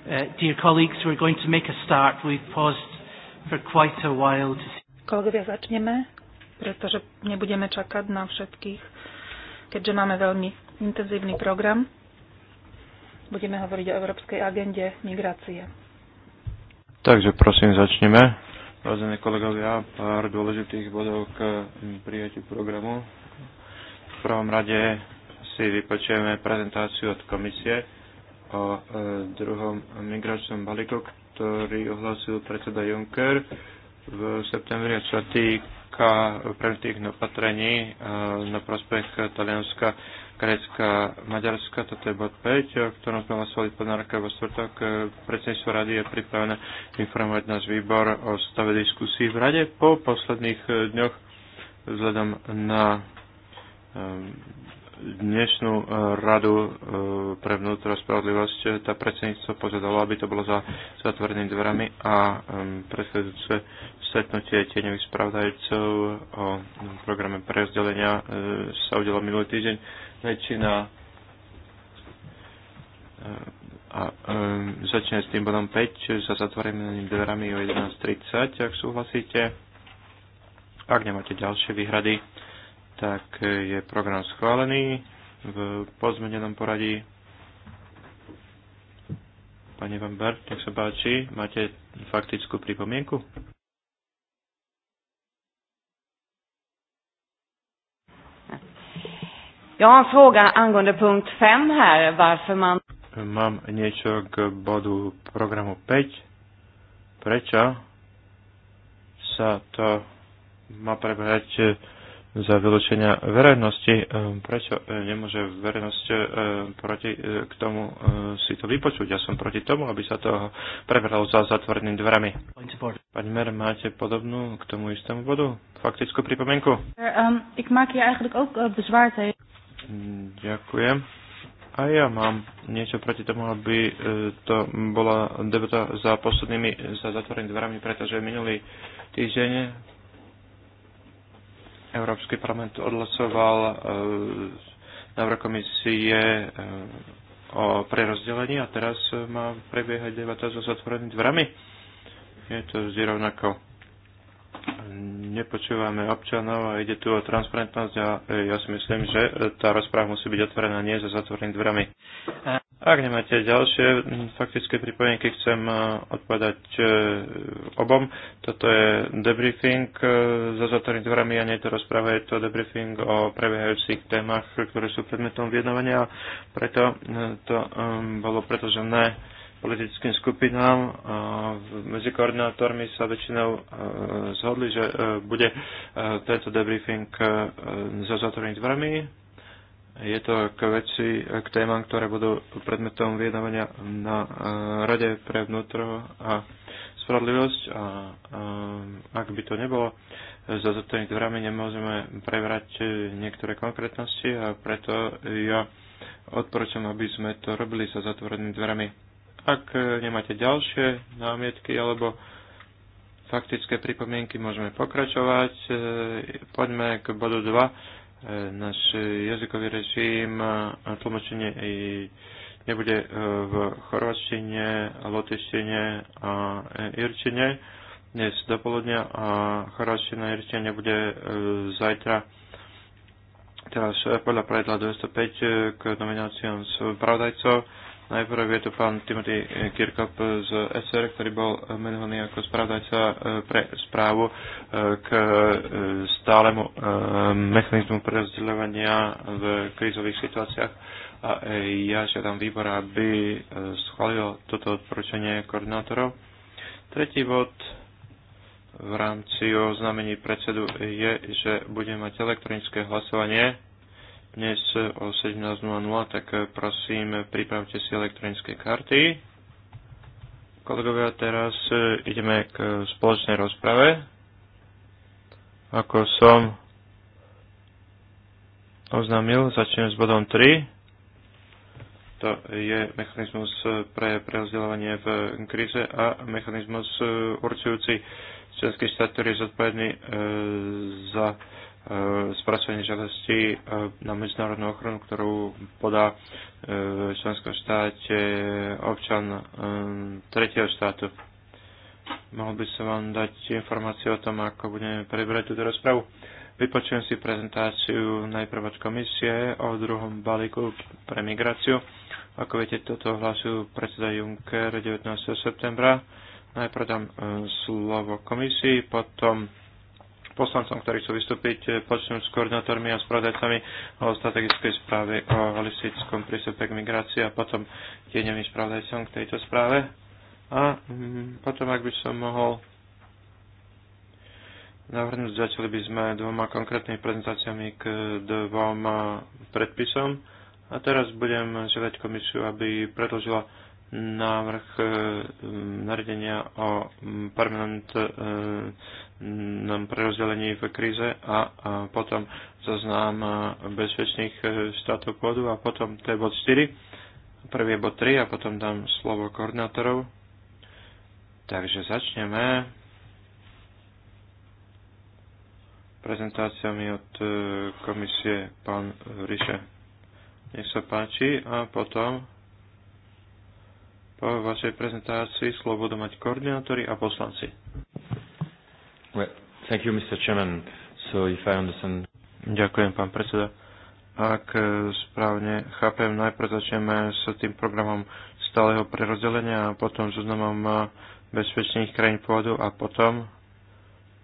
Uh, dear colleagues, we're going to make a start. We've paused for quite a while to see. Kolegovia, začneme, pretože nebudeme čakať na všetkých, keďže máme veľmi intenzívny program. Budeme hovoriť o Európskej agende migrácie. Takže prosím, začneme. Vážení kolegovia, pár dôležitých bodov k prijatiu programu. V prvom rade si vypočujeme prezentáciu od komisie o e, druhom migračnom balíku, ktorý ohlasil predseda Juncker v septembri a čo týka preventívnych opatrení e, na prospech Talianska, Grécka, Maďarska. Toto je bod 5, o ktorom sme hlasovali pod narka vo štvrtok. E, predsedníctvo rady je pripravené informovať náš výbor o stave diskusí v rade po posledných dňoch vzhľadom na dnešnú e, radu e, pre vnútro spravodlivosť e, tá predsedníctvo požiadalo, aby to bolo za zatvorenými dverami a predchádzajúce stretnutie tieňových spravodajcov o programe prerozdelenia sa udelo minulý týždeň. Väčšina a um, začne s tým bodom 5 za zatvorenými dverami o 11.30, ak súhlasíte. Ak nemáte ďalšie výhrady, tak je program schválený v pozmenenom poradí. Pane Van Bert, nech sa páči, máte faktickú pripomienku? Ja mám fråga angående punkt 5 här, varför man... Mám niečo k bodu programu 5. Prečo sa to má prebrať za vylúčenia verejnosti. E, prečo e, nemôže verejnosť e, proti k tomu si to vypočuť? Ja som proti tomu, aby sa to preberalo za zatvorenými dverami. Pani Mer, máte podobnú k tomu istému bodu? Faktickú pripomienku? Um, eh, mm, ďakujem. A ja mám niečo proti tomu, aby to bola debata za poslednými, za zatvorenými dverami, pretože minulý týždeň Európsky parlament odhlasoval e, návrh komisie e, o prerozdelení a teraz e, má prebiehať debata so zatvorenými dverami. Je to zrovnako nepočúvame občanov a ide tu o transparentnosť a e, ja si myslím, že e, tá rozpráva musí byť otvorená nie za zatvorenými dverami. Ak nemáte ďalšie faktické pripojenky, chcem e, odpovedať obom. Toto je debriefing za zatvorenými dverami a nie je to rozpráva, je to debriefing o prebiehajúcich témach, ktoré sú predmetom vyjednávania. Preto to bolo predložené politickým skupinám. Medzi koordinátormi sa väčšinou e, zhodli, že e, bude e, tento debriefing za zatvorenými dverami. Je to k veci, k témam, ktoré budú predmetom vyjednávania na Rade pre vnútro a spravodlivosť a, a ak by to nebolo za zatvorenými dverami, nemôžeme prebrať niektoré konkrétnosti a preto ja odporúčam, aby sme to robili za zatvorenými dverami ak e, nemáte ďalšie námietky alebo faktické pripomienky, môžeme pokračovať. E, poďme k bodu 2. E, náš jazykový režim a tlmočenie nebude v chorvačtine, lotištine a irčine dnes do poludnia a chorvačtina a irčina nebude zajtra teraz podľa pravidla 205 k nomináciám spravodajcov Najprv je tu pán Timothy eh, Kirkop z SR, ktorý bol eh, menovaný ako spravodajca eh, pre správu k stálemu mechanizmu prerozdeľovania v krízových situáciách. A ja žiadam výbor, aby schválil toto odporúčanie koordinátorov. Tretí bod v rámci oznámení predsedu je, že budeme mať elektronické hlasovanie dnes o 17.00, tak eh, prosím, pripravte si elektronické karty. Kolegovia, teraz eh, ideme k spoločnej rozprave. Ako som oznámil, začnem s bodom 3. To je mechanizmus eh, pre prerozdeľovanie v kríze a mechanizmus určujúci členský štát, ktorý je zodpovedný za E, spracovanie žiadosti e, na medzinárodnú ochranu, ktorú podá v e, členskom štáte občan tretieho štátu. Mohol by som vám dať informáciu o tom, ako budeme prebrať túto rozpravu. Vypočujem si prezentáciu najprv od komisie o druhom balíku pre migráciu. Ako viete, toto hlasujú predseda Juncker 19. septembra. Najprv dám slovo komisii, potom poslancom, ktorí chcú vystúpiť, e, počnúť s koordinátormi a spravodajcami o strategickej správe o holistickom prístupe k migrácii a potom tieňovým spravodajcom k tejto správe. A mm, potom, ak by som mohol navrhnúť, začali by sme dvoma konkrétnymi prezentáciami k dvoma predpisom. A teraz budem želať komisiu, aby predložila návrh e, nariadenia o permanentnom prerozdelení v kríze a potom zaznám e, bezpečných e, štátov kódu a potom to je bod 4, prvý je bod 3 a potom dám slovo koordinátorov. Takže začneme prezentáciami od komisie pán Ríše. Nech sa páči a potom po vašej prezentácii slovo budú mať koordinátori a poslanci. Well, thank you, Mr. Chairman. So if I understand... Ďakujem, pán predseda. Ak e, správne chápem, najprv začneme s tým programom stáleho prerozdelenia a potom zoznamom e, bezpečných krajín pôvodu a potom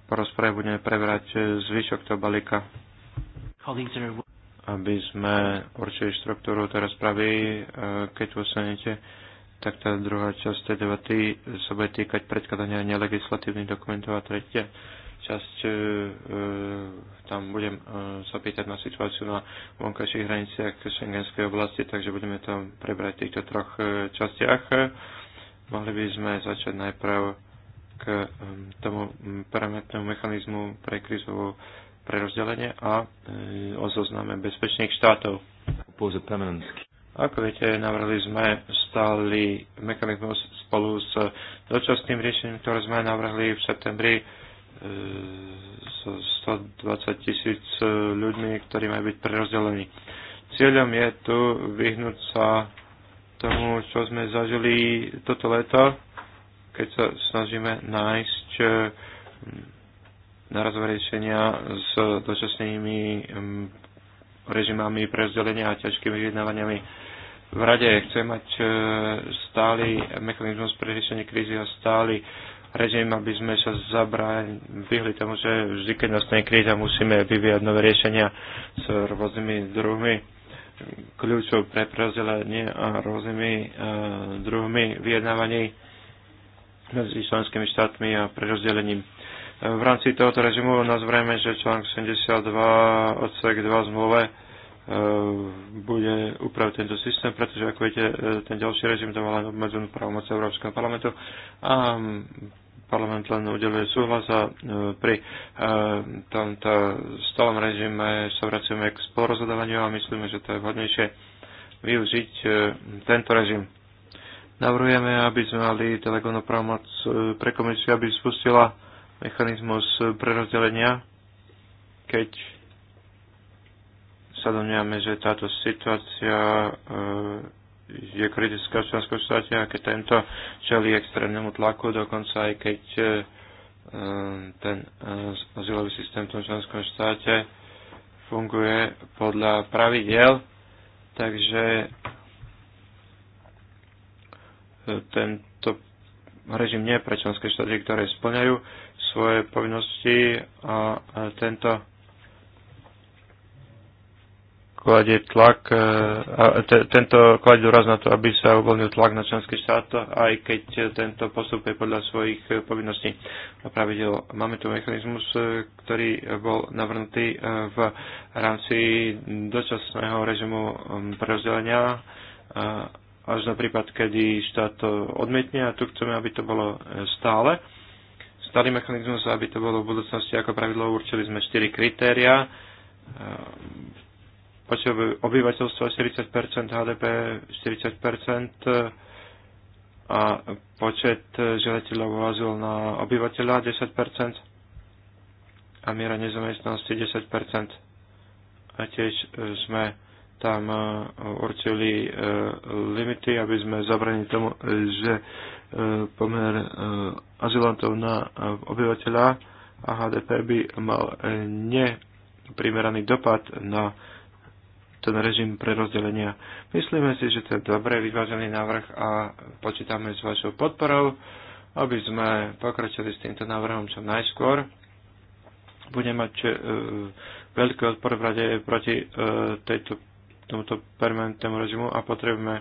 po rozprave budeme prebrať e, zvyšok toho balíka. Aby sme určili štruktúru tej rozpravy, keď ostanete tak tá druhá časť tej debaty sa bude týkať predkladania nelegislatívnych dokumentov a tretia časť e, e, tam budem e, sa pýtať na situáciu na vonkajších hraniciach šengenskej oblasti, takže budeme tam prebrať v týchto troch e, častiach. Mohli by sme začať najprv k e, tomu parametnému mechanizmu pre krizovú prerozdelenie a e, o zozname bezpečných štátov. Ako viete, navrhli sme stály mechanizmus spolu s dočasným riešením, ktoré sme navrhli v septembri e, s 120 tisíc ľuďmi, ktorí majú byť prerozdelení. Cieľom je tu vyhnúť sa tomu, čo sme zažili toto leto, keď sa snažíme nájsť e, narazové riešenia s dočasnými režimami prerozdelenia a ťažkými vyjednávaniami v rade chce mať e, stály mechanizmus pre riešenie krízy a stály režim, aby sme sa zabrali, vyhli tomu, že vždy, keď nastane kríza, musíme vyvíjať nové riešenia s rôznymi druhmi kľúčov pre prezdelenie a rôznymi uh, druhmi vyjednávaní medzi členskými štátmi a prerozdelením. E, v rámci tohoto režimu nazveme, že článok 72 odsek 2 zmluve upraviť tento systém, pretože ako viete, e, ten ďalší režim to má len obmedzenú právomoc Európskeho parlamentu a mm, parlament len udeluje súhlas a e, pri e, tomto stolom režime sa vracujeme k spolurozhodovaniu a myslíme, že to je vhodnejšie využiť tento režim. Navrhujeme, aby sme mali delegovanú právomoc pre komisiu, aby spustila mechanizmus prerozdelenia, keď sa že táto situácia e, je kritická v členskom štáte a keď tento čelí extrémnemu tlaku, dokonca aj keď e, ten e, azylový systém v tom členskom štáte funguje podľa pravidiel, takže tento režim nie pre členské štáty, ktoré splňajú svoje povinnosti a tento kladie tlak, e, a tento kladie dôraz na to, aby sa uvoľnil tlak na členské štát, aj keď tento postup je podľa svojich e, povinností a pravidel. Máme tu mechanizmus, e, ktorý bol navrhnutý v rámci dočasného režimu prerozdelenia až na prípad, kedy štát to odmietne a tu chceme, aby to bolo stále. Stály mechanizmus, aby to bolo v budúcnosti ako pravidlo, určili sme 4 kritéria V potrebujú obyvateľstvo 40 HDP 40 a počet e, žiadateľov o azyl na obyvateľa 10 a miera nezamestnanosti 10 A tiež e, sme tam e, určili limity, aby sme zabranili tomu, že pomer azylantov na obyvateľa a HDP by mal neprimeraný dopad na ten režim prerozdelenia. Myslíme si, že to je dobre vyvážený návrh a počítame s vašou podporou, aby sme pokračili s týmto návrhom čo najskôr. Bude mať e, veľký odpor v rade proti e, tejto, tomuto permanentnému režimu a potrebujeme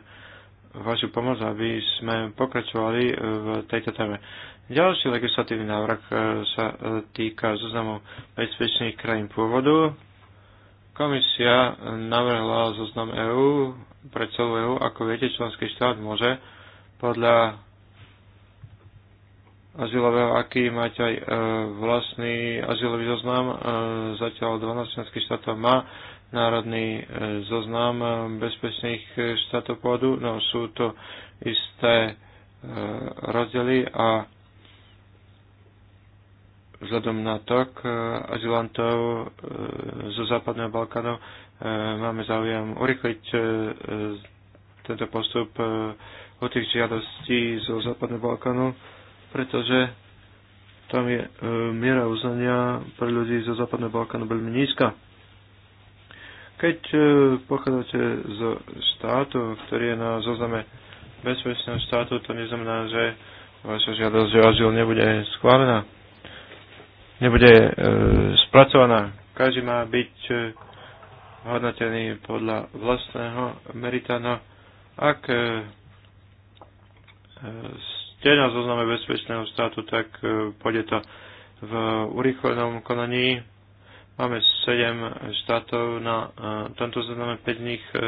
vašu pomoc, aby sme pokračovali e, v tejto téme. Ďalší legislatívny návrh e, sa e, týka zoznamu bezpečných krajín pôvodu. Komisia navrhla zoznam EÚ pre celú EÚ. Ako viete, členský štát môže podľa azylového, aký máte aj e, vlastný azylový zoznam. E, zatiaľ 12 členských štátov má národný e, zoznam e, bezpečných e, štátov pôdu, no sú to isté e, rozdiely a vzhľadom na tok e, azylantov e, zo západného Balkánu e, máme záujem urychliť tento postup o tých žiadostí zo západného Balkánu, pretože tam je miera uznania pre ľudí zo západného Balkánu veľmi nízka. Keď pochádzate z štátu, ktorý je na zozname bezpečného štátu, to neznamená, že vaša žiadosť o azyl nebude schválená nebude e, spracovaná. Každý má byť e, hodnotený podľa vlastného merita. No, ak e, e, ste na zozname bezpečného štátu, tak e, pôjde to v urýchlenom konaní. Máme 7 štátov na e, tomto zozname, 5 z nich e,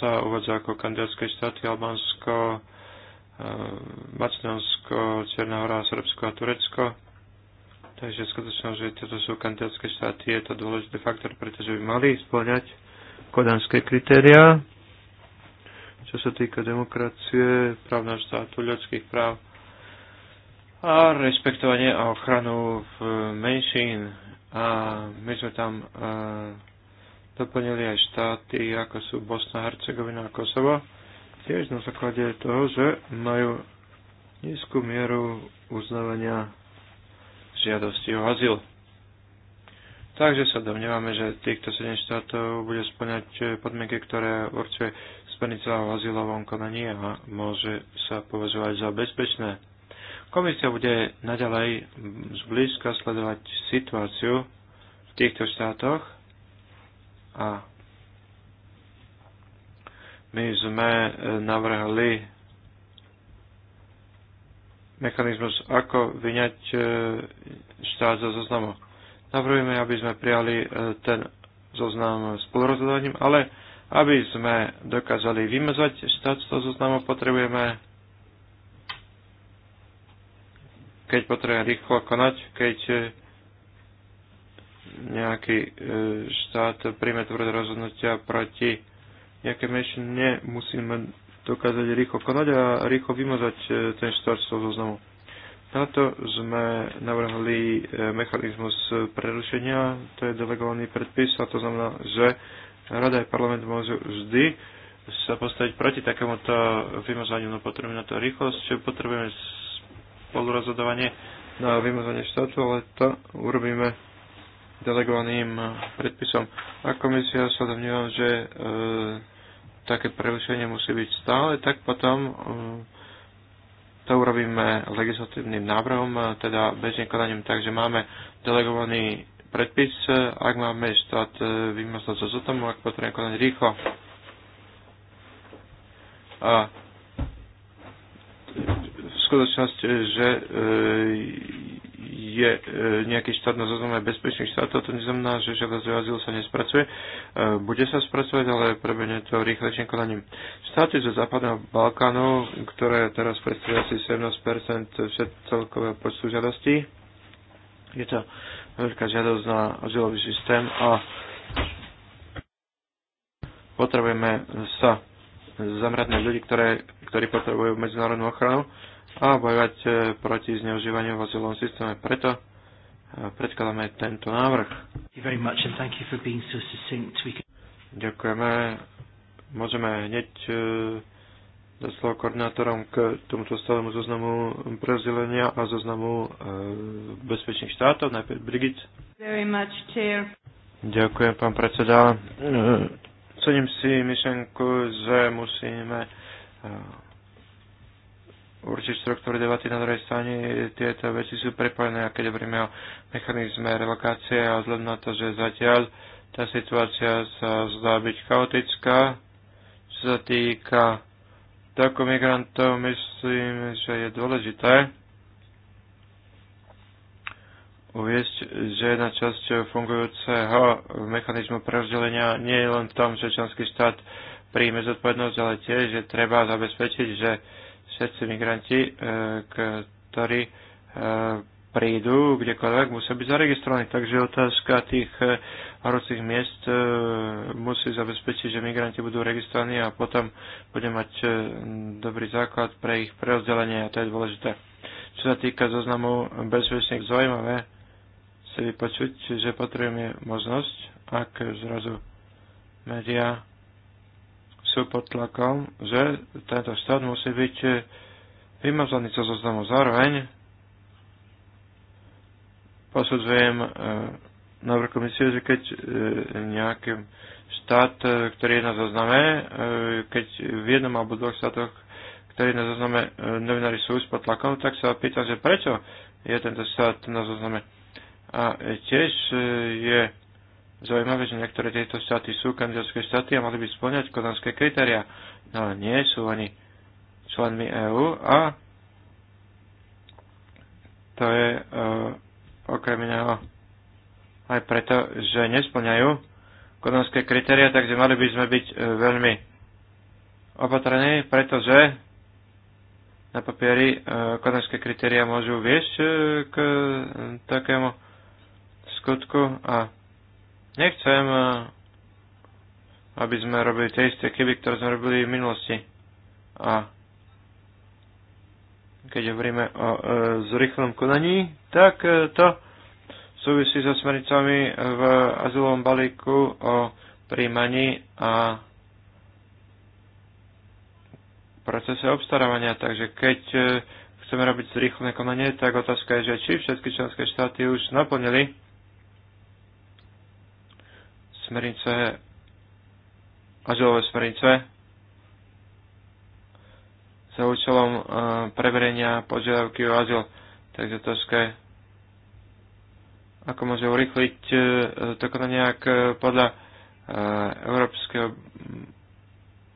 sa uvádza ako kandidátske štáty Albánsko, e, Macedónsko, Černá hora, Srbsko a Turecko Takže skutočno, že tieto sú kandidátske štáty, je to dôležitý faktor, pretože by mali splňať kodanské kritériá, čo sa týka demokracie, právna štátu, ľudských práv a rešpektovanie a ochranu v menšín. A my sme tam uh, doplnili aj štáty, ako sú Bosna, Hercegovina a Kosovo, tiež na základe toho, že majú nízku mieru uznávania žiadosti o azyl. Takže sa domnievame, že týchto 7 štátov bude splňať eh, podmienky, ktoré určuje smernica o azylovom konaní a môže sa považovať za bezpečné. Komisia bude naďalej zblízka sledovať situáciu v týchto štátoch a my sme eh, navrhli mechanizmus, ako vyňať e, štát zo zoznamu. Navrhujeme, aby sme prijali e, ten zoznam spolurozhodovaním, ale aby sme dokázali vymazať štát z toho zoznamu, potrebujeme keď potrebujeme rýchlo konať, keď e, nejaký štát príjme tvrdé rozhodnutia proti nejaké menšine, musíme dokázať rýchlo konať a rýchlo vymazať e, ten štart z toho zoznamu. Na to sme navrhli e, mechanizmus prerušenia, to je delegovaný predpis a to znamená, že Rada aj parlament môžu vždy sa postaviť proti takémuto vymazaniu, no potrebujeme na to rýchlosť, čo potrebujeme spolurozhodovanie na vymazanie štátu, ale to urobíme delegovaným predpisom. A komisia sa domnívam, že e, také prerušenie musí byť stále, tak potom e, to urobíme legislatívnym návrhom, e, teda bežným konaním, takže máme delegovaný predpis, e, ak máme štát vymazať sa z tomu, ak potrebujeme konať rýchlo. A skutočnosti, že je e, nejaký štát na zozname bezpečných štátov, to neznamená, že žiadosť azyl sa nespracuje. E, bude sa spracovať, ale prebehne to rýchlejším konaním. Štáty zo západného Balkánu, ktoré teraz predstavujú asi 17% všet celkového počtu žiadostí, je to veľká žiadosť na azylový systém a potrebujeme sa zamerať na ľudí, ktoré, ktorí potrebujú medzinárodnú ochranu a bojovať e, proti zneužívaniu v azylovom systéme. Preto e, predkladáme tento návrh. Ďakujeme. Môžeme hneď e, dať slovo koordinátorom k tomuto stálemu zoznamu prezdelenia a zoznamu bezpečných štátov. Najprv Brigit. Ďakujem, pán predseda. Cením si myšlenku, že musíme Určite štruktúry debaty na druhej strane tieto veci sú prepojené a keď hovoríme o mechanizme relokácie a vzhľadom na to, že zatiaľ tá situácia sa zdá byť chaotická, čo sa týka toku migrantov, myslím, že je dôležité uviesť, že jedna časť fungujúceho mechanizmu prerozdelenia nie je len v tom, že členský štát príjme zodpovednosť, ale tiež, že treba zabezpečiť, že všetci migranti, e, ktorí e, prídu kdekoľvek, musia byť zaregistrovaní. Takže otázka tých e, horúcich miest musí zabezpečiť, že migranti budú registrovaní a potom bude mať dobrý základ pre ich prerozdelenie a to je dôležité. Čo sa týka zoznamu bezpečných zaujímavé si vypočuť, že potrebujeme možnosť, ak zrazu media sú pod tlakom, že tento štát musí byť eh, vymazaný zo zoznamu. Zároveň posudzujem e, návrh komisie, že keď e, nejaký štát, ktorý je na zozname, e, keď v jednom alebo dvoch štátoch, ktorý je na zozname, e, novinári sú už pod tlakom, tak sa pýtam, že prečo je tento štát na zozname. A tiež e, je Zaujímavé, že niektoré tieto štáty sú kandidátske štáty a mali by splňať kodanské kritéria, no ale nie sú oni členmi EÚ a to je uh, okrem iného aj preto, že nesplňajú kodanské kritéria, takže mali by sme byť uh, veľmi opatrní, pretože na papieri uh, kodanské kritéria môžu viesť uh, k uh, takému skutku a Nechcem, eh, aby sme robili tie isté chyby, ktoré sme robili v minulosti. A keď hovoríme o e, eh, zrychlom konaní, tak e, to súvisí so smernicami v azylovom balíku o príjmaní a procese obstarávania. Takže keď e, chceme robiť zrychlené konanie, tak otázka je, že či všetky členské štáty už naplnili smernice, azylové smernice za účelom uh, preverenia požiadavky o azyl. Takže to je ako môže urychliť uh, eh, to konanie, ak uh, podľa uh, európskeho mm,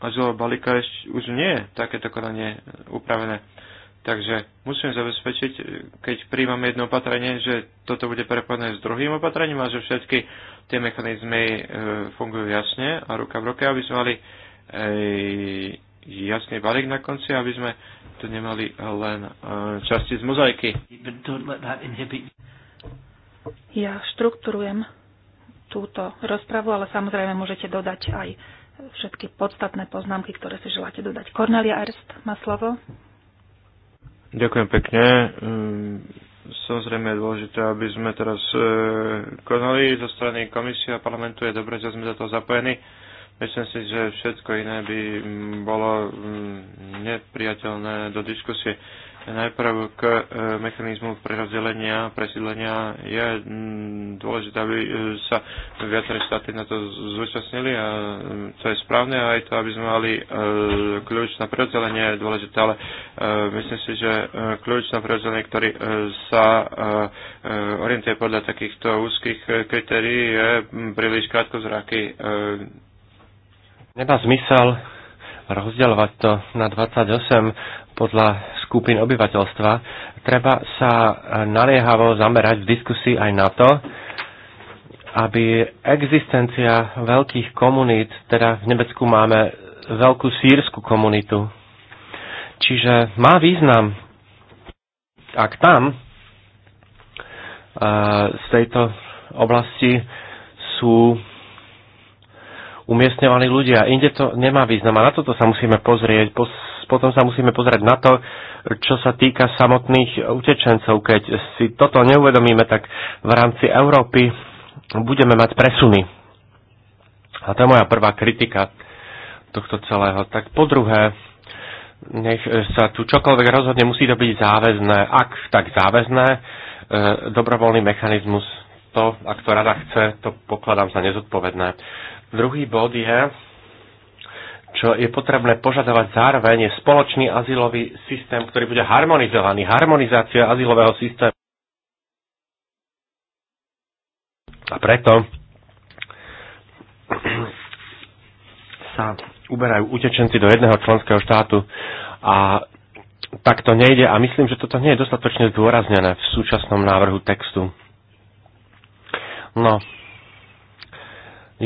azylového balíka ešte, už nie je takéto konanie upravené. Takže musíme zabezpečiť, keď príjmam jedno opatrenie, že toto bude prepojené s druhým opatrením a že všetky tie mechanizmy e, fungujú jasne a ruka v ruke, aby sme mali e, jasný balík na konci, aby sme tu nemali len e, časti z mozaiky. Ja štruktúrujem túto rozpravu, ale samozrejme môžete dodať aj všetky podstatné poznámky, ktoré si želáte dodať. Cornelia Erst má slovo. Ďakujem pekne. Hm, samozrejme je dôležité, aby sme teraz e, konali zo strany komisie a parlamentu. Je dobré, že sme za to zapojení. Myslím si, že všetko iné by bolo hm, nepriateľné do diskusie. Najprv k e, mechanizmu prerozdelenia, presídlenia je mm, dôležité, aby e, sa viaceré štáty na to zúčastnili a mm, to je správne a aj to, aby sme mali e, kľúč na prerozdelenie je dôležité, ale myslím si, že kľúč na prerozdelenie, ktorý sa orientuje podľa takýchto úzkých kritérií je mm, príliš krátko zraky. Nemá zmysel rozdeľovať to na 28 podľa skupín obyvateľstva. Treba sa naliehavo zamerať v diskusii aj na to, aby existencia veľkých komunít, teda v Nemecku máme veľkú sírsku komunitu, čiže má význam, ak tam e, z tejto oblasti sú umiestňovaní ľudia. Inde to nemá význam a na toto sa musíme pozrieť. potom sa musíme pozrieť na to, čo sa týka samotných utečencov. Keď si toto neuvedomíme, tak v rámci Európy budeme mať presuny. A to je moja prvá kritika tohto celého. Tak po druhé, nech sa tu čokoľvek rozhodne, musí to byť záväzné. Ak tak záväzné, e, dobrovoľný mechanizmus, to, ak to rada chce, to pokladám za nezodpovedné. Druhý bod je, čo je potrebné požadovať zároveň, je spoločný azylový systém, ktorý bude harmonizovaný. Harmonizácia azylového systému. A preto sa uberajú utečenci do jedného členského štátu a tak to nejde a myslím, že toto nie je dostatočne zdôraznené v súčasnom návrhu textu. No,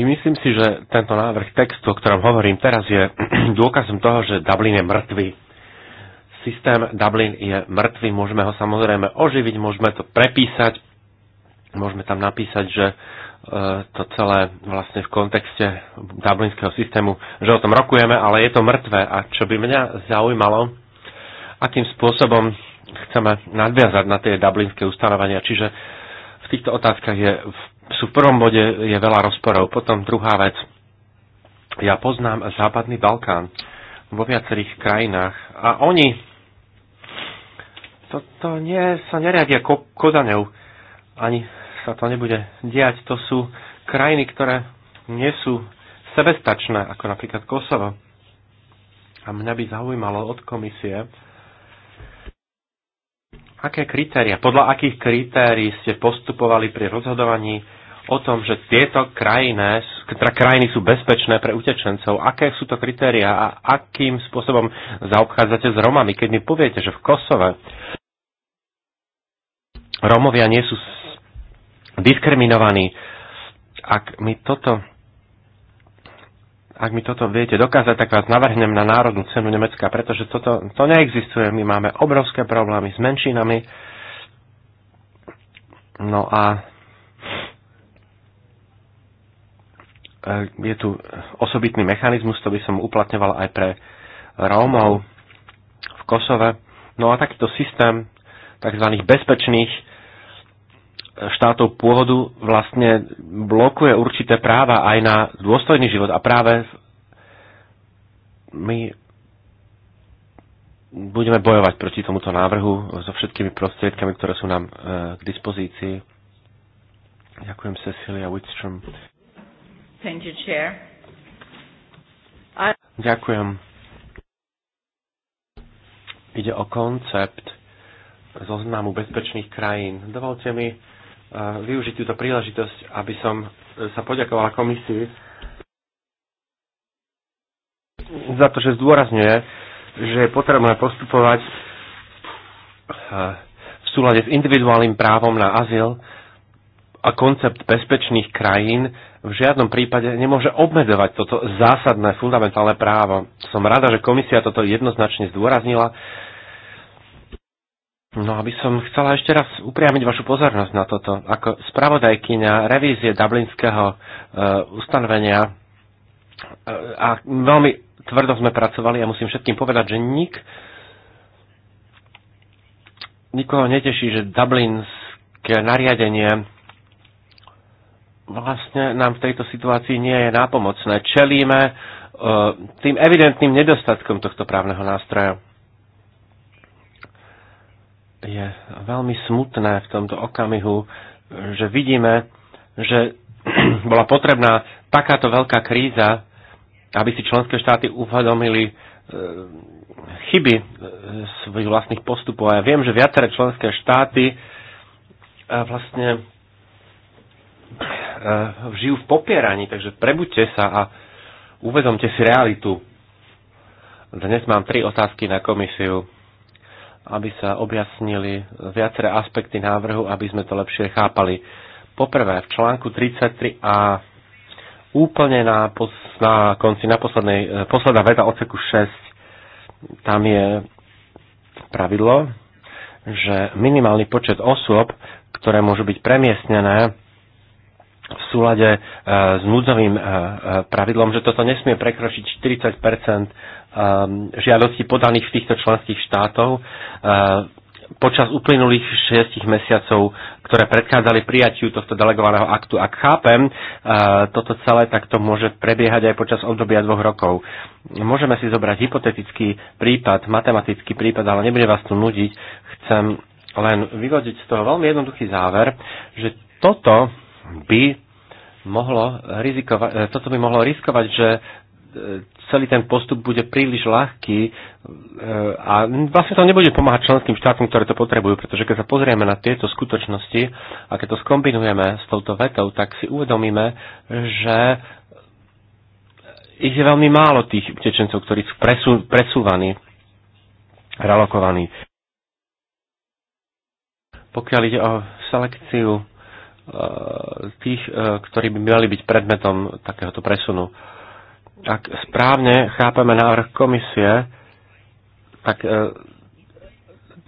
myslím si, že tento návrh textu, o ktorom hovorím teraz, je dôkazom toho, že Dublin je mŕtvý. Systém Dublin je mŕtvý, môžeme ho samozrejme oživiť, môžeme to prepísať, môžeme tam napísať, že e, to celé vlastne v kontexte dublinského systému, že o tom rokujeme, ale je to mŕtve. A čo by mňa zaujímalo, akým spôsobom chceme nadviazať na tie dublinské ustanovania. Čiže týchto otázkach je, sú v prvom bode je veľa rozporov. Potom druhá vec. Ja poznám Západný Balkán vo viacerých krajinách a oni toto nie, sa neriadia ko, kozaňou. Ani sa to nebude diať. To sú krajiny, ktoré nie sú sebestačné, ako napríklad Kosovo. A mňa by zaujímalo od komisie, aké kritéria, podľa akých kritérií ste postupovali pri rozhodovaní o tom, že tieto krajine, teda krajiny sú bezpečné pre utečencov. Aké sú to kritéria a akým spôsobom zaobchádzate s Romami? Keď mi poviete, že v Kosove Romovia nie sú diskriminovaní, ak mi toto ak mi toto viete dokázať, tak vás navrhnem na Národnú cenu Nemecka, pretože toto, to neexistuje. My máme obrovské problémy s menšinami. No a e, je tu osobitný mechanizmus, to by som uplatňoval aj pre Rómov v Kosove. No a takýto systém tzv. bezpečných štátov pôvodu vlastne blokuje určité práva aj na dôstojný život a práve my budeme bojovať proti tomuto návrhu so všetkými prostriedkami, ktoré sú nám e, k dispozícii. Ďakujem Cecilia Wittstrom. Thank you, Chair. I... Ďakujem. Ide o koncept zoznamu bezpečných krajín. Dovolte mi využiť túto príležitosť, aby som e, sa poďakoval komisii za to, že zdôrazňuje, že je potrebné postupovať e, v súlade s individuálnym právom na azyl a koncept bezpečných krajín v žiadnom prípade nemôže obmedzovať toto zásadné fundamentálne právo. Som rada, že komisia toto jednoznačne zdôraznila No aby som chcela ešte raz upriamiť vašu pozornosť na toto. Ako spravodajkyňa revízie dublinského e, ustanovenia e, a veľmi tvrdo sme pracovali a musím všetkým povedať, že nik nikoho neteší, že dublinské nariadenie vlastne nám v tejto situácii nie je nápomocné. Čelíme e, tým evidentným nedostatkom tohto právneho nástroja je veľmi smutné v tomto okamihu, že vidíme, že bola potrebná takáto veľká kríza, aby si členské štáty uvedomili e, chyby e, svojich vlastných postupov. A ja viem, že viaceré členské štáty e, vlastne žijú v popieraní, takže prebuďte sa a uvedomte si realitu. Dnes mám tri otázky na komisiu aby sa objasnili viaceré aspekty návrhu, aby sme to lepšie chápali. Poprvé, v článku 33a úplne na, pos, na konci, na poslednej, e, posledná veda odseku 6, tam je pravidlo, že minimálny počet osôb, ktoré môžu byť premiestnené v súlade e, s núdzovým e, pravidlom, že toto nesmie prekročiť 40 Um, žiadosti podaných v týchto členských štátov uh, počas uplynulých šiestich mesiacov, ktoré predchádzali prijatiu tohto delegovaného aktu. Ak chápem uh, toto celé, takto môže prebiehať aj počas obdobia dvoch rokov. Môžeme si zobrať hypotetický prípad, matematický prípad, ale nebudem vás tu nudiť. Chcem len vyvodiť z toho veľmi jednoduchý záver, že toto by mohlo, rizikova- eh, toto by mohlo riskovať, že celý ten postup bude príliš ľahký e, a vlastne to nebude pomáhať členským štátom, ktoré to potrebujú, pretože keď sa pozrieme na tieto skutočnosti a keď to skombinujeme s touto vetou, tak si uvedomíme, že ich je veľmi málo tých utečencov, ktorí sú presú, presúvaní, relokovaní. Pokiaľ ide o selekciu e, tých, e, ktorí by mali byť predmetom takéhoto presunu ak správne chápeme návrh komisie, tak e,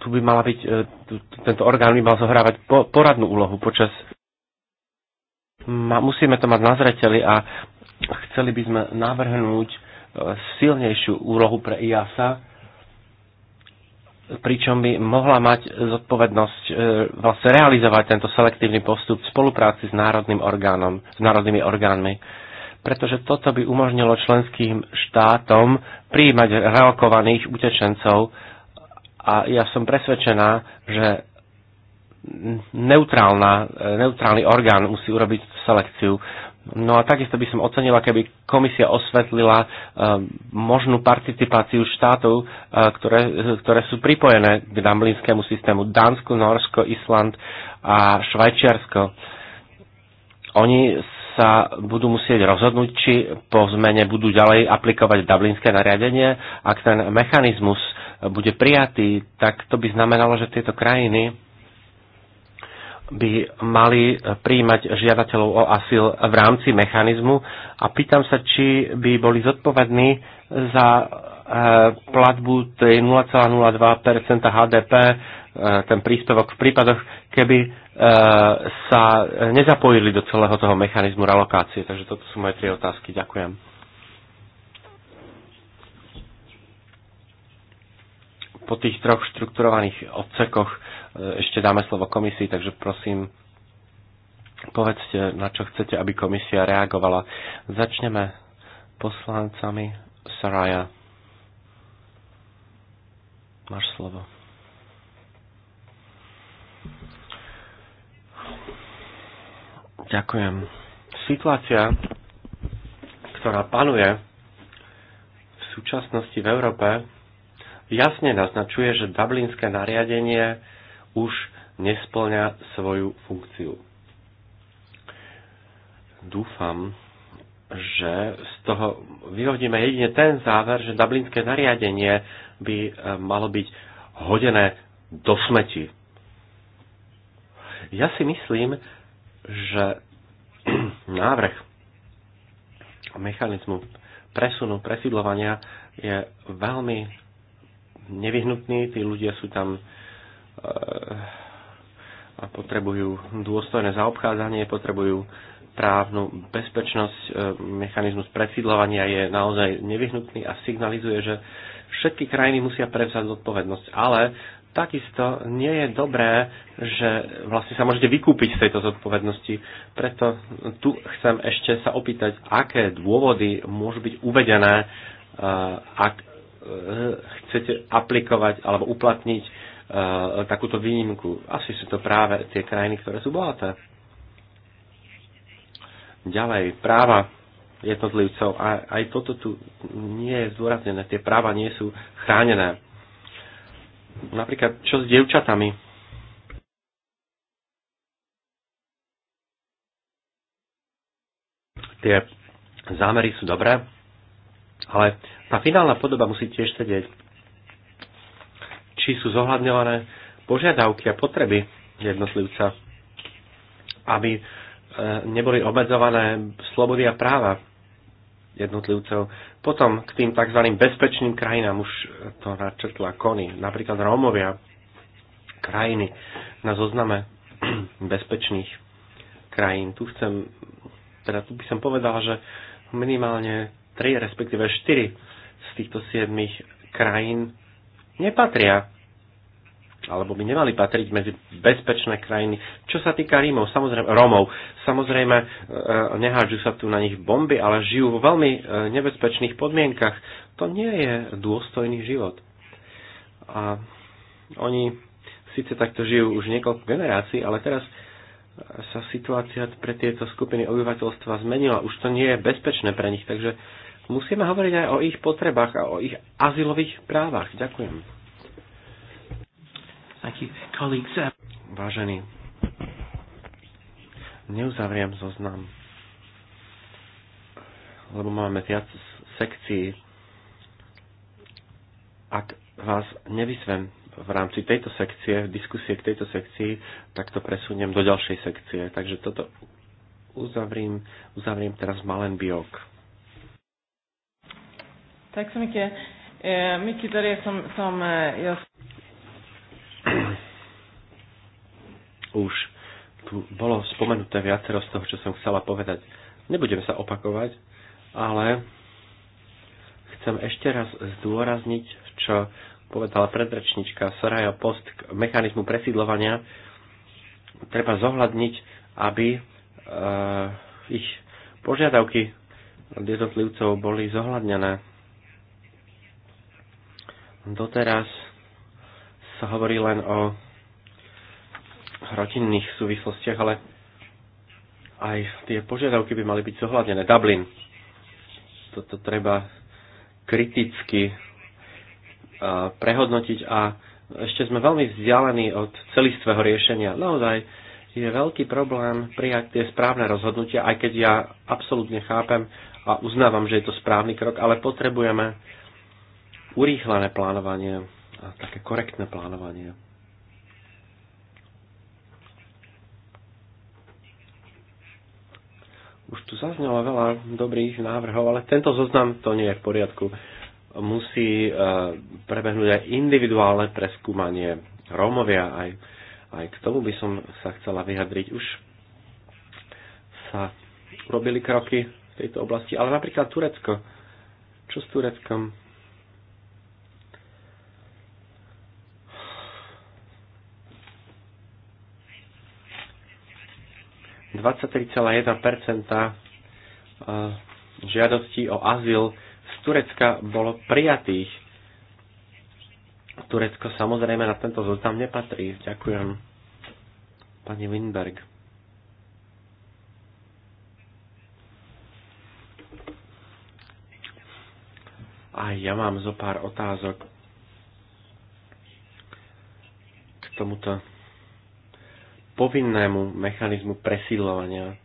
tu by mala byť, e, tento orgán by mal zohrávať poradnú úlohu počas musíme to mať na zreteli a chceli by sme navrhnúť e, silnejšiu úlohu pre IASA, pričom by mohla mať zodpovednosť vlastne realizovať tento selektívny postup v spolupráci s národným orgánom, s národnými orgánmi pretože toto by umožnilo členským štátom príjmať relokovaných utečencov a ja som presvedčená, že neutrálna, neutrálny orgán musí urobiť selekciu. No a takisto by som ocenila, keby komisia osvetlila eh, možnú participáciu štátov, eh, ktoré, ktoré sú pripojené k dublinskému systému. Dánsko, Norsko, Island a Švajčiarsko. Oni sa budú musieť rozhodnúť, či po zmene budú ďalej aplikovať dublinské nariadenie. Ak ten mechanizmus bude prijatý, tak to by znamenalo, že tieto krajiny by mali príjmať žiadateľov o asyl v rámci mechanizmu a pýtam sa, či by boli zodpovední za eh, platbu tej 0,02 HDP, eh, ten príspevok v prípadoch, keby E, sa nezapojili do celého toho mechanizmu relokácie. Takže toto sú moje tri otázky. Ďakujem. Po tých troch štrukturovaných odsekoch e, ešte dáme slovo komisii, takže prosím, povedzte, na čo chcete, aby komisia reagovala. Začneme poslancami Saraja. Máš slovo. Ďakujem. Situácia, ktorá panuje v súčasnosti v Európe, jasne naznačuje, že dublinské nariadenie už nesplňa svoju funkciu. Dúfam, že z toho vyhodíme jedine ten záver, že dublinské nariadenie by eh, malo byť hodené do smeti. Ja si myslím, že návrh mechanizmu presunu, presidlovania je veľmi nevyhnutný. Tí ľudia sú tam e, a potrebujú dôstojné zaobchádzanie, potrebujú právnu bezpečnosť. E, mechanizmus presídlovania je naozaj nevyhnutný a signalizuje, že všetky krajiny musia prevzať zodpovednosť. Ale takisto nie je dobré, že vlastne sa môžete vykúpiť z tejto zodpovednosti. Preto tu chcem ešte sa opýtať, aké dôvody môžu byť uvedené, e, ak e, chcete aplikovať alebo uplatniť e, takúto výnimku. Asi sú to práve tie krajiny, ktoré sú bohaté. Ďalej, práva jednotlivcov. Aj, aj toto tu nie je zdôraznené. Tie práva nie sú chránené Napríklad, čo s dievčatami? Tie zámery sú dobré, ale tá finálna podoba musí tiež sedieť. Či sú zohľadňované požiadavky a potreby jednotlivca, aby e, neboli obmedzované slobody a práva jednotlivcov. Potom k tým tzv. bezpečným krajinám, už to načrtla Kony, napríklad Rómovia, krajiny na zozname bezpečných krajín. Tu chcem, teda tu by som povedal, že minimálne 3, respektíve 4 z týchto 7 krajín nepatria alebo by nemali patriť medzi bezpečné krajiny. Čo sa týka Rímov, samozrejme, Rómov, samozrejme e, e, nehádžu sa tu na nich bomby, ale žijú vo veľmi e, nebezpečných podmienkach. To nie je dôstojný život. A oni síce takto žijú už niekoľko generácií, ale teraz sa situácia pre tieto skupiny obyvateľstva zmenila. Už to nie je bezpečné pre nich, takže musíme hovoriť aj o ich potrebách a o ich azylových právach. Ďakujem. Thank you. Colleagues, uh... Vážení, neuzavriem zoznam, lebo máme viac sekcií. Ak vás nevysvem v rámci tejto sekcie, diskusie k tejto sekcii, tak to presuniem do ďalšej sekcie. Takže toto uzavriem, uzavriem teraz Malen Biok. Tak som mycket. E, av det som, som eh, ja... Už tu bolo spomenuté viacero z toho, čo som chcela povedať. Nebudem sa opakovať, ale chcem ešte raz zdôrazniť, čo povedala predrečnička Soraya Post k mechanizmu presídlovania. Treba zohľadniť, aby uh, ich požiadavky od jednotlivcov boli zohľadnené. Doteraz sa hovorí len o rodinných súvislostiach, ale aj tie požiadavky by mali byť zohľadnené. Dublin. Toto treba kriticky prehodnotiť a ešte sme veľmi vzdialení od celistvého riešenia. Naozaj je veľký problém prijať tie správne rozhodnutia, aj keď ja absolútne chápem a uznávam, že je to správny krok, ale potrebujeme urýchlené plánovanie a také korektné plánovanie. Už tu zaznelo veľa dobrých návrhov, ale tento zoznam to nie je v poriadku. Musí e, prebehnúť aj individuálne preskúmanie Rómovia. Aj, aj k tomu by som sa chcela vyjadriť. Už sa robili kroky v tejto oblasti, ale napríklad Turecko. Čo s Tureckom? 23,1 eh, žiadostí o azyl z Turecka bolo prijatých. Turecko samozrejme na tento zoznam nepatrí. Ďakujem. Pani Winberg. Aj ja mám zo pár otázok k tomuto povinnému mechanizmu presídlovania. E,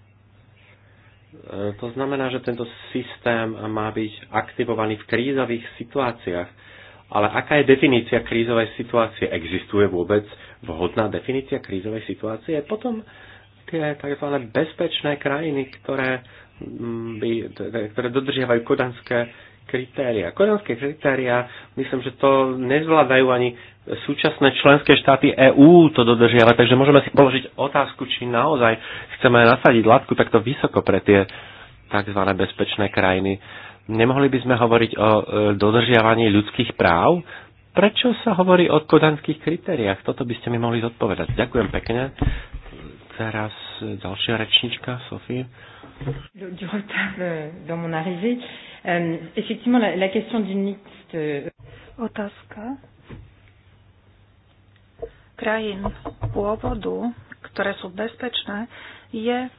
to znamená, že tento systém má byť aktivovaný v krízových situáciách. Ale aká je definícia krízovej situácie? Existuje vôbec vhodná definícia krízovej situácie? Potom tie tzv. bezpečné krajiny, ktoré, mm, by, ktoré dodržiavajú kodanské kritéria. Koreanské kritéria, myslím, že to nezvládajú ani súčasné členské štáty EÚ to dodržiavať, takže môžeme si položiť otázku, či naozaj chceme nasadiť látku takto vysoko pre tie tzv. bezpečné krajiny. Nemohli by sme hovoriť o e, dodržiavaní ľudských práv? Prečo sa hovorí o kodanských kritériách? Toto by ste mi mohli zodpovedať. Ďakujem pekne. Teraz e, ďalšia rečnička, Sofie. Du retard dans mon arrivée. Euh, effectivement, la, la question d'une liste. Euh, Otázka krajín pôvodu, ktoré sú bezpečné, je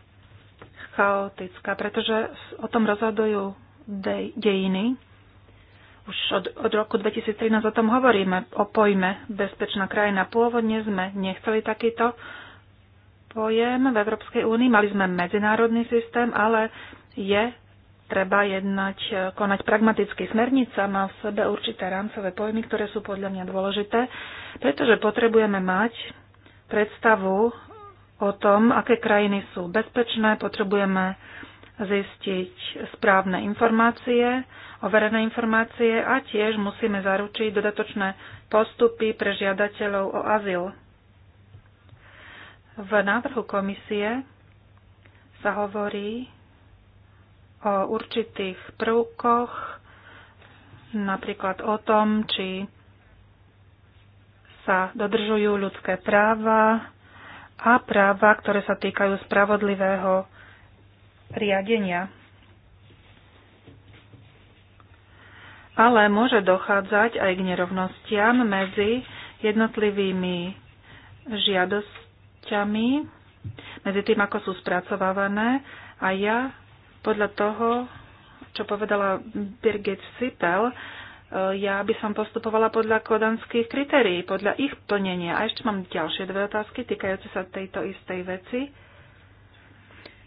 chaotická, pretože o tom rozhodujú dej, dejiny. Už od, od roku 2013 o tom hovoríme, o pojme bezpečná krajina. Pôvodne sme nechceli takýto pojem v Európskej únii. Mali sme medzinárodný systém, ale je treba jednať, konať pragmaticky. Smernica má v sebe určité rámcové pojmy, ktoré sú podľa mňa dôležité, pretože potrebujeme mať predstavu o tom, aké krajiny sú bezpečné, potrebujeme zistiť správne informácie, overené informácie a tiež musíme zaručiť dodatočné postupy pre žiadateľov o azyl. V návrhu komisie sa hovorí o určitých prvkoch, napríklad o tom, či sa dodržujú ľudské práva a práva, ktoré sa týkajú spravodlivého riadenia. Ale môže dochádzať aj k nerovnostiam medzi jednotlivými žiadosť, udalosťami, medzi tým, ako sú spracovávané. A ja podľa toho, čo povedala Birgit Sipel, e, ja by som postupovala podľa kodanských kritérií, podľa ich plnenia. A ešte mám ďalšie dve otázky týkajúce sa tejto istej veci.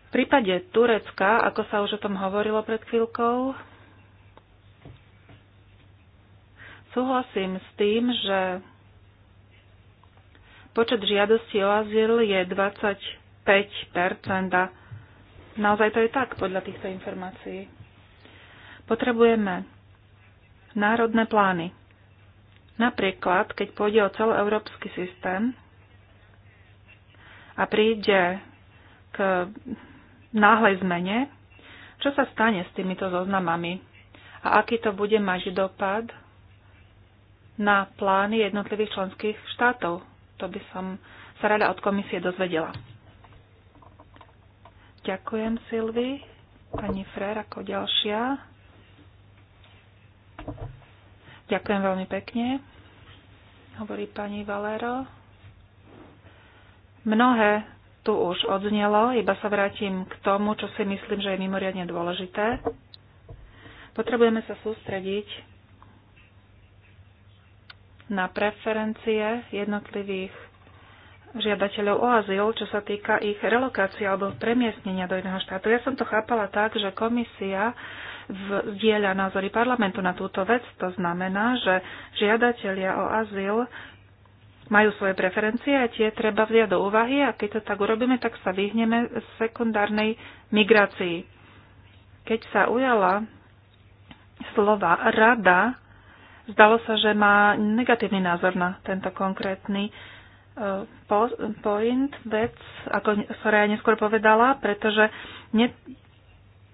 V prípade Turecka, ako sa už o tom hovorilo pred chvíľkou, súhlasím s tým, že Počet žiadostí o azyl je 25 a naozaj to je tak podľa týchto informácií. Potrebujeme národné plány. Napríklad, keď pôjde o celoeurópsky systém a príde k náhlej zmene, čo sa stane s týmito zoznamami a aký to bude mať dopad na plány jednotlivých členských štátov to by som sa rada od komisie dozvedela. Ďakujem, Silvi. Pani Frér ako ďalšia. Ďakujem veľmi pekne, hovorí pani Valero. Mnohé tu už odznelo, iba sa vrátim k tomu, čo si myslím, že je mimoriadne dôležité. Potrebujeme sa sústrediť na preferencie jednotlivých žiadateľov o azyl, čo sa týka ich relokácie alebo premiestnenia do iného štátu. Ja som to chápala tak, že komisia zdieľa názory parlamentu na túto vec. To znamená, že žiadatelia o azyl majú svoje preferencie a tie treba vziať do úvahy a keď to tak urobíme, tak sa vyhneme sekundárnej migrácii. Keď sa ujala slova rada, Zdalo sa, že má negatívny názor na tento konkrétny e, point, vec, ako Soraya neskôr povedala, pretože ne,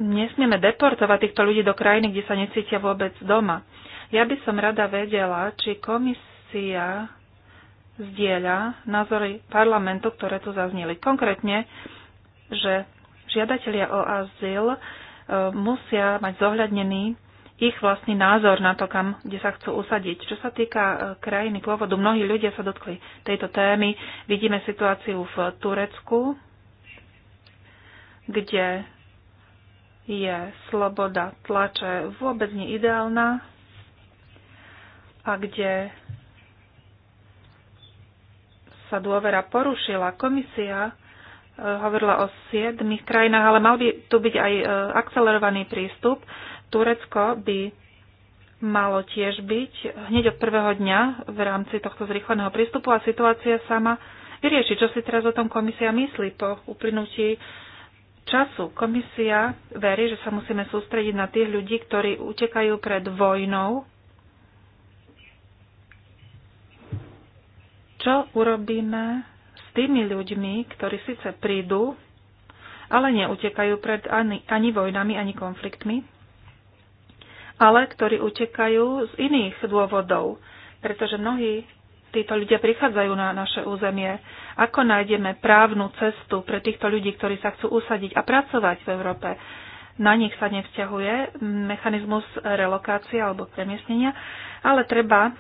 nesmieme deportovať týchto ľudí do krajiny, kde sa necítia vôbec doma. Ja by som rada vedela, či komisia zdieľa názory parlamentu, ktoré tu zazneli. Konkrétne, že žiadatelia o azyl e, musia mať zohľadnený ich vlastný názor na to, kam, kde sa chcú usadiť. Čo sa týka e, krajiny pôvodu, mnohí ľudia sa dotkli tejto témy. Vidíme situáciu v Turecku, kde je sloboda tlače vôbec neideálna a kde sa dôvera porušila. Komisia e, hovorila o siedmých krajinách, ale mal by tu byť aj e, akcelerovaný prístup. Turecko by malo tiež byť hneď od prvého dňa v rámci tohto zrýchleného prístupu a situácia sama vyrieši. Čo si teraz o tom komisia myslí po uplynutí času? Komisia verí, že sa musíme sústrediť na tých ľudí, ktorí utekajú pred vojnou. Čo urobíme s tými ľuďmi, ktorí síce prídu, ale neutekajú pred ani, ani vojnami, ani konfliktmi? ale ktorí utekajú z iných dôvodov, pretože mnohí títo ľudia prichádzajú na naše územie. Ako nájdeme právnu cestu pre týchto ľudí, ktorí sa chcú usadiť a pracovať v Európe? Na nich sa nevzťahuje mechanizmus relokácie alebo premiestnenia, ale treba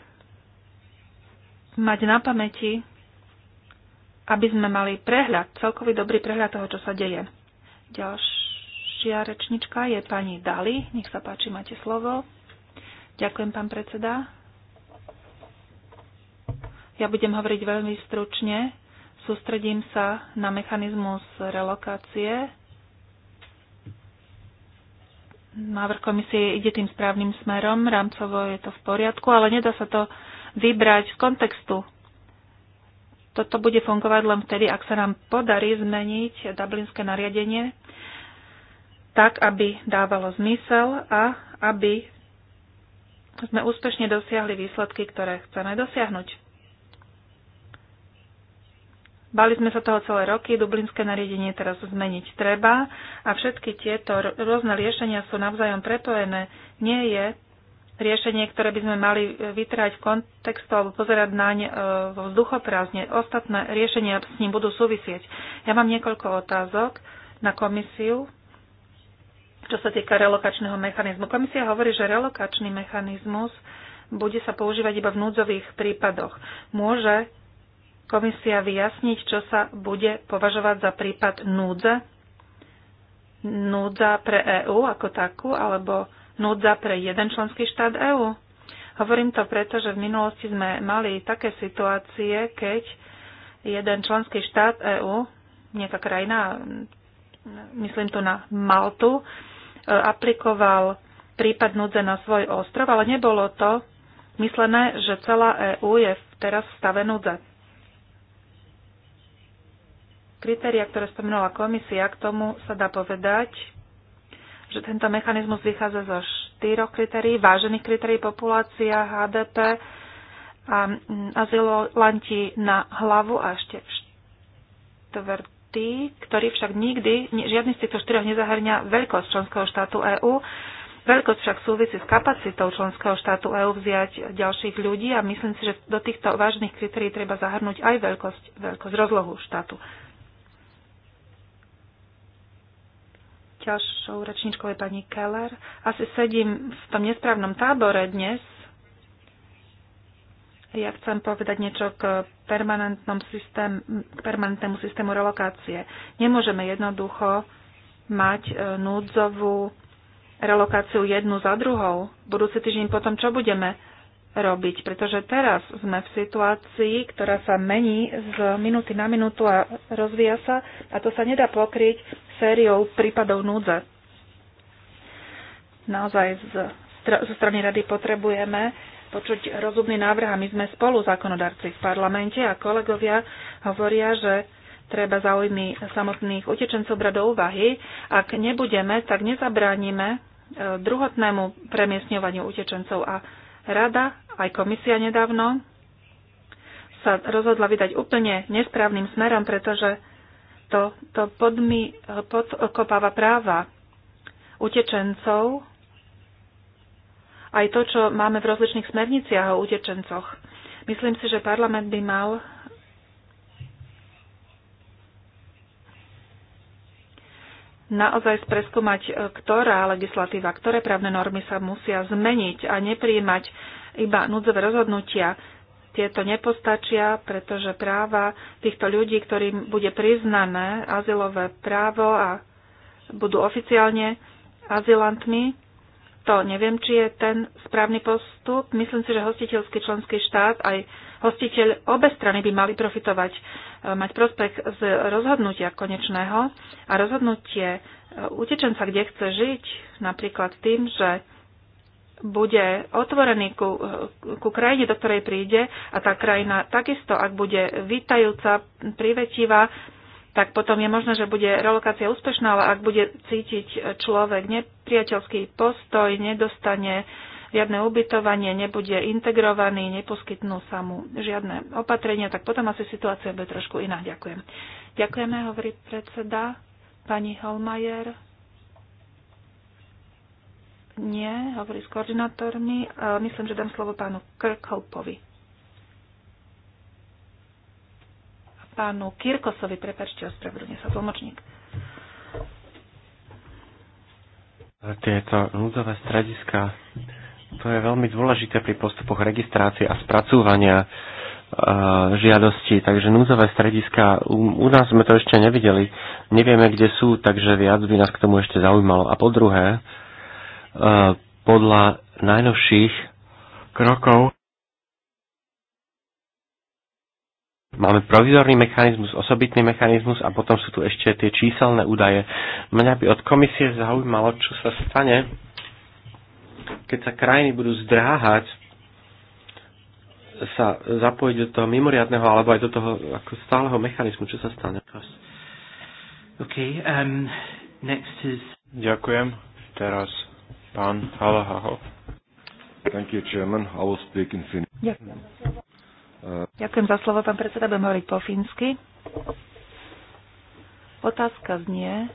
mať na pamäti, aby sme mali prehľad, celkový dobrý prehľad toho, čo sa deje. Ďalšie Ďalšia rečnička je pani Dali. Nech sa páči, máte slovo. Ďakujem, pán predseda. Ja budem hovoriť veľmi stručne. Sústredím sa na mechanizmus relokácie. Návrh komisie ide tým správnym smerom, rámcovo je to v poriadku, ale nedá sa to vybrať z kontextu toto bude fungovať len vtedy, ak sa nám podarí zmeniť dublinské nariadenie tak, aby dávalo zmysel a aby sme úspešne dosiahli výsledky, ktoré chceme dosiahnuť. Bali sme sa toho celé roky, dublinské nariadenie teraz zmeniť treba a všetky tieto rôzne riešenia sú navzájom prepojené. Nie je riešenie, ktoré by sme mali e, vytrať v kontextu alebo pozerať naň e, vo vzduchoprázdne. Ostatné riešenia s ním budú súvisieť. Ja mám niekoľko otázok na komisiu čo sa týka relokačného mechanizmu. Komisia hovorí, že relokačný mechanizmus bude sa používať iba v núdzových prípadoch. Môže komisia vyjasniť, čo sa bude považovať za prípad núdze? Núdza pre EÚ ako takú, alebo núdza pre jeden členský štát EÚ? Hovorím to preto, že v minulosti sme mali také situácie, keď jeden členský štát EÚ, nejaká krajina, myslím tu na Maltu, aplikoval prípad núdze na svoj ostrov, ale nebolo to myslené, že celá EÚ je teraz v stave núdze. Kritéria, ktoré spomenula komisia, k tomu sa dá povedať, že tento mechanizmus vychádza zo štyroch kritérií, vážených kritérií populácia, HDP a mm, azylanti na hlavu a ešte štvrtý tí, ktorí však nikdy, žiadny z týchto štyroch nezahrňa veľkosť členského štátu EÚ. Veľkosť však súvisí s kapacitou členského štátu EÚ vziať ďalších ľudí a myslím si, že do týchto vážnych kritérií treba zahrnúť aj veľkosť, veľkosť rozlohu štátu. Ďalšou rečničkou je pani Keller. Asi sedím v tom nesprávnom tábore dnes, ja chcem povedať niečo k, permanentnom systém, k permanentnému systému relokácie. Nemôžeme jednoducho mať e, núdzovú relokáciu jednu za druhou. Budúci týždeň potom čo budeme robiť? Pretože teraz sme v situácii, ktorá sa mení z minúty na minútu a rozvíja sa a to sa nedá pokryť sériou prípadov núdze. Naozaj z, zo strany rady potrebujeme počuť rozumný návrh a my sme spolu zákonodarci v parlamente a kolegovia hovoria, že treba záujmy samotných utečencov brať do úvahy. Ak nebudeme, tak nezabránime e, druhotnému premiesňovaniu utečencov a rada, aj komisia nedávno, sa rozhodla vydať úplne nesprávnym smerom, pretože to, to podmi, e, podkopáva práva utečencov aj to, čo máme v rozličných smerniciach o utečencoch. Myslím si, že parlament by mal naozaj preskúmať, e, ktorá legislatíva, ktoré právne normy sa musia zmeniť a nepríjmať iba núdzové rozhodnutia. Tieto nepostačia, pretože práva týchto ľudí, ktorým bude priznané azylové právo a budú oficiálne azylantmi, to neviem, či je ten správny postup. Myslím si, že hostiteľský členský štát aj hostiteľ obe strany by mali profitovať, e, mať prospech z rozhodnutia konečného a rozhodnutie e, utečenca, kde chce žiť, napríklad tým, že bude otvorený ku, e, ku krajine, do ktorej príde a tá krajina takisto, ak bude vítajúca, privetivá, tak potom je možné, že bude relokácia úspešná, ale ak bude cítiť človek nepriateľský postoj, nedostane žiadne ubytovanie, nebude integrovaný, neposkytnú sa mu žiadne opatrenia, tak potom asi situácia bude trošku iná. Ďakujem. Ďakujeme, hovorí predseda. Pani Holmajer. Nie, hovorí s koordinátormi. E, myslím, že dám slovo pánu Kirkhopovi. pánu Kirkosovi. Prepačte, ospravedlňuje sa tlmočník. Tieto núdzové strediska, to je veľmi dôležité pri postupoch registrácie a spracúvania e, žiadosti, takže núdzové strediska, u, u nás sme to ešte nevideli, nevieme, kde sú, takže viac by nás k tomu ešte zaujímalo. A po druhé, e, podľa najnovších krokov Máme provizorný mechanizmus, osobitný mechanizmus a potom sú tu ešte tie číselné údaje. Mňa by od komisie zaujímalo, čo sa stane, keď sa krajiny budú zdráhať sa zapojiť do toho mimoriadného alebo aj do toho ako stáleho mechanizmu, čo sa stane. Okay, um, next is... Ďakujem. Teraz pán Halahaho. Thank you, Chairman. I will speak in Finnish. Yeah. Ďakujem za slovo, pán predseda. Budem hovoriť po fínsky. Otázka znie,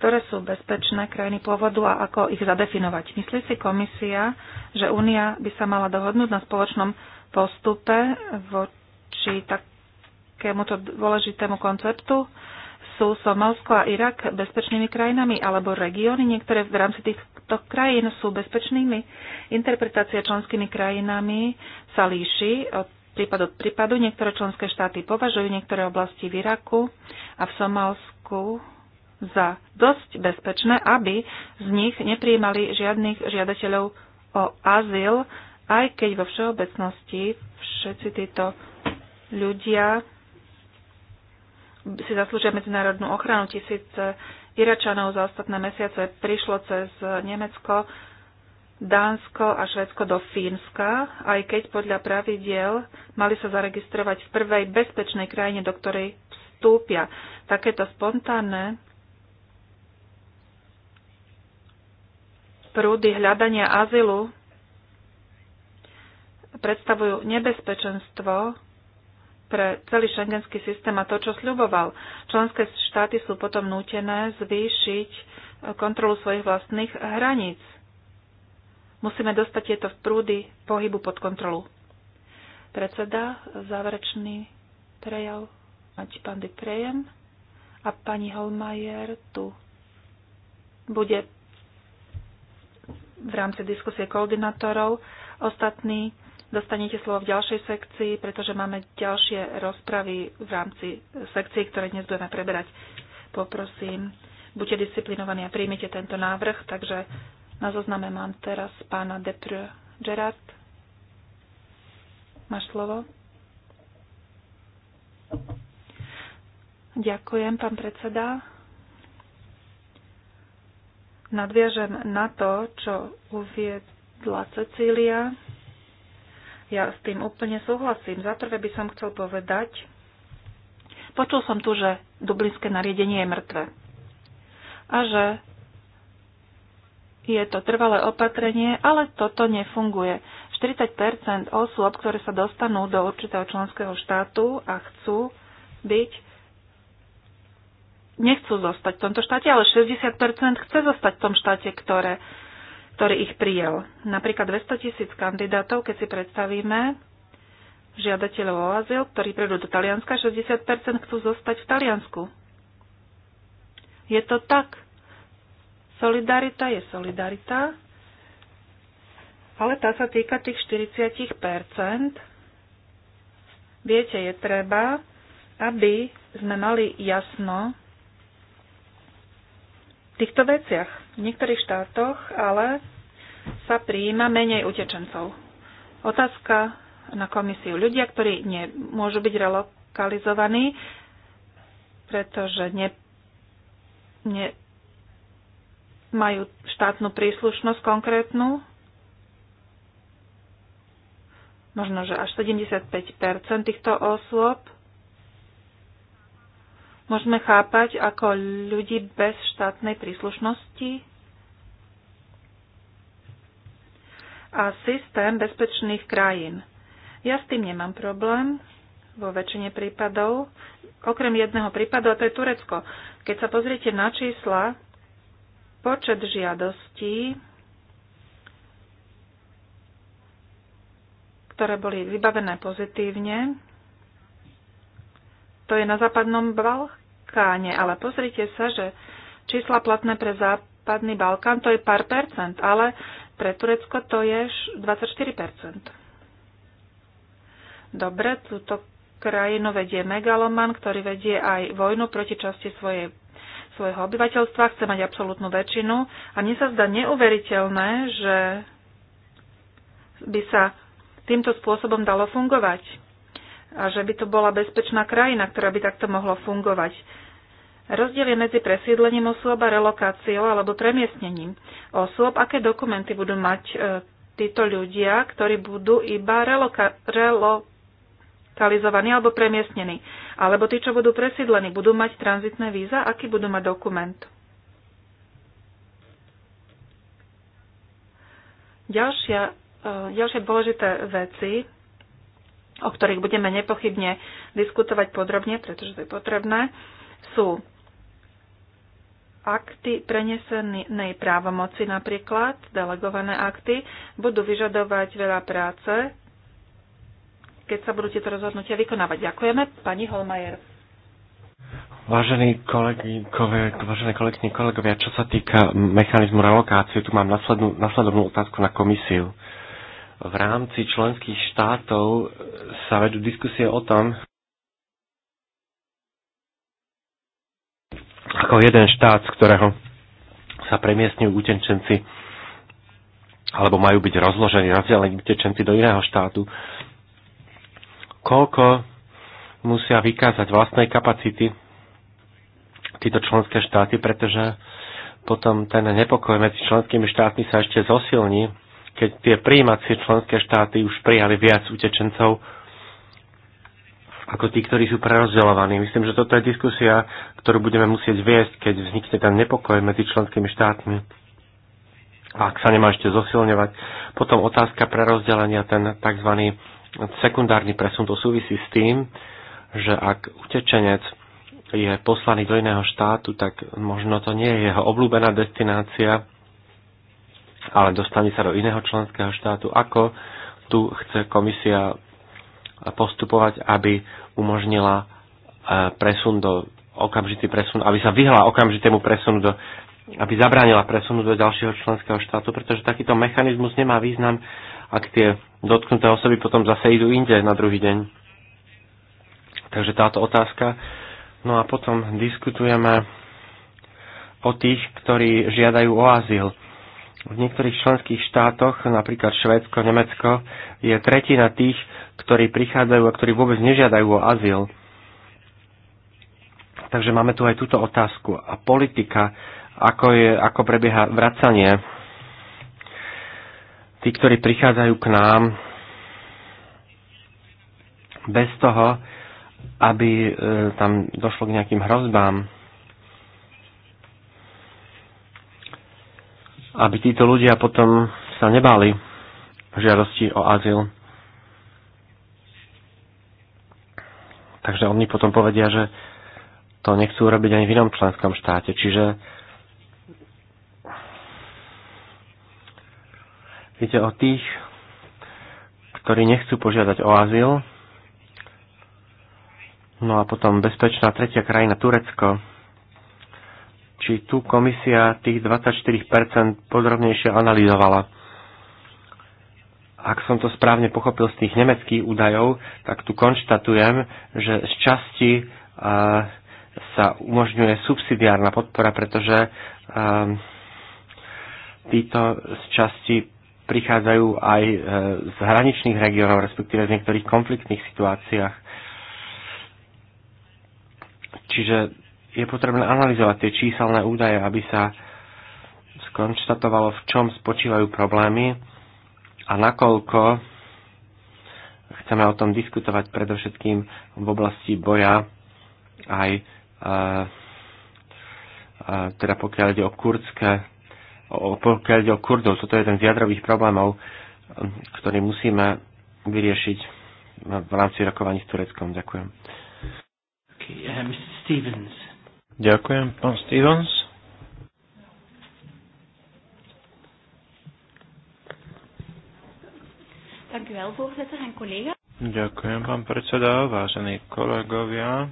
ktoré sú bezpečné krajiny pôvodu a ako ich zadefinovať. Myslí si komisia, že Únia by sa mala dohodnúť na spoločnom postupe voči takémuto dôležitému konceptu? Sú Somalsko a Irak bezpečnými krajinami alebo regióny niektoré v rámci tých týchto krajín sú bezpečnými. Interpretácia členskými krajinami sa líši od prípad od prípadu. Niektoré členské štáty považujú niektoré oblasti v Iraku a v Somálsku za dosť bezpečné, aby z nich neprijímali žiadnych žiadateľov o azyl, aj keď vo všeobecnosti všetci títo ľudia si zaslúžia medzinárodnú ochranu. Tisíce Iračanov za ostatné mesiace prišlo cez Nemecko, Dánsko a Švédsko do Fínska, aj keď podľa pravidiel mali sa zaregistrovať v prvej bezpečnej krajine, do ktorej vstúpia. Takéto spontánne prúdy hľadania azylu predstavujú nebezpečenstvo pre celý šengenský systém a to, čo sľuboval. Členské štáty sú potom nútené zvýšiť kontrolu svojich vlastných hraníc. Musíme dostať tieto prúdy pohybu pod kontrolu. Predseda, záverečný prejav, mať pán Duprejem a pani Holmajer tu bude v rámci diskusie koordinátorov. Ostatní Dostanete slovo v ďalšej sekcii, pretože máme ďalšie rozpravy v rámci sekcií, ktoré dnes budeme preberať. Poprosím, buďte disciplinovaní a príjmite tento návrh. Takže na zozname mám teraz pána Depre Gerard. Máš slovo? Ďakujem, pán predseda. Nadviažem na to, čo uviedla Cecília. Ja s tým úplne súhlasím. Za prvé by som chcel povedať, počul som tu, že dublinské nariadenie je mŕtve a že je to trvalé opatrenie, ale toto nefunguje. 40 osôb, ktoré sa dostanú do určitého členského štátu a chcú byť, nechcú zostať v tomto štáte, ale 60 chce zostať v tom štáte, ktoré ktorý ich prijel. Napríklad 200 tisíc kandidátov, keď si predstavíme, žiadateľov o azyl, ktorí prídu do Talianska, 60% chcú zostať v Taliansku. Je to tak. Solidarita je solidarita, ale tá sa týka tých 40%. Viete, je treba, aby sme mali jasno, týchto veciach. V niektorých štátoch ale sa prijíma menej utečencov. Otázka na komisiu. Ľudia, ktorí nemôžu byť relokalizovaní, pretože ne, ne, majú štátnu príslušnosť konkrétnu, možno, že až 75 týchto osôb môžeme chápať ako ľudí bez štátnej príslušnosti? a systém bezpečných krajín. Ja s tým nemám problém vo väčšine prípadov, okrem jedného prípadu, a to je Turecko. Keď sa pozriete na čísla, počet žiadostí, ktoré boli vybavené pozitívne, to je na západnom Balkáne, ale pozrite sa, že čísla platné pre západný Balkán to je pár percent, ale pre Turecko to je 24 percent. Dobre, túto krajinu vedie megaloman, ktorý vedie aj vojnu proti časti svojej, svojho obyvateľstva, chce mať absolútnu väčšinu. A mne sa zdá neuveriteľné, že by sa týmto spôsobom dalo fungovať a že by to bola bezpečná krajina, ktorá by takto mohla fungovať. Rozdiel je medzi presídlením osôb a relokáciou alebo premiestnením osôb, aké dokumenty budú mať e, títo ľudia, ktorí budú iba reloka- relokalizovaní alebo premiestnení. Alebo tí, čo budú presídlení, budú mať tranzitné víza, aký budú mať dokument. Ďalšia, e, ďalšie dôležité veci o ktorých budeme nepochybne diskutovať podrobne, pretože to je potrebné, sú akty prenesenej právomoci napríklad, delegované akty, budú vyžadovať veľa práce, keď sa budú tieto rozhodnutia vykonávať. Ďakujeme. Pani Holmajer. Vážení kolegy, kole, vážené kolegyne, kolegovia, čo sa týka mechanizmu relokácie, tu mám naslednú, nasledovnú otázku na komisiu. Uh, v rámci členských štátov sa vedú diskusie o tom, ako jeden štát, z ktorého sa premiestňujú utečenci alebo majú byť rozložení, rozdelení utečenci do iného štátu, koľko musia vykázať vlastnej kapacity títo členské štáty, pretože potom ten nepokoj medzi členskými štátmi sa ešte zosilní keď tie príjímacie členské štáty už prijali viac utečencov ako tí, ktorí sú prerozdeľovaní. Myslím, že toto je diskusia, ktorú budeme musieť viesť, keď vznikne ten nepokoj medzi členskými štátmi. A ak sa nemá ešte zosilňovať. Potom otázka prerozdelenia, ten tzv. sekundárny presun, to súvisí s tým, že ak utečenec je poslaný do iného štátu, tak možno to nie je jeho obľúbená destinácia, ale dostane sa do iného členského štátu, ako tu chce komisia postupovať, aby umožnila e, presun do okamžitý presun, aby sa vyhla okamžitému presunu do aby zabránila presunu do ďalšieho členského štátu, pretože takýto mechanizmus nemá význam, ak tie dotknuté osoby potom zase idú inde na druhý deň. Takže táto otázka. No a potom diskutujeme o tých, ktorí žiadajú o azyl. V niektorých členských štátoch, napríklad Švédsko, Nemecko, je tretina tých, ktorí prichádzajú a ktorí vôbec nežiadajú o azyl. Takže máme tu aj túto otázku. A politika, ako, je, ako prebieha vracanie. Tí, ktorí prichádzajú k nám, bez toho, aby e, tam došlo k nejakým hrozbám. aby títo ľudia potom sa nebáli žiadosti o azyl. Takže oni potom povedia, že to nechcú robiť ani v inom členskom štáte. Čiže ide o tých, ktorí nechcú požiadať o azyl. No a potom bezpečná tretia krajina Turecko či tu komisia tých 24% podrobnejšie analyzovala. Ak som to správne pochopil z tých nemeckých údajov, tak tu konštatujem, že z časti uh, sa umožňuje subsidiárna podpora, pretože um, títo z časti prichádzajú aj eh, z hraničných regiónov, respektíve z niektorých konfliktných situáciách. Čiže je potrebné analyzovať tie číselné údaje, aby sa skonštatovalo, v čom spočívajú problémy a nakoľko chceme o tom diskutovať predovšetkým v oblasti boja aj e, e, teda pokiaľ ide o kurdské o, pokiaľ ide o kurdov, toto je jeden z jadrových problémov, ktorý musíme vyriešiť v rámci rokovaní s Tureckom. Ďakujem. Okay, um, uh, Mr. Stevens. Ďakujem, pán Stevens. Ďakujem, pán predseda, vážení kolegovia.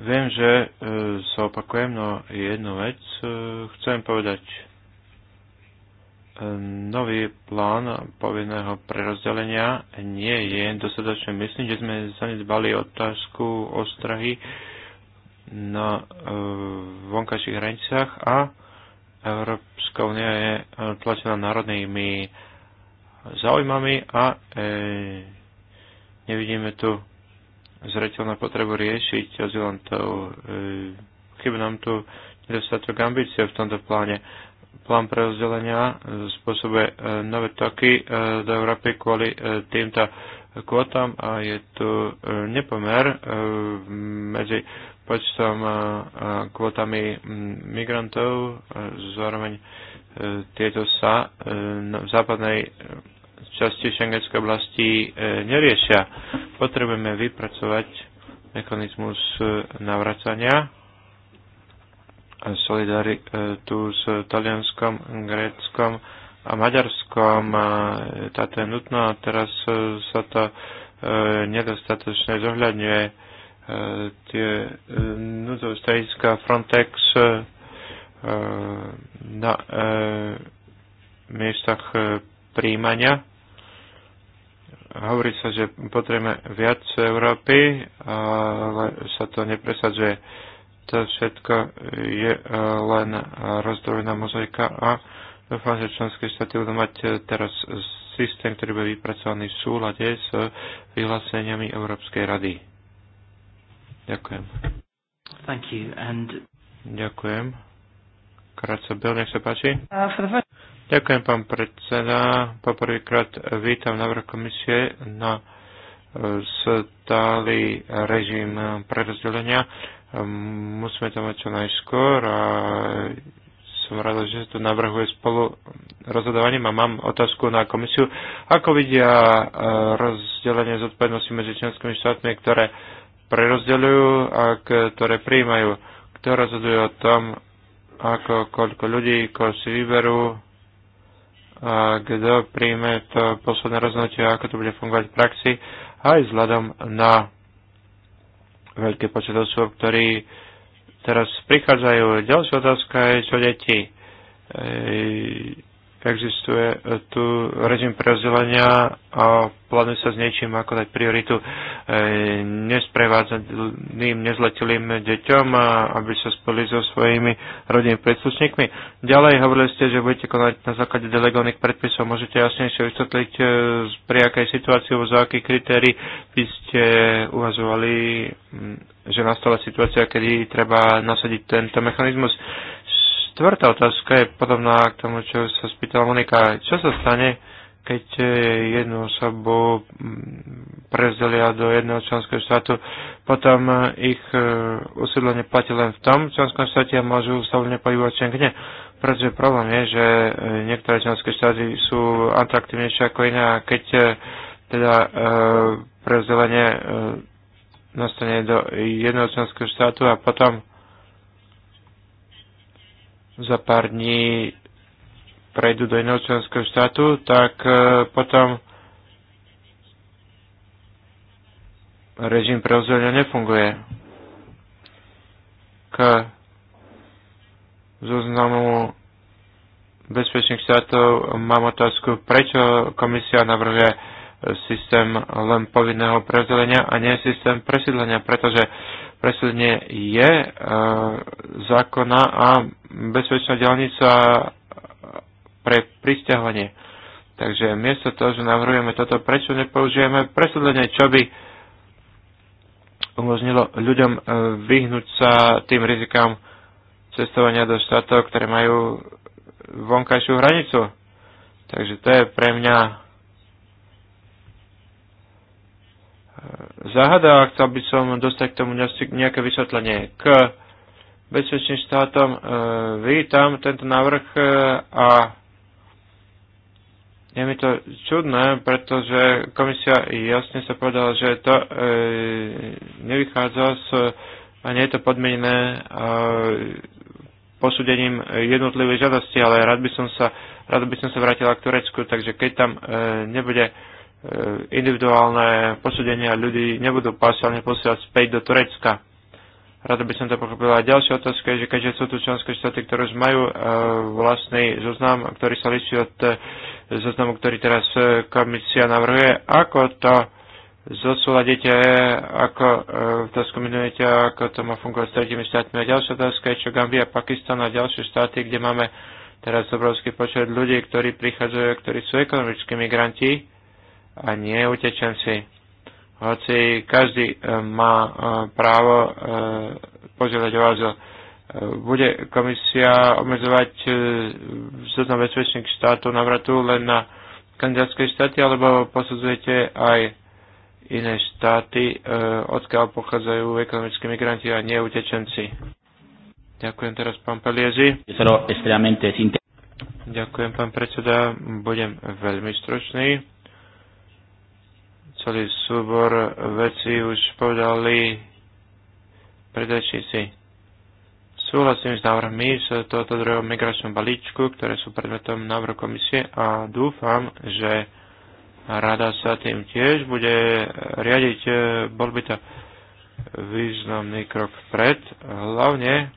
Viem, že e, sa opakujem, no jednu vec e, chcem povedať nový plán povinného prerozdelenia nie je dostatočný. Myslím, že sme zanedbali otázku ostrahy na e, vonkajších hranicách a Európska únia je e, tlačená národnými záujmami a e, nevidíme tu zreteľnú potrebu riešiť azylantov. E, chyba nám tu nedostatok ambície v tomto pláne. E, plán prerozdelenia e, spôsobuje e, nové toky e, do Európy kvôli týmto kvotám a je tu nepomer medzi počtom kvotami migrantov. Zároveň tieto sa no, v západnej časti šengenskej oblasti neriešia. Potrebujeme vypracovať mechanizmus navracania solidaritu s Talianskom, Gréckom a Maďarskom. Táto je nutná a teraz e, sa to e, nedostatočne zohľadňuje. E, tie núdzové strediska Frontex na miestach príjmania. Hovorí sa, že potrebujeme viac Európy, ale sa to nepresadzuje to všetko je e, len e, rozdrobená mozaika a dúfam, že členské štáty budú mať e, teraz systém, ktorý bude vypracovaný v súlade s vyhláseniami Európskej rady. Ďakujem. Thank you and... Ďakujem. Krátce Bel, nech sa páči. Uh, first... Ďakujem, pán predseda. Poprvýkrát vítam návrh komisie na stály režim prerozdelenia Ehm, musíme to mať čo najskôr a som rada, že sa to navrhuje spolu rozhodovaním a mám otázku na komisiu. Ako vidia e, rozdelenie zodpovednosti medzi členskými štátmi, ktoré prerozdeľujú a ktoré prijímajú? Kto rozhoduje o tom, ako koľko ľudí, koľko si vyberú a kto príjme to posledné rozhodnutie, ako to bude fungovať v praxi, aj vzhľadom na veľký počet osôb, ktorí teraz prichádzajú. Ďalšia otázka je, čo deti existuje e, tu režim prerozdelenia a plánuje sa s niečím, ako dať prioritu e, nesprevádzaným, nezletilým deťom, aby sa spolili so svojimi rodinnými príslušníkmi. Ďalej hovorili ste, že budete konať na základe delegovaných predpisov. Môžete jasnejšie vysvetliť, e, pri akej situácii, za akých kritérií by ste uvažovali že nastala situácia, kedy treba nasadiť tento mechanizmus. Štvrtá otázka je podobná k tomu, čo sa spýtala Monika. Čo sa stane, keď e, jednu osobu mm, prezdelia do jedného členského štátu, potom e, ich e, usídlenie platí len v tom členskom štáte a môžu usídlenie pohybovať Schengene. Pretože problém je, že niektoré členské štáty sú atraktívnejšie ako iné a keď teda prezdelenie nastane do jedného členského štátu a potom za pár dní prejdú do iného členského štátu, tak e, potom režim preozdelenia nefunguje. K zoznamu bezpečných štátov mám otázku, prečo komisia navrhuje systém len povinného preozdelenia a nie systém presídlenia, pretože uh, presvedenie je e, zákona a bezpečná dielnica pre pristahovanie. Takže miesto toho, že navrhujeme toto, prečo nepoužijeme presvedenie, čo by umožnilo ľuďom e, vyhnúť sa tým rizikám cestovania do štátov, ktoré majú vonkajšiu hranicu. Takže to je pre mňa záhada a chcel by som dostať k tomu nejaké vysvetlenie. K bezpečným štátom e, vítam tento návrh e, a je mi to čudné, pretože komisia jasne sa povedala, že to e, nevychádza s, a nie je to podmienené e, posúdením jednotlivej žiadosti, ale rád by som sa, rád by som sa vrátila k Turecku, takže keď tam e, nebude e, E, individuálne posúdenia ľudí nebudú pasálne posielať späť do Turecka. Rada by som to pochopila. A ďalšia otázka je, že keďže sú tu členské štáty, ktoré už majú e, vlastný zoznam, ktorý sa líši od e, zoznamu, ktorý teraz e, komisia navrhuje, ako to zosúľadíte, ako e, to skombinujete, ako to má fungovať s tretími štátmi. A ďalšia otázka je, čo Gambia, Pakistan a ďalšie štáty, kde máme teraz obrovský počet ľudí, ktorí prichádzajú, ktorí sú ekonomickí migranti a nie utečenci. Hoci každý eh, má eh, právo eh, požiadať o azyl. Bude komisia obmedzovať zoznam bezpečných štátov navratu len na kandidátske štáty, alebo posudzujete aj iné štáty, odkiaľ pochádzajú ekonomickí migranti a nie utečenci. Ďakujem teraz, pán Peliezi. Ďakujem, pán predseda. Budem veľmi stručný celý súbor veci už povedali si. Súhlasím s návrhmi z tohoto druhého migračného balíčku, ktoré sú predmetom návrhu komisie a dúfam, že rada sa tým tiež bude riadiť. Bol by to významný krok vpred, hlavne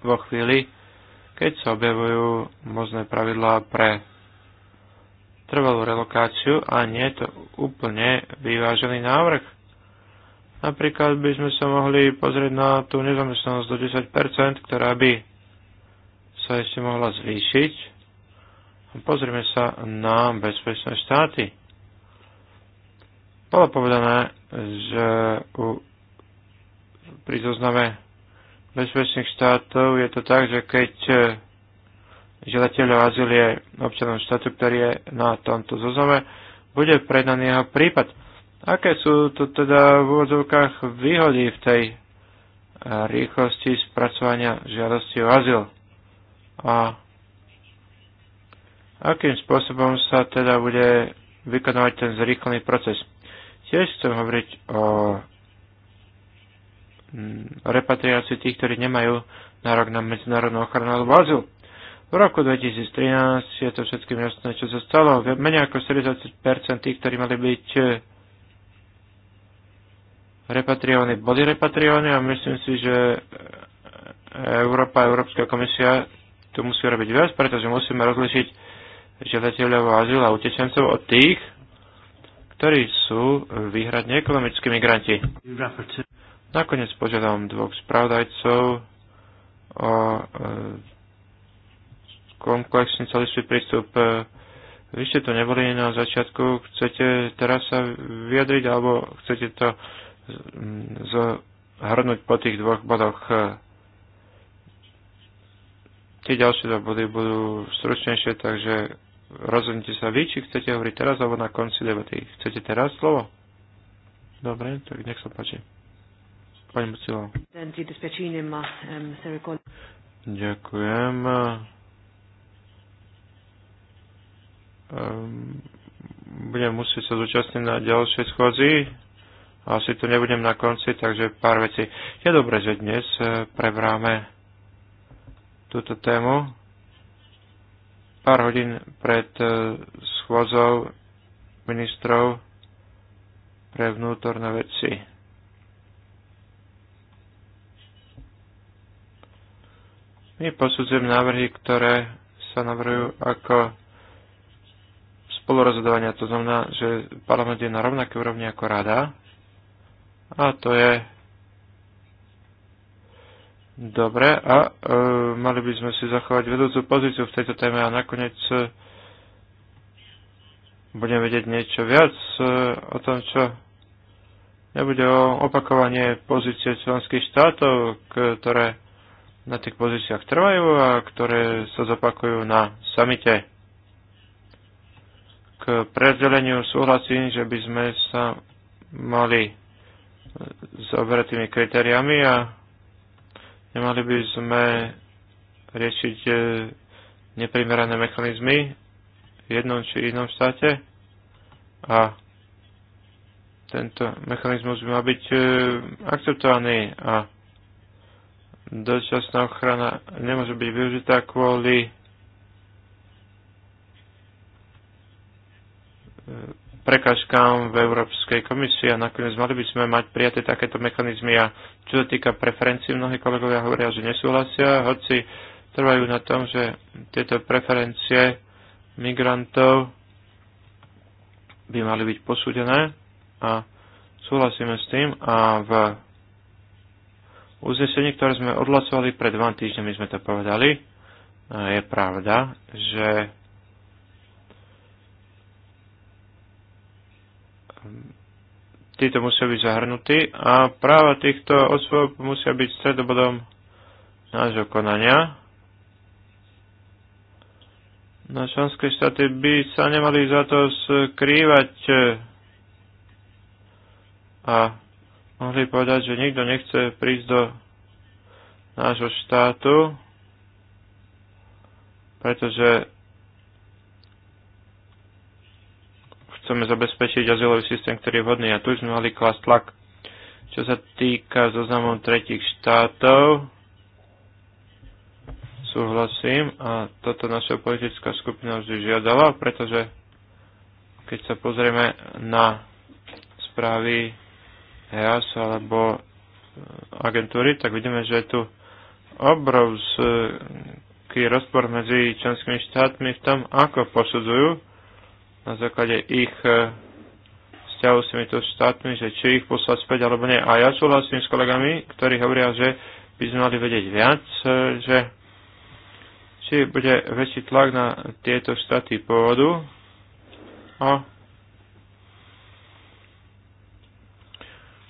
vo chvíli, keď sa objavujú možné pravidlá pre trvalú relokáciu a nie je to úplne vyvážený návrh. Napríklad by sme sa mohli pozrieť na tú nezamestnanosť do 10%, ktorá by sa ešte mohla zvýšiť. Pozrieme sa na bezpečné štáty. Bolo povedané, že u, pri zozname bezpečných štátov je to tak, že keď žiadateľa o azyl je občanom štátu, ktorý je na tomto zozove, bude predaný jeho prípad. Aké sú to teda v úvodzovkách výhody v tej eh, rýchlosti spracovania žiadosti o azyl? A akým spôsobom sa teda bude vykonávať ten zrýchlený proces? Tiež chcem hovoriť o mm, repatriácii tých, ktorí nemajú nárok na medzinárodnú ochranu alebo azyl. V roku 2013 je to všetkým jasné, čo sa stalo. Menej ako 40% tých, ktorí mali byť eh, repatriovaní, boli repatriovaní a myslím si, že eh, Európa, Európska komisia tu musí robiť viac, pretože musíme rozlišiť žiadateľov azyl a utečencov od tých, ktorí sú výhradne ekonomickí migranti. Nakoniec požiadam dvoch spravodajcov o eh, komplexný celistvý prístup. E, vy ste to neboli na začiatku, chcete teraz sa vyjadriť alebo chcete to zhrnúť po tých dvoch bodoch? E, tie ďalšie dva body budú stručnejšie, takže rozhodnite sa vy, či chcete hovoriť teraz alebo na konci debaty. Chcete teraz slovo? Dobre, tak nech sa páči. Pani Bucilová. Ďakujem. Ehm, budem musieť sa zúčastniť na ďalšej schôdzi. Asi tu nebudem na konci, takže pár vecí. Je dobré, že dnes eh, prebráme túto tému. Pár hodín pred eh, schôzou ministrov pre vnútorné veci. My posudzujem návrhy, ktoré sa navrhujú ako spolurozhodovania. To znamená, že parlament je na rovnaké úrovni ako rada a to je dobre a e, mali by sme si zachovať vedúcu pozíciu v tejto téme a nakoniec e, budem vedieť niečo viac e, o tom, čo nebude o opakovanie pozície členských štátov, ktoré na tých pozíciách trvajú a ktoré sa zopakujú na samite. K prezdeleniu súhlasím, že by sme sa mali zaoberať tými kritériami a nemali by sme riešiť e, neprimerané mechanizmy v jednom či inom štáte a tento mechanizmus by mal byť e, akceptovaný a dočasná ochrana nemôže byť využitá kvôli prekažkám v Európskej komisii a nakoniec mali by sme mať prijaté takéto mechanizmy. A čo sa týka preferencií, mnohí kolegovia hovoria, že nesúhlasia, hoci trvajú na tom, že tieto preferencie migrantov by mali byť posúdené a súhlasíme s tým a v uznesení, ktoré sme odhlasovali pred dva týždňami, sme to povedali, je pravda, že títo musia byť zahrnutí a práva týchto osôb musia byť stredobodom nášho konania. Na členské štáty by sa nemali za to skrývať eh, a mohli povedať, že nikto nechce prísť do nášho štátu, pretože chceme zabezpečiť azylový systém, ktorý je vhodný a tu sme mali klas tlak. Čo sa týka zoznamom tretich štátov, súhlasím a toto naša politická skupina vždy žiadala, pretože keď sa pozrieme na správy EAS alebo agentúry, tak vidíme, že je tu obrovský rozpor medzi členskými štátmi v tom, ako posudzujú na základe ich e, vzťahu s týmito štátmi, že či ich poslať späť alebo nie. A ja súhlasím s kolegami, ktorí hovoria, že by sme mali vedieť viac, e, že či bude väčší tlak na tieto štáty pôvodu a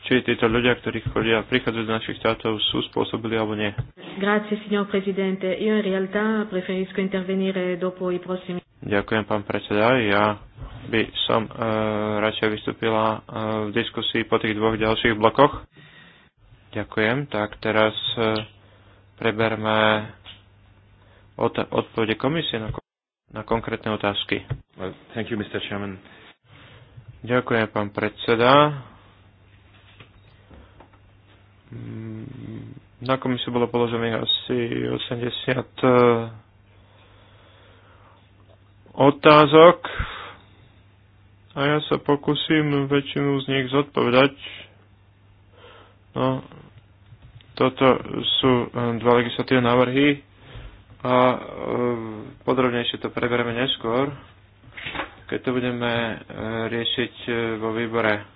či títo ľudia, ktorí chodia, prichádzajú do našich štátov, sú spôsobili alebo nie. Grazie, signor Presidente. Io in realtà preferisco intervenire dopo i prossimi... Ďakujem, pán predseda. Ja by som e, radšej vystúpila e, v diskusii po tých dvoch ďalších blokoch. Ďakujem. Tak teraz e, preberme od, odpovede komisie na, na konkrétne otázky. Well, thank you, Mr. Chairman. Ďakujem, pán predseda. Mm, na komisiu bolo položených asi 80 otázok a ja sa pokúsim väčšinu z nich zodpovedať. No, toto sú eh, dva legislatívne návrhy a eh, podrobnejšie to preberieme neskôr, keď to budeme eh, riešiť vo výbore.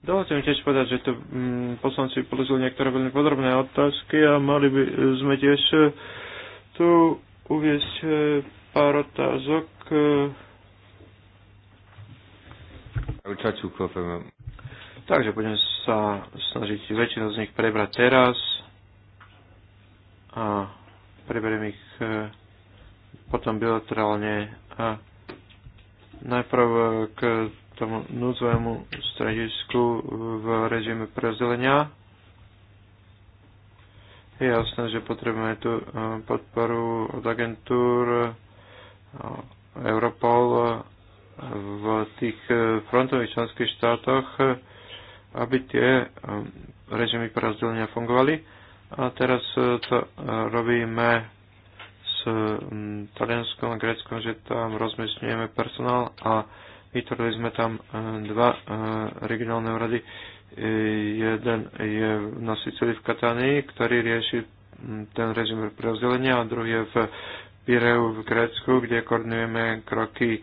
Dovolte mi tiež povedať, že tu mm, poslanci položili niektoré veľmi podrobné otázky a mali by sme tiež tu uviesť pár otázok. Takže budem sa snažiť väčšinu z nich prebrať teraz a preberiem ich e, potom bilaterálne a najprv k tomu núdzovému stredisku v režime prezelenia Je jasné, že potrebujeme tu e, podporu od agentúr, Europol e, v tých e, frontových členských štátoch, e, aby tie režimy porazdelenia fungovali. A teraz to robíme s Talianskom a Gréckom, že tam rozmiestňujeme personál a vytvorili sme tam dva regionálne úrady. Jeden je na Sicílii v Katánii, ktorý rieši ten režim rozdelenia a druhý je v Pireu v Grécku, kde koordinujeme kroky e,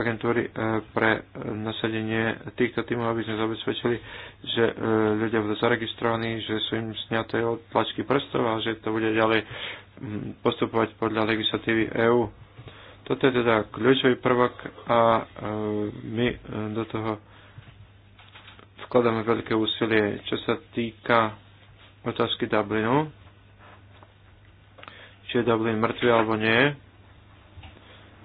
agentúry e, pre nasadenie týchto tímov, aby sme zabezpečili, že e, ľudia budú zaregistrovaní, že sú im sňaté tlačky prstov a že to bude ďalej postupovať podľa legislatívy EÚ. Toto je teda kľúčový prvok a my do toho vkladáme veľké úsilie. Čo sa týka otázky Dublinu, či je Dublin mŕtvy alebo nie.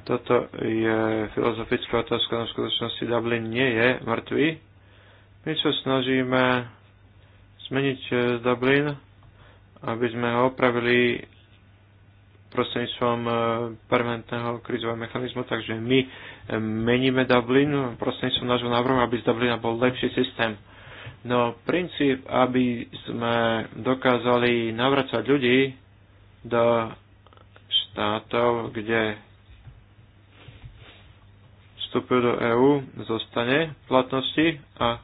Toto je filozofická otázka, na skutočnosti Dublin nie je mŕtvy. My sa snažíme zmeniť e, Dublin, aby sme ho opravili prostredníctvom e, permanentného krizového mechanizmu, takže my e, meníme Dublin prostredníctvom nášho návrhu, aby z Dublina bol lepší systém. No princíp, aby sme dokázali navracať ľudí, do štátov, kde vstupujú do EÚ, zostane v platnosti a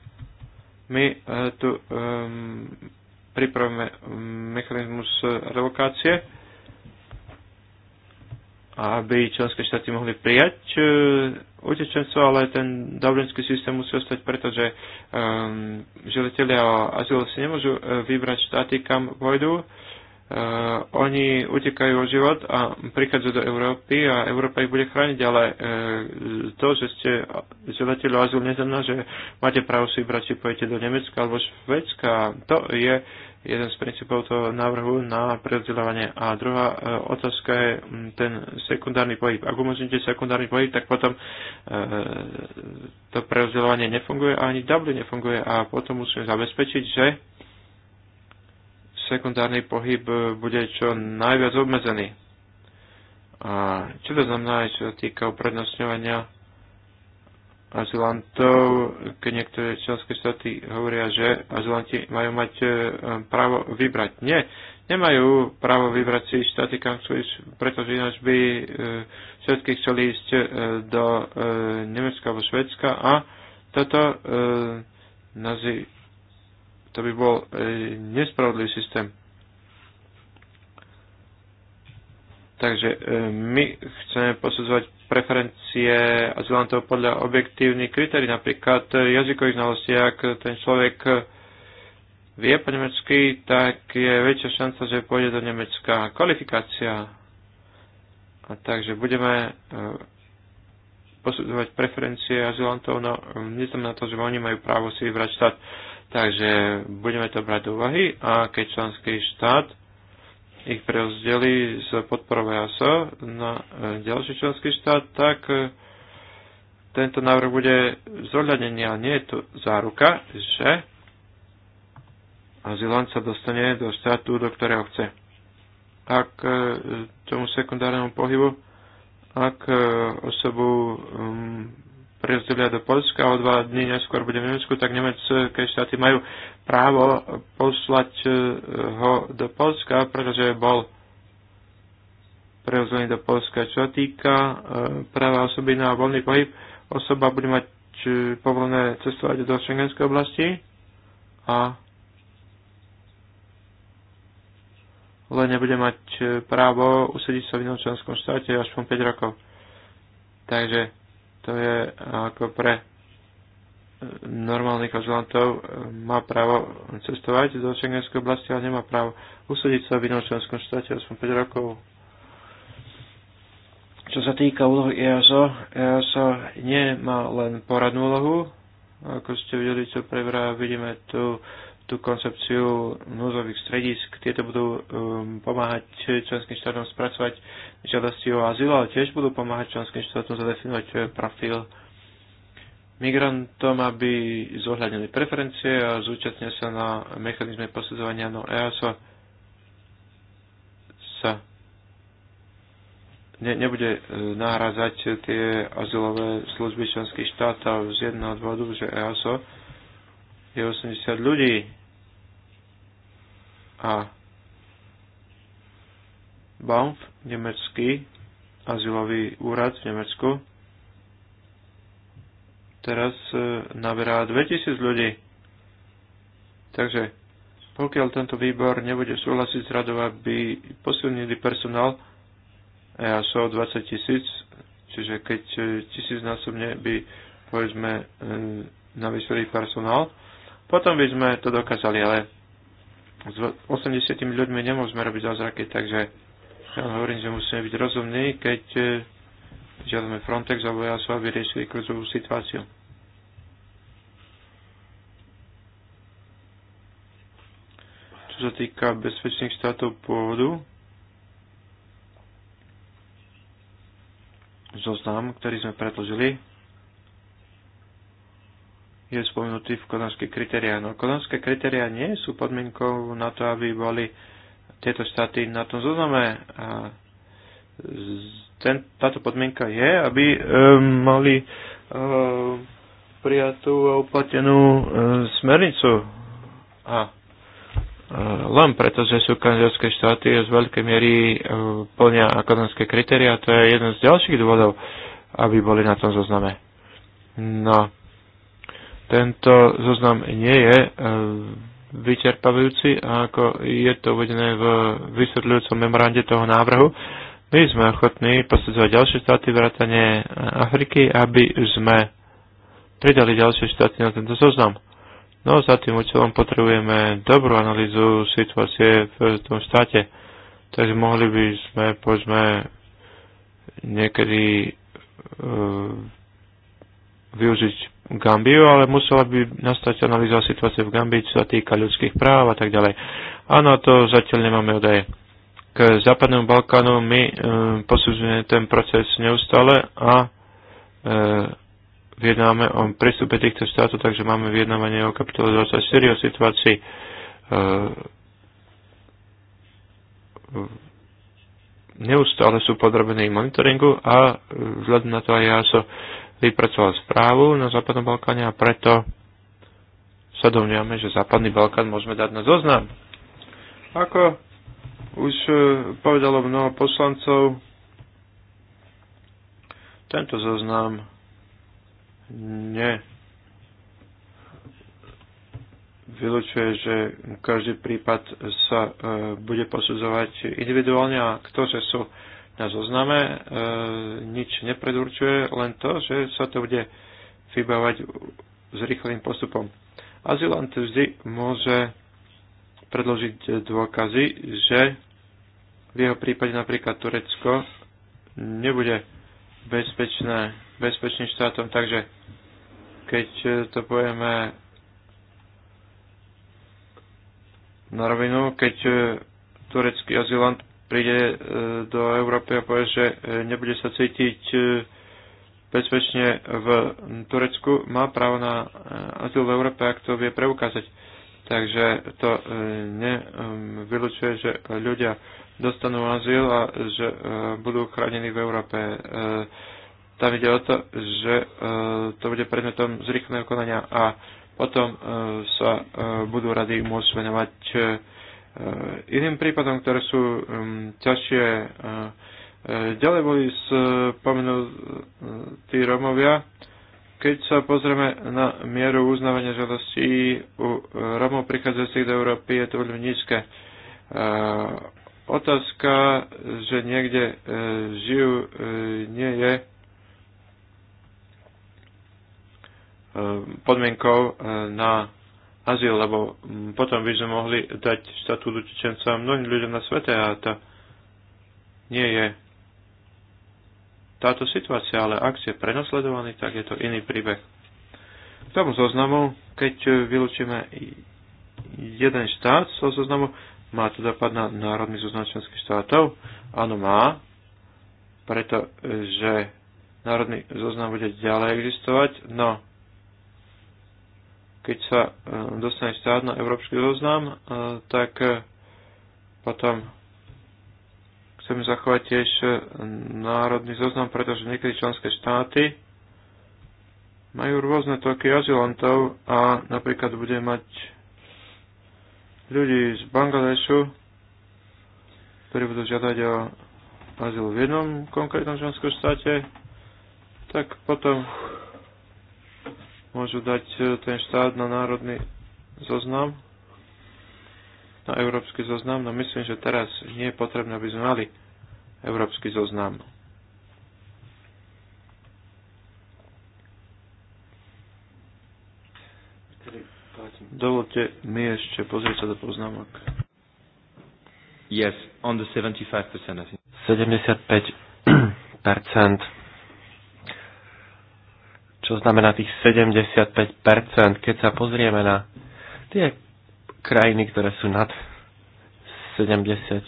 my e, tu um, pripravíme mechanizmus revokácie, aby členské štáty mohli prijať e, utečencov, ale ten dublinský systém musí ostať, pretože um, žiteľia azylu si nemôžu e, vybrať štáty, kam pôjdu, Eh, oni utekajú o život a prichádzajú do Európy a Európa ich bude chrániť, ale eh, to, že ste žiadateľ o azyl, neznamená, že máte právo si vybrať, či pojete do Nemecka alebo Švedska. To je jeden z princípov toho návrhu na preoddelovanie. A druhá eh, otázka je hm, ten sekundárny pohyb. Ak umožníte sekundárny pohyb, tak potom to preoddelovanie nefunguje a ani Dublin nefunguje a potom musíme zabezpečiť, že sekundárny pohyb e, bude čo najviac obmedzený. A čo to znamená, čo sa týka uprednostňovania azylantov, keď niektoré členské štáty hovoria, že azylanti majú mať e, právo vybrať. Nie, nemajú právo vybrať si štáty, kam chcú ísť, pretože ináč by e, všetky chceli ísť do Nemecka alebo Švedska a toto nazývajú to by bol e, nespravodlivý systém. Takže e, my chceme posudzovať preferencie azylantov podľa objektívnych kritérií, napríklad jazykových znalostí. Ak ten človek vie po nemecky, tak je väčšia šanca, že pôjde do Nemecka. Kvalifikácia. A takže budeme e, posudzovať preferencie azylantov, no neznamená to, že oni majú právo si vybrať štát. Takže budeme to brať do úvahy a keď členský štát ich preozdeli z podporové ASO na e, ďalší členský štát, tak e, tento návrh bude zohľadnený a nie je to záruka, že azylant sa dostane do štátu, do ktorého chce. Ak k e, tomu sekundárnemu pohybu, ak osobu um, prerozdelia do Polska a o dva dní neskôr bude v Nemecku, tak nemecké štáty majú právo poslať e, ho do Polska, pretože bol prerozdelený do Polska. Čo sa týka e, práva osoby na voľný pohyb, osoba bude mať e, povolené cestovať do šengenskej oblasti a len nebude mať právo usediť sa v inom členskom štáte po 5 rokov. Takže to je ako pre normálnych azylantov eh, má právo cestovať do šengenskej oblasti, ale nemá právo usúdiť sa v inom členskom štáte aspoň 5 rokov. Čo sa týka úlohy EASO, EASO nemá len poradnú úlohu, ako ste videli, čo prebrá, vidíme tu tú koncepciu núzových stredisk. Tieto budú um, pomáhať členským štátom spracovať žiadosti o azyl, ale tiež budú pomáhať členským štátom zadefinovať eh, profil migrantom, aby zohľadnili preferencie a zúčastnia sa na mechanizme posudzovania no EASO sa ne, nebude eh, nahrázať tie azylové služby členských štátov z jedného dôvodu, že EASO je 80 ľudí a BAMF, nemecký azylový úrad v Nemecku, teraz e, naberá 2000 ľudí. Takže pokiaľ tento výbor nebude súhlasiť s radou, aby posilnili personál EASO 20 tisíc, čiže keď e, tisícnásobne by povedzme e, navýšili personál, potom by sme to dokázali, ale s 80 ľuďmi nemôžeme robiť zázraky, takže ja hovorím, že musíme byť rozumní, keď e, žiadame Frontex alebo ja sa vyriešili krizovú situáciu. Čo sa týka bezpečných štátov pôvodu, zoznam, ktorý sme predložili, je spomenutý v kodanských kritériách. No kodanské kritériá nie sú podmienkou na to, aby boli tieto štáty na tom zozname. A ten, táto podmienka je, aby um, mali um, prijatú a uplatenú um, smernicu. A len preto, že sú kanadské štáty z veľkej miery plnia kodanské kritéria, to je jeden z ďalších dôvodov, aby boli na tom zozname. No, tento zoznam nie je eh, vyčerpavajúci, ako je to uvedené v vysvetľujúcom memorande toho návrhu. My sme ochotní posudzovať ďalšie štáty vrátane eh, Afriky, aby sme pridali ďalšie štáty na tento zoznam. No za tým účelom potrebujeme dobrú analýzu situácie v tom štáte. Takže mohli by sme, poďme niekedy e, využiť Gambiu, ale musela by nastať analýza situácie v Gambii, čo sa týka ľudských práv a tak ďalej. Áno, to zatiaľ nemáme údaje. K Západnému Balkánu my e, posudzujeme ten proces neustále a e, vyjednáme o prístupe týchto štátov, takže máme vyjednávanie o kapitole 24 o situácii e, neustále sú podrobení monitoringu a e, vzhľadom na to aj ja so vypracoval správu na Západnom Balkáne a preto sa domňame, že Západný Balkán môžeme dať na zoznam. Ako už e, povedalo mnoho poslancov, tento zoznam ne vylučuje, že každý prípad sa e, bude posudzovať individuálne a ktože sú na zozname e, nič nepredurčuje, len to, že sa to bude vybávať s rýchlým postupom. Azylant vždy môže predložiť dôkazy, že v jeho prípade napríklad Turecko nebude bezpečné, bezpečným štátom, takže keď to povieme na rovinu, keď turecký azylant príde e, do Európy a povie, že e, nebude sa cítiť e, bezpečne v Turecku, má právo na azyl v Európe, ak to vie preukázať. Takže to nevylučuje, že ľudia dostanú azyl a že budú chránení v Európe. Tam ide o to, že to bude predmetom zrýchleného konania a potom sa budú rady môcť venovať Eh, iným prípadom, ktoré sú ťažšie. Eh, eh, ďalej boli spomenutí Romovia. Keď sa pozrieme na mieru uznávania žiadostí u Romov prichádzajúcich do Európy, je to veľmi nízke. Otázka, že niekde žijú, nie je podmienkou na azyl, lebo mm, potom by sme mohli dať štatút utečenca mnohým ľuďom na svete a to nie je táto situácia, ale ak ste prenasledovaní, tak je to iný príbeh. K tomu zoznamu, keď vylúčime jeden štát zo zoznamu, má to dopad na národný zoznam členských štátov? Áno, má, pretože národný zoznam bude ďalej existovať, no keď sa e, dostane štát na európsky zoznam, e, tak e, potom chceme zachovať tiež národný zoznam, pretože niekedy členské štáty majú rôzne toky azylantov a napríklad bude mať ľudí z Bangladešu, ktorí budú žiadať o azyl v jednom konkrétnom členskom štáte, tak potom môžu dať e, ten štát na národný zoznam, na európsky zoznam, no myslím, že teraz nie je potrebné, aby sme mali európsky zoznam. Dovolte mi ešte pozrieť sa do poznámok. Yes, on the 75%, I think. 75% čo znamená tých 75%, keď sa pozrieme na tie krajiny, ktoré sú nad 70%,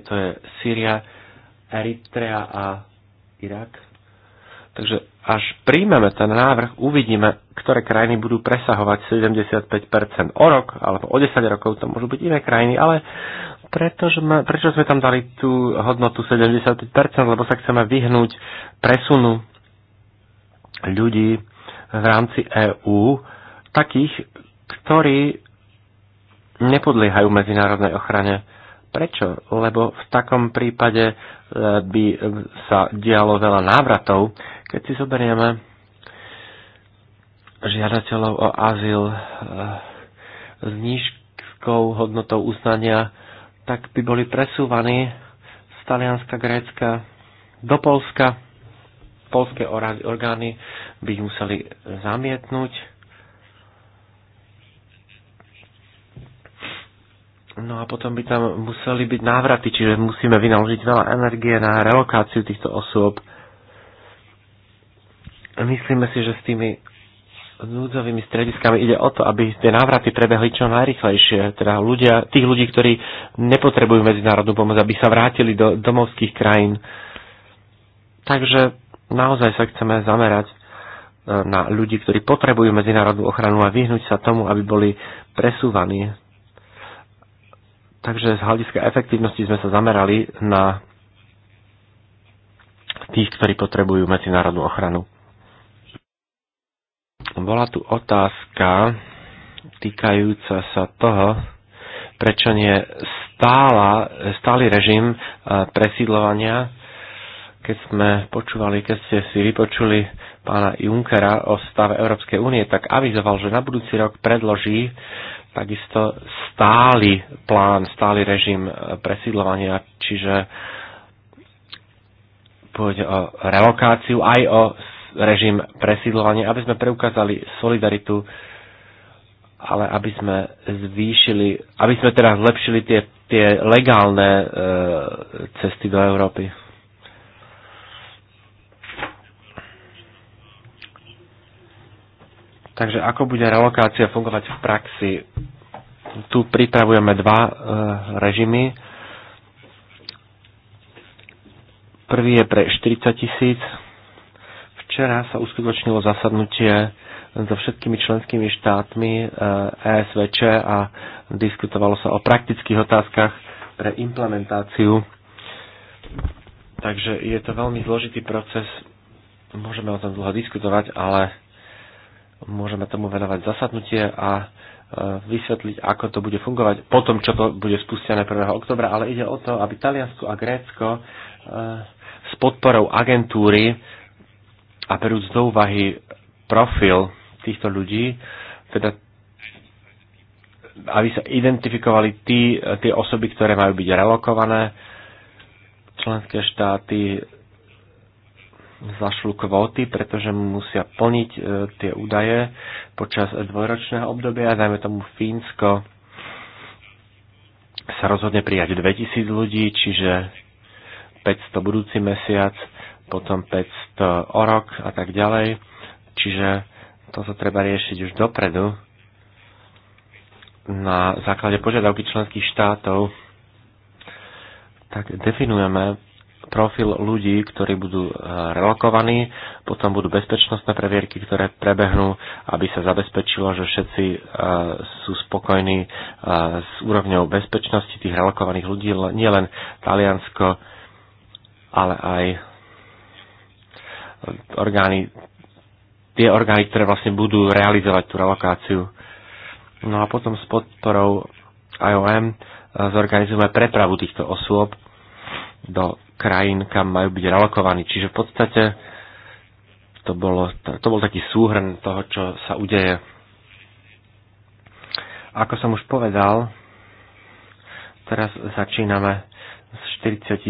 to je Sýria, Eritrea a Irak. Takže až príjmeme ten návrh, uvidíme, ktoré krajiny budú presahovať 75%. O rok alebo o 10 rokov to môžu byť iné krajiny, ale pretože ma, prečo sme tam dali tú hodnotu 75%, lebo sa chceme vyhnúť presunu ľudí v rámci EÚ, takých, ktorí nepodliehajú medzinárodnej ochrane. Prečo? Lebo v takom prípade e, by sa dialo veľa návratov. Keď si zoberieme žiadateľov o azyl e, s nízkou hodnotou uznania, tak by boli presúvaní z Talianska, Grécka do Polska polské orgány by ich museli zamietnúť. No a potom by tam museli byť návraty, čiže musíme vynaložiť veľa energie na relokáciu týchto osôb. Myslíme si, že s tými núdzovými strediskami ide o to, aby tie návraty prebehli čo najrychlejšie. Teda ľudia, tých ľudí, ktorí nepotrebujú medzinárodnú pomoc, aby sa vrátili do domovských krajín. Takže naozaj sa chceme zamerať e, na ľudí, ktorí potrebujú medzinárodnú ochranu a vyhnúť sa tomu, aby boli presúvaní. Takže z hľadiska efektívnosti sme sa zamerali na tých, ktorí potrebujú medzinárodnú ochranu. Bola tu otázka týkajúca sa toho, prečo nie stála, stály režim e, presídlovania keď sme počúvali, keď ste si vypočuli pána Junckera o stave Európskej únie, tak avizoval, že na budúci rok predloží takisto stály plán, stály režim presídlovania, čiže pôjde o relokáciu, aj o režim presídlovania, aby sme preukázali solidaritu, ale aby sme zvýšili, aby sme teda zlepšili tie, tie legálne e, cesty do Európy. Takže ako bude relokácia fungovať v praxi? Tu pripravujeme dva e, režimy. Prvý je pre 40 tisíc. Včera sa uskutočnilo zasadnutie so všetkými členskými štátmi ESVČ e a diskutovalo sa o praktických otázkach pre implementáciu. Takže je to veľmi zložitý proces, môžeme o tom dlho diskutovať, ale môžeme tomu venovať zasadnutie a e, vysvetliť, ako to bude fungovať po tom, čo to bude spustené 1. oktobra, ale ide o to, aby Taliansko a Grécko e, s podporou agentúry a berúc do úvahy profil týchto ľudí, teda aby sa identifikovali e, tie osoby, ktoré majú byť relokované, členské štáty zašlu kvóty, pretože musia plniť e, tie údaje počas dvojročného obdobia. Dajme tomu Fínsko sa rozhodne prijať 2000 ľudí, čiže 500 budúci mesiac, potom 500 o rok a tak ďalej. Čiže to sa treba riešiť už dopredu na základe požiadavky členských štátov. Tak definujeme profil ľudí, ktorí budú eh, relokovaní, potom budú bezpečnostné previerky, ktoré prebehnú, aby sa zabezpečilo, že všetci eh, sú spokojní eh, s úrovňou bezpečnosti tých relokovaných ľudí, nielen Taliansko, ale aj orgány, tie orgány, ktoré vlastne budú realizovať tú relokáciu. No a potom s podporou IOM zorganizujeme prepravu týchto osôb do krajín, kam majú byť relokovaní. Čiže v podstate to, bolo, to bol taký súhrn toho, čo sa udeje. Ako som už povedal, teraz začíname s 47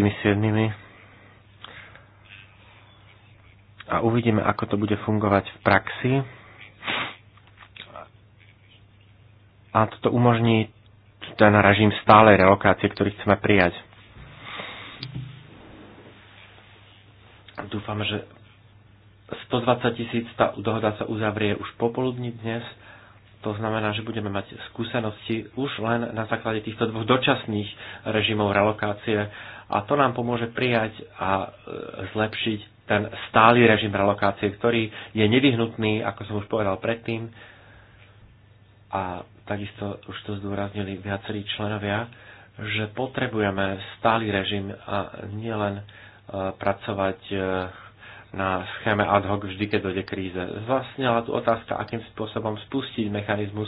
a uvidíme, ako to bude fungovať v praxi. A toto umožní ten režim stálej relokácie, ktorý chceme prijať. Dúfam, že 120 tisíc tá dohoda sa uzavrie už popoludní dnes. To znamená, že budeme mať skúsenosti už len na základe týchto dvoch dočasných režimov relokácie a to nám pomôže prijať a e, zlepšiť ten stály režim relokácie, ktorý je nevyhnutný, ako som už povedal predtým. A takisto už to zdôraznili viacerí členovia, že potrebujeme stály režim a nielen pracovať e, na schéme ad hoc vždy, keď dojde kríze. Zvlastnila tu otázka, akým spôsobom spustiť mechanizmus,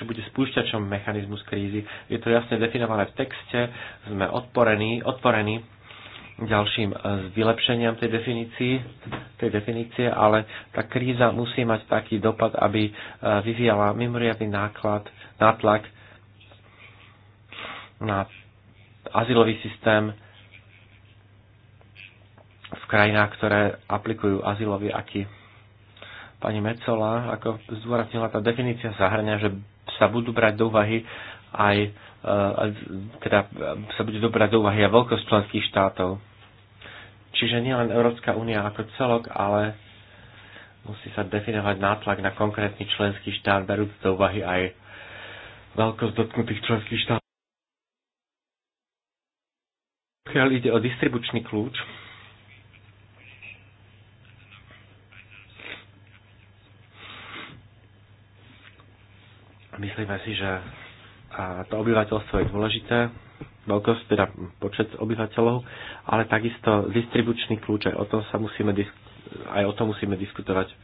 čo bude spúšťačom mechanizmus krízy. Je to jasne definované v texte, sme odporení, odporení ďalším e, vylepšeniam tej tej definície, ale tá kríza musí mať taký dopad, aby e, vyvíjala mimoriadný náklad, nátlak na azylový systém, krajinách, ktoré aplikujú azylový aký. Pani Mecola, ako zdôraznila, tá definícia zahrňa, že sa budú brať do úvahy aj e, teda e, sa bude dobrať do úvahy aj veľkosť členských štátov. Čiže nielen Európska únia ako celok, ale musí sa definovať nátlak na konkrétny členský štát, berúc do úvahy aj veľkosť dotknutých členských štátov. Pokiaľ ide o distribučný kľúč, Myslíme si, že to obyvateľstvo je dôležité, veľkosť, teda počet obyvateľov, ale takisto distribučný kľúč, aj o tom, sa musíme, aj o tom musíme diskutovať.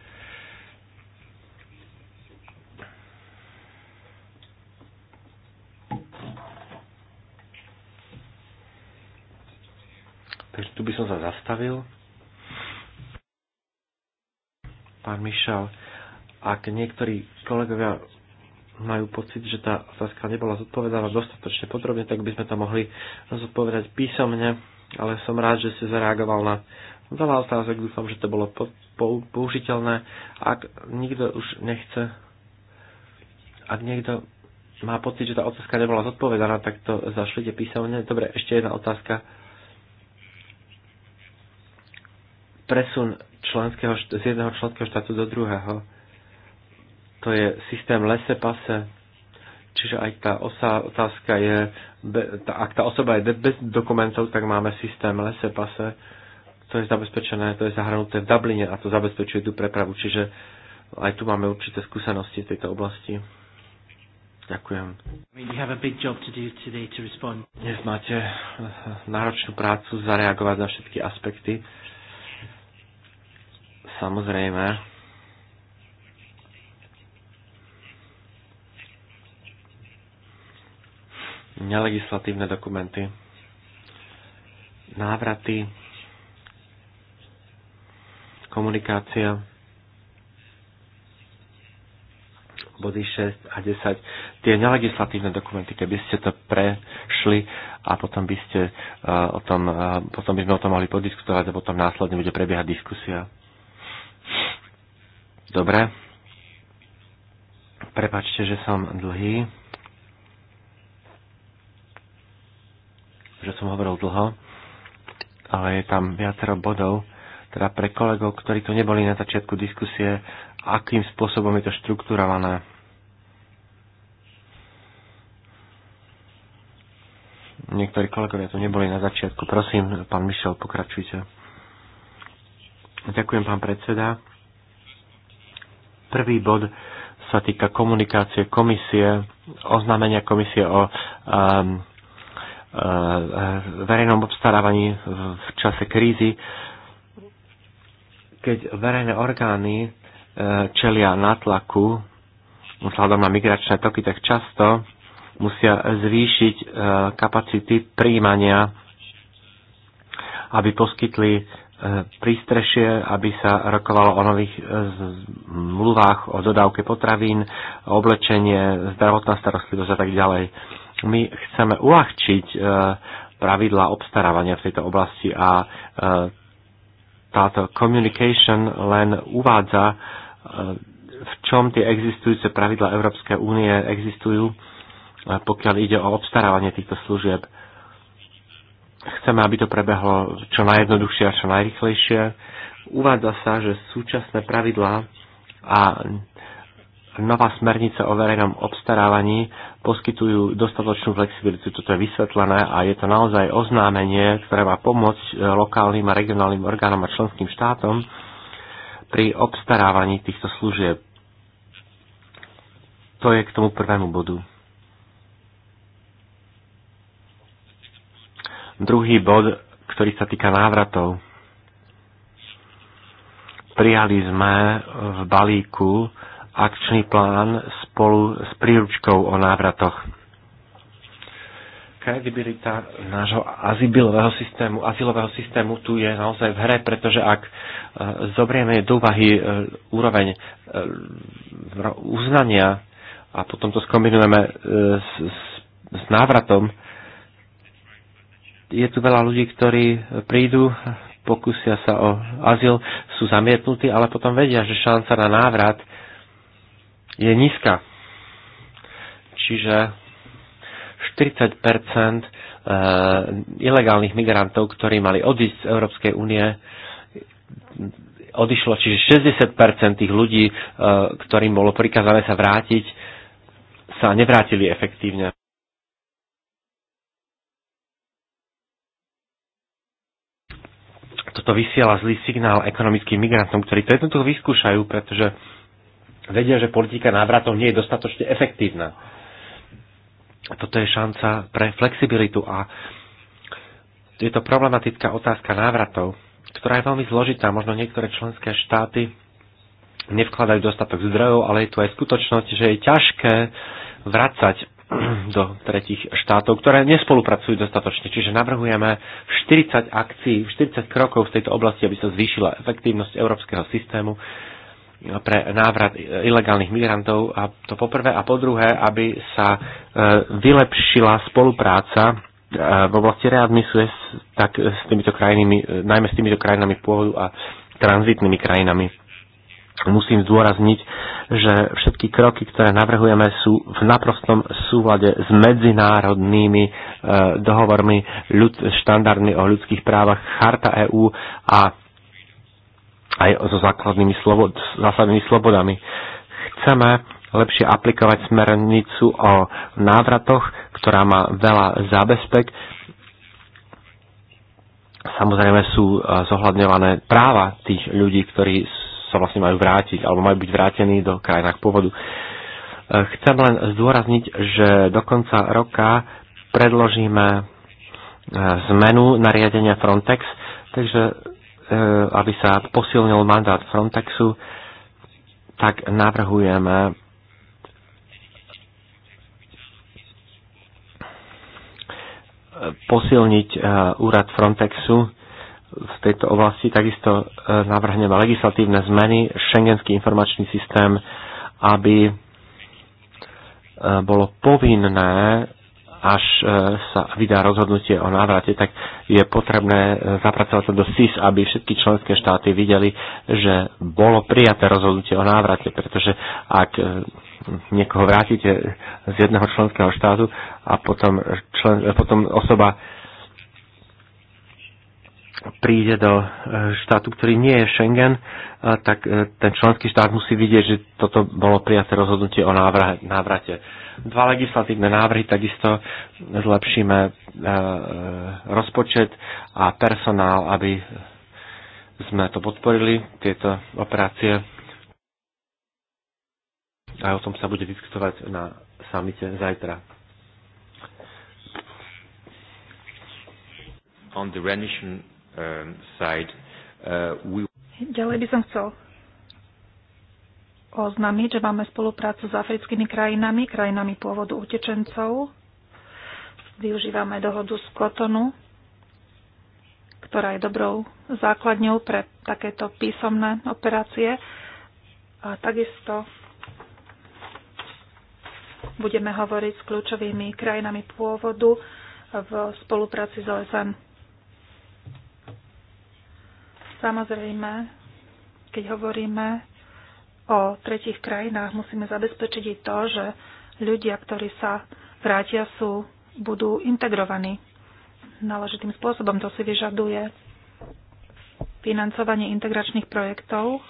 Takže tu by som sa zastavil. Pán Mišal, ak niektorí kolegovia majú pocit, že tá otázka nebola zodpovedaná dostatočne podrobne, tak by sme to mohli zodpovedať písomne, ale som rád, že si zareagoval na veľa otázok, dúfam, že to bolo použiteľné. Ak nikto už nechce, ak niekto má pocit, že tá otázka nebola zodpovedaná, tak to zašlite písomne. Dobre, ešte jedna otázka. Presun členského, z jedného členského štátu do druhého to je systém lese pase. Čiže aj tá osa, otázka je, ak tá osoba je bez dokumentov, tak máme systém lese pase. To je zabezpečené, to je zahrnuté v Dubline a to zabezpečuje tú prepravu. Čiže aj tu máme určité skúsenosti v tejto oblasti. Ďakujem. Dnes máte náročnú prácu zareagovať na všetky aspekty. Samozrejme nelegislatívne dokumenty, návraty, komunikácia, body 6 a 10, tie nelegislatívne dokumenty, keby ste to prešli a potom by ste uh, o tom, uh, potom by sme o tom mohli podiskutovať a potom následne bude prebiehať diskusia. Dobre. Prepačte, že som dlhý. že som hovoril dlho, ale je tam viacero bodov, teda pre kolegov, ktorí to neboli na začiatku diskusie, akým spôsobom je to štrukturované. Niektorí kolegovia to neboli na začiatku. Prosím, pán Mišel, pokračujte. Ďakujem, pán predseda. Prvý bod sa týka komunikácie komisie, oznámenia komisie o um, verejnom obstarávaní v čase krízy, keď verejné orgány e, čelia tlaku, vzhľadom na migračné toky, tak často musia zvýšiť e, kapacity príjmania, aby poskytli e, prístrešie, aby sa rokovalo o nových mluvách o dodávke potravín, oblečenie, zdravotná starostlivosť a tak ďalej. My chceme uľahčiť e, pravidlá obstarávania v tejto oblasti a e, táto communication len uvádza, e, v čom tie existujúce pravidla Európskej únie existujú, pokiaľ ide o obstarávanie týchto služieb. Chceme, aby to prebehlo čo najjednoduchšie a čo najrychlejšie. Uvádza sa, že súčasné pravidlá a nová smernica o verejnom obstarávaní poskytujú dostatočnú flexibilitu. Toto je vysvetlené a je to naozaj oznámenie, ktoré má pomôcť e, lokálnym a regionálnym orgánom a členským štátom pri obstarávaní týchto služieb. To je k tomu prvému bodu. Druhý bod, ktorý sa týka návratov. Prijali sme v balíku akčný plán spolu s príručkou o návratoch. Kredibilita nášho azylového systému, azylového systému tu je naozaj v hre, pretože ak e, zobrieme do úvahy e, úroveň e, uznania a potom to skombinujeme s, s, s návratom, je tu veľa ľudí, ktorí prídu, pokúsia sa o azyl, sú zamietnutí, ale potom vedia, že šanca na návrat je nízka. Čiže 40 e, ilegálnych migrantov, ktorí mali odísť z Európskej únie, odišlo, čiže 60 tých ľudí, e, ktorým bolo prikázané sa vrátiť, sa nevrátili efektívne. Toto vysiela zlý signál ekonomickým migrantom, ktorí to jednoducho vyskúšajú, pretože vedia, že politika návratov nie je dostatočne efektívna. Toto je šanca pre flexibilitu a je to problematická otázka návratov, ktorá je veľmi zložitá. Možno niektoré členské štáty nevkladajú dostatok zdrojov, ale je tu aj skutočnosť, že je ťažké vracať do tretich štátov, ktoré nespolupracujú dostatočne. Čiže navrhujeme 40 akcií, 40 krokov v tejto oblasti, aby sa zvýšila efektívnosť európskeho systému pre návrat ilegálnych migrantov a to poprvé a po druhé, aby sa e, vylepšila spolupráca e, v oblasti readmisuje s, tak e, s týmito krajinami, najmä s týmito krajinami pôvodu a tranzitnými krajinami. Musím zdôrazniť, že všetky kroky, ktoré navrhujeme, sú v naprostom súlade s medzinárodnými e, dohovormi ľud, štandardmi o ľudských právach, Charta EÚ a aj so základnými slobod, zásadnými slobodami. Chceme lepšie aplikovať smernicu o návratoch, ktorá má veľa zábezpek. Samozrejme sú e, zohľadňované práva tých ľudí, ktorí sa vlastne majú vrátiť alebo majú byť vrátení do krajinách pôvodu. E, chcem len zdôrazniť, že do konca roka predložíme e, zmenu nariadenia Frontex, takže E, aby sa posilnil mandát Frontexu, tak navrhujeme posilniť e, úrad Frontexu v tejto oblasti. Takisto e, navrhneme legislatívne zmeny, šengenský informačný systém, aby bolo povinné až e, sa vydá rozhodnutie o návrate, tak je potrebné e, zapracovať to do SIS, aby všetky členské štáty videli, že bolo prijaté rozhodnutie o návrate, pretože ak e, niekoho vrátite z jedného členského štátu a potom, člen, potom osoba príde do e, štátu, ktorý nie je Schengen, e, tak e, ten členský štát musí vidieť, že toto bolo prijaté rozhodnutie o návrate. Dva legislatívne návrhy takisto zlepšíme rozpočet a personál, aby sme to podporili, tieto operácie. A o tom sa bude diskutovať na samite zajtra. on the rendition Um, uh, Ďalej by som chcel oznámiť, že máme spoluprácu s africkými krajinami, krajinami pôvodu utečencov. Využívame dohodu z Kotonu, ktorá je dobrou základňou pre takéto písomné operácie. A takisto budeme hovoriť s kľúčovými krajinami pôvodu v spolupráci s OSN. Samozrejme, keď hovoríme o tretich krajinách, musíme zabezpečiť to, že ľudia, ktorí sa vrátia, sú, budú integrovaní náležitým spôsobom. To si vyžaduje financovanie integračných projektov.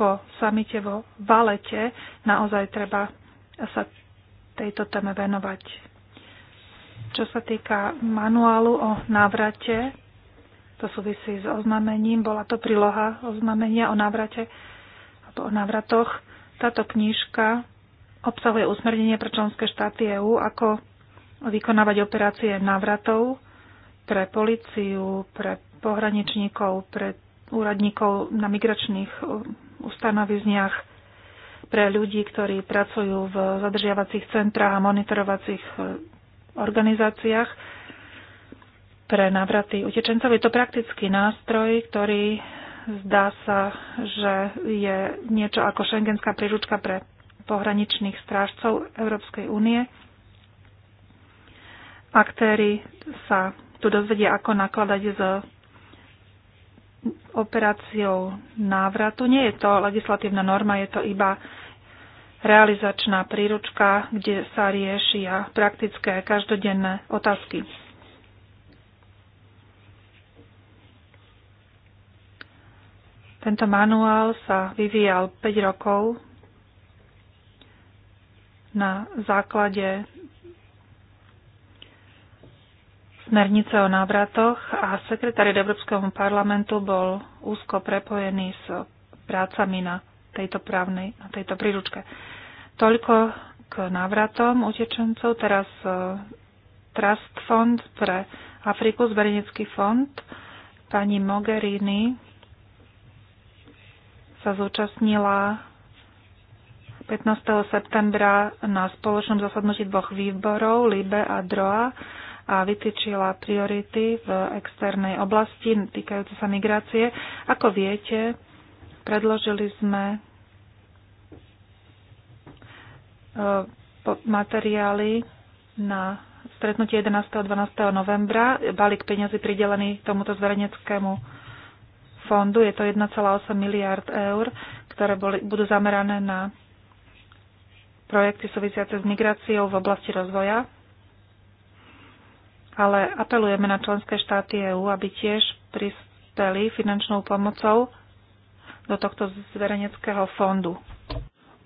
Po samite vo Valete naozaj treba sa tejto téme venovať. Čo sa týka manuálu o návrate, to súvisí s oznámením. Bola to príloha oznámenia o návrate alebo o návratoch. Táto knižka obsahuje usmernenie pre členské štáty EÚ, ako vykonávať operácie návratov pre policiu, pre pohraničníkov, pre úradníkov na migračných uh, ustanovizniach, pre ľudí, ktorí pracujú v zadržiavacích centrách a monitorovacích uh, organizáciách pre navraty utečencov. Je to praktický nástroj, ktorý zdá sa, že je niečo ako šengenská príručka pre pohraničných strážcov Európskej únie. Aktéry sa tu dozvedia, ako nakladať s operáciou návratu. Nie je to legislatívna norma, je to iba realizačná príručka, kde sa riešia praktické každodenné otázky. Tento manuál sa vyvíjal 5 rokov na základe smernice o návratoch a sekretariat Európskeho parlamentu bol úzko prepojený s prácami na tejto právnej, na tejto príručke. Toľko k návratom utečencov. Teraz e, Trust Fond pre Afriku, Zberenický fond. Pani Mogherini sa zúčastnila 15. septembra na spoločnom zasadnutí dvoch výborov, LIBE a DROA, a vytýčila priority v externej oblasti týkajúce sa migrácie. Ako viete, predložili sme e, materiály na stretnutie 11. a 12. novembra, balík peňazí pridelený tomuto zverejneckému fondu. Je to 1,8 miliard eur, ktoré boli, budú zamerané na projekty súvisiace s migráciou v oblasti rozvoja. Ale apelujeme na členské štáty EÚ, aby tiež prispeli finančnou pomocou do tohto zverejneckého fondu.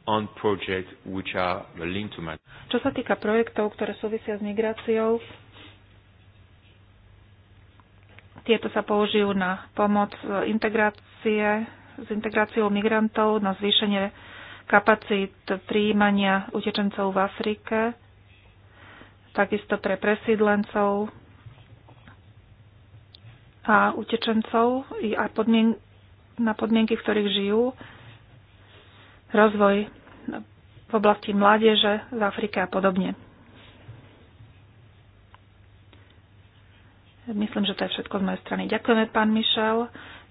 On project, which are linked to my... Čo sa týka projektov, ktoré súvisia s migráciou, tieto sa použijú na pomoc integrácie, s integráciou migrantov, na zvýšenie kapacít príjmania utečencov v Afrike, takisto pre presídlencov a utečencov a podmien- na podmienky, v ktorých žijú, rozvoj v oblasti mládeže v Afrike a podobne. Myslím, že to je všetko z mojej strany. Ďakujeme, pán Mišel.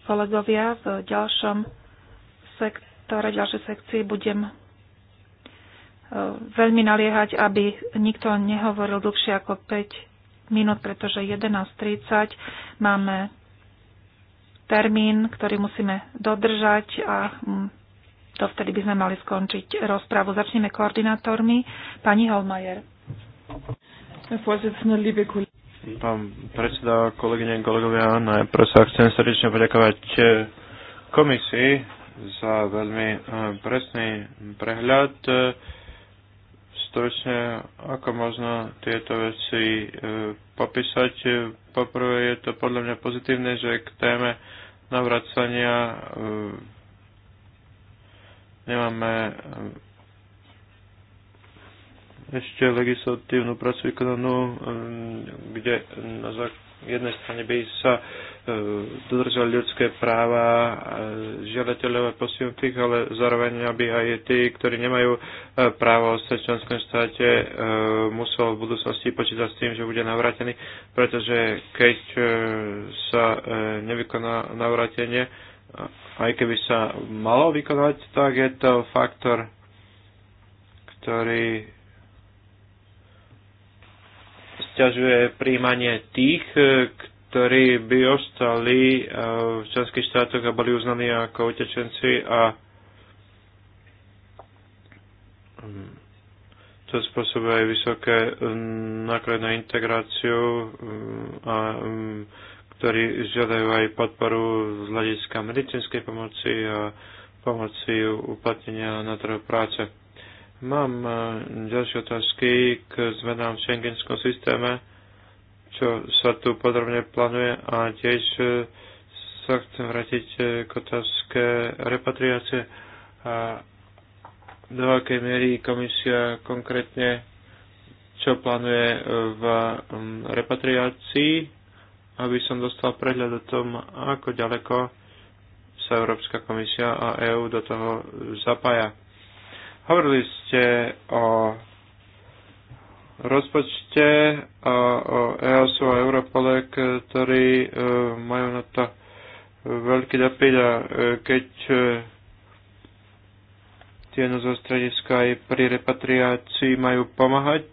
Kolegovia, v ďalšom sektore, ďalšej sekcii budem e, veľmi naliehať, aby nikto nehovoril dlhšie ako 5 minút, pretože 11.30 máme termín, ktorý musíme dodržať a mm, to vtedy by sme mali skončiť rozprávu. Začneme koordinátormi. Pani Holmajer. Pán predseda, kolegyne, kolegovia, najprv sa chcem srdečne poďakovať eh, komisii za veľmi eh, presný prehľad. Eh, stručne, ako možno tieto veci popísať. Poprvé je to podľa mňa pozitívne, že k téme navracania nemáme ešte legislatívnu prácu vykonanú, ehm, kde na jednej strane by sa e, dodržali ľudské práva e, žiadateľov a ale zároveň aby aj tí, ktorí nemajú e, právo ostať v členskom štáte, musel v budúcnosti počítať s tým, že bude navrátený, pretože keď sa nevykoná navrátenie, aj keby sa malo vykonať, tak je to faktor, ktorý sťažuje príjmanie tých, e, ktorí by ostali e, v členských štátoch a boli uznaní ako utečenci a mm, to spôsobuje aj vysoké mm, náklady na integráciu, mm, a, ktorí žiadajú aj podporu z hľadiska medicínskej pomoci a pomoci uplatnenia na trhu práce Mám e, ďalšie otázky k zmenám v šengenskom systéme, čo sa tu podrobne plánuje a tiež e, sa chcem vrátiť e, k otázke repatriácie a do akej miery komisia konkrétne čo plánuje v repatriácii, aby som dostal prehľad o tom, ako ďaleko sa Európska komisia a EÚ do toho zapája Hovorili ste o rozpočte a o EASu a Europole, ktorí e, majú na to veľký dopyt a e, keď e, tie zo strediska aj pri repatriácii majú pomáhať,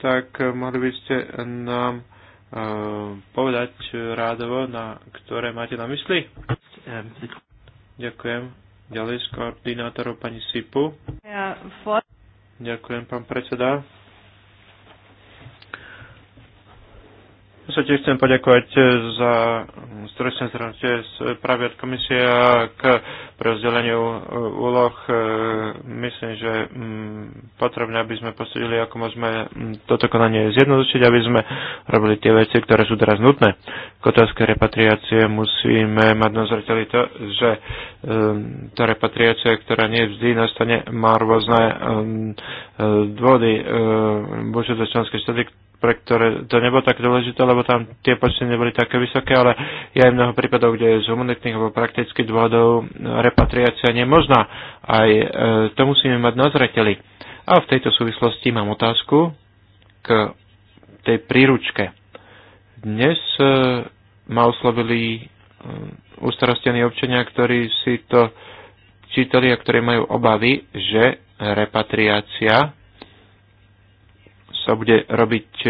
tak mohli by ste nám povedať rádovo, na ktoré máte na mysli? Ďakujem. Ďalej z koordinátorov pani Sipu. Ja, for... Ďakujem, pán predseda. sa tiež chcem poďakovať e, za stresné zhrnutie správy od komisie k rozdeleniu e, úloh. E, myslím, že potrebné, aby sme posúdili, ako môžeme toto konanie zjednodušiť, aby sme robili tie veci, ktoré sú teraz nutné. K otázke repatriácie musíme mať na zreteli to, že tá repatriácia, ktorá nie vždy nastane, má rôzne dôvody. Môžu to členské štáty, pre ktoré to nebolo tak dôležité, lebo tam tie počty neboli také vysoké, ale je aj mnoho prípadov, kde z humanitných alebo praktických dôvodov repatriácia nemožná. Aj e, to musíme mať na zreteli. A v tejto súvislosti mám otázku k tej príručke. Dnes e, ma oslovili e, ustarostení občania, ktorí si to čítali a ktorí majú obavy, že repatriácia sa bude robiť e,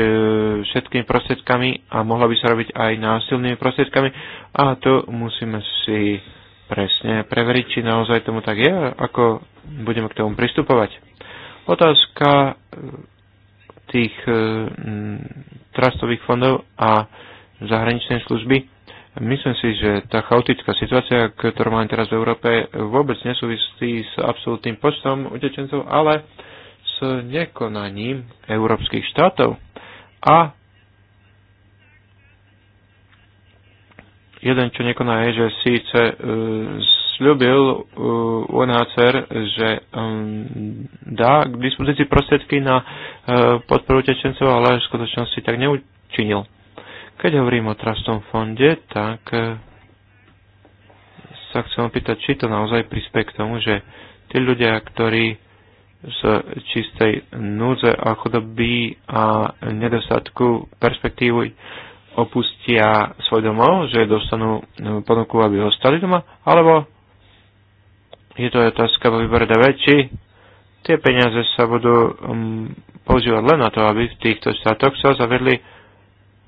všetkými prostriedkami a mohla by sa robiť aj násilnými prostriedkami a to musíme si presne preveriť, či naozaj tomu tak je, ako budeme k tomu pristupovať. Otázka e, tých e, trastových fondov a zahraničnej služby. Myslím si, že tá chaotická situácia, ktorú máme teraz v Európe, vôbec nesúvisí s absolútnym počtom utečencov, ale uh, nekonaním európskych štátov. A jeden, čo nekoná, je, že síce uh, e, sľubil e, UNHCR, že um, dá k dispozícii prostriedky na uh, podporu tečencov, ale v skutočnosti tak neučinil. Keď hovorím o trastom fonde, tak uh, sa chcem opýtať, či to naozaj prispie k tomu, že tí ľudia, ktorí z čistej núdze a chudoby a nedostatku perspektívy opustia svoj domov, že dostanú ponuku, aby ostali doma, alebo je to otázka vo výbore DV, či tie peniaze sa budú um, používať len na to, aby v týchto štátoch sa zavedli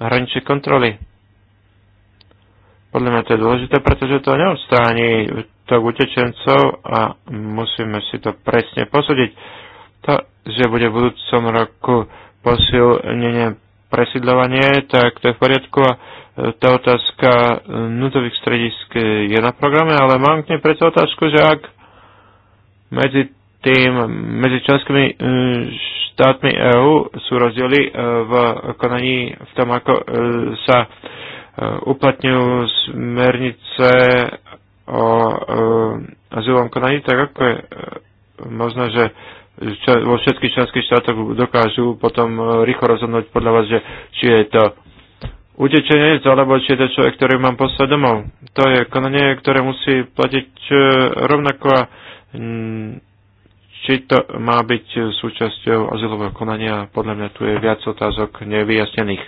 hraničné kontroly podľa mňa to je dôležité, pretože to neodstráni to utečencov a musíme si to presne posúdiť. To, že bude v budúcom roku posilnenie presídľovanie, tak to je v poriadku a e, tá otázka e, nutových stredisk je na programe, ale mám k nej preto otázku, že ak medzi tým medzi členskými e, štátmi EÚ sú rozdiely v konaní v tom, ako sa uplatňujú smernice o e, azylovom konaní, tak ako je e, možno, že vo všetkých členských štátoch dokážu potom e, rýchlo rozhodnúť podľa vás, že či je to utečenec, alebo či je to človek, ktorý mám poslať domov. To je konanie, ktoré musí platiť rovnako a mm, či to má byť súčasťou azylového konania, podľa mňa tu je viac otázok nevyjasnených.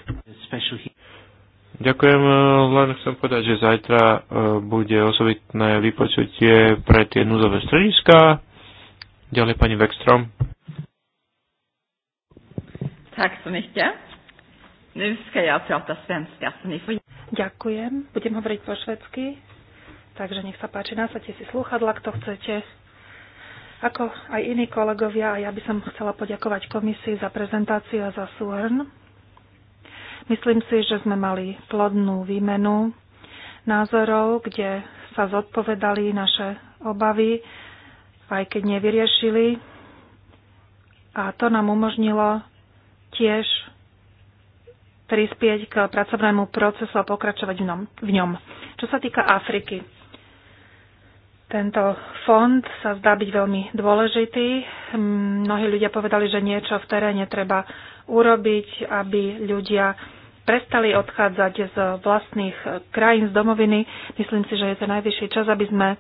Ďakujem, e, len chcem povedať, že zajtra e, bude osobitné vypočutie pre tie núzové strediska. Ďalej pani Vekstrom. Tak som ešte. Ďakujem, budem hovoriť po švedsky. Takže nech sa páči, nasadte si slúchadla, kto chcete. Ako aj iní kolegovia, ja by som chcela poďakovať komisii za prezentáciu a za súhrn Myslím si, že sme mali plodnú výmenu názorov, kde sa zodpovedali naše obavy, aj keď nevyriešili. A to nám umožnilo tiež prispieť k pracovnému procesu a pokračovať v ňom. Čo sa týka Afriky, tento fond sa zdá byť veľmi dôležitý. Mnohí ľudia povedali, že niečo v teréne treba urobiť, aby ľudia prestali odchádzať z vlastných krajín, z domoviny. Myslím si, že je to najvyšší čas, aby sme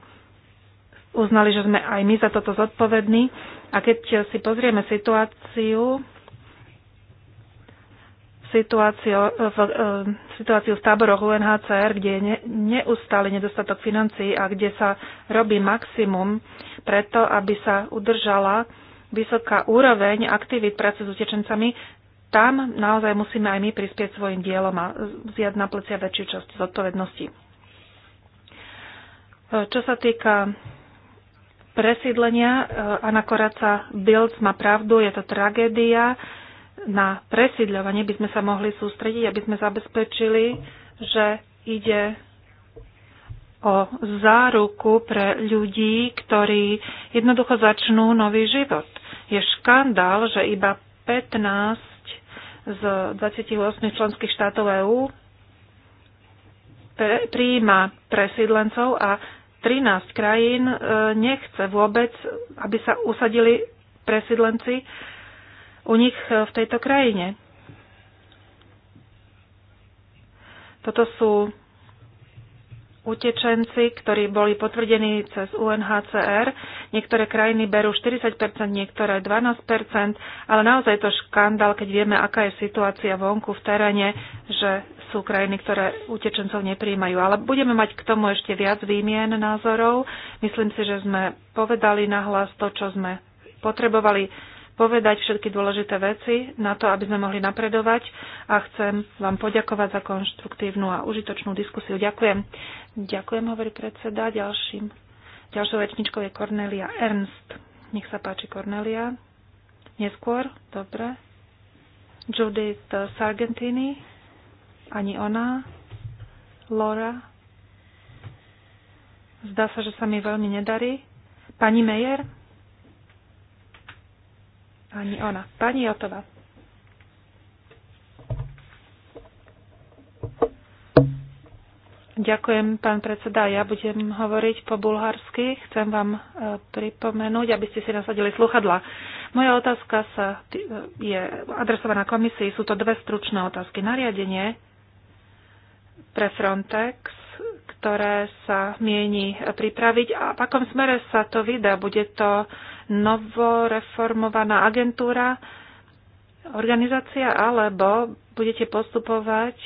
uznali, že sme aj my za toto zodpovední. A keď si pozrieme situáciu, situáciu v, e, situáciu v táboroch UNHCR, kde je ne, neustály nedostatok financií a kde sa robí maximum preto, aby sa udržala vysoká úroveň aktivít práce s utečencami, tam naozaj musíme aj my prispieť svojim dielom a vziať na plecia väčšiu časť zodpovednosti. Čo sa týka presídlenia, Anna Koraca Bilds má pravdu, je to tragédia. Na presídľovanie by sme sa mohli sústrediť, aby sme zabezpečili, že ide o záruku pre ľudí, ktorí jednoducho začnú nový život. Je škandál, že iba 15 z 28 členských štátov EÚ prijíma presídlencov a 13 krajín e, nechce vôbec, aby sa usadili presídlenci u nich e, v tejto krajine. Toto sú utečenci, ktorí boli potvrdení cez UNHCR. Niektoré krajiny berú 40%, niektoré 12%, ale naozaj to škandál, keď vieme, aká je situácia vonku v teréne, že sú krajiny, ktoré utečencov nepríjmajú. Ale budeme mať k tomu ešte viac výmien názorov. Myslím si, že sme povedali nahlas to, čo sme potrebovali povedať všetky dôležité veci na to, aby sme mohli napredovať a chcem vám poďakovať za konštruktívnu a užitočnú diskusiu. Ďakujem. Ďakujem, hovorí predseda. Ďalším, ďalšou rečničkou je Cornelia Ernst. Nech sa páči, Cornelia. Neskôr? Dobre. Judith Sargentini? Ani ona? Laura? Zdá sa, že sa mi veľmi nedarí. Pani Meyer? Ani ona. Pani Jotová. Ďakujem, pán predseda. Ja budem hovoriť po bulharsky. Chcem vám e, pripomenúť, aby ste si nasadili sluchadla. Moja otázka sa e, je adresovaná komisii. Sú to dve stručné otázky. Nariadenie pre Frontex, ktoré sa mieni pripraviť. A v akom smere sa to vydá? Bude to novoreformovaná agentúra, organizácia, alebo budete postupovať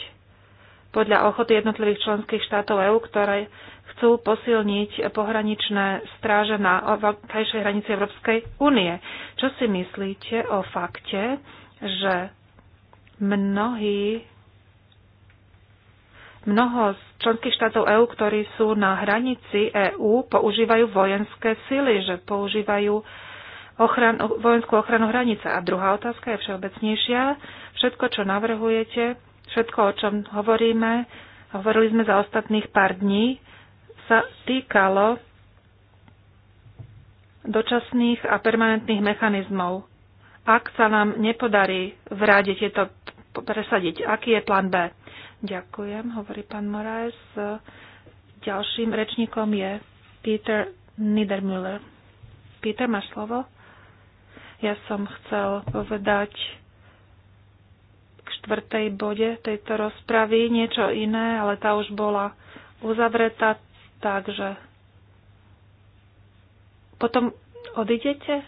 podľa ochoty jednotlivých členských štátov EÚ, ktoré chcú posilniť pohraničné stráže na vonkajšej hranici Európskej únie. Čo si myslíte o fakte, že mnohí Mnoho z členských štátov EÚ, ktorí sú na hranici EÚ, používajú vojenské sily, že používajú ochran, vojenskú ochranu hranice. A druhá otázka je všeobecnejšia. Všetko, čo navrhujete, všetko, o čom hovoríme, hovorili sme za ostatných pár dní, sa týkalo dočasných a permanentných mechanizmov. Ak sa nám nepodarí v ráde tieto presadiť, aký je plán B? Ďakujem, hovorí pán Moraes. Ďalším rečníkom je Peter Niedermüller. Peter, máš slovo? Ja som chcel povedať k štvrtej bode tejto rozpravy niečo iné, ale tá už bola uzavretá, takže potom odidete?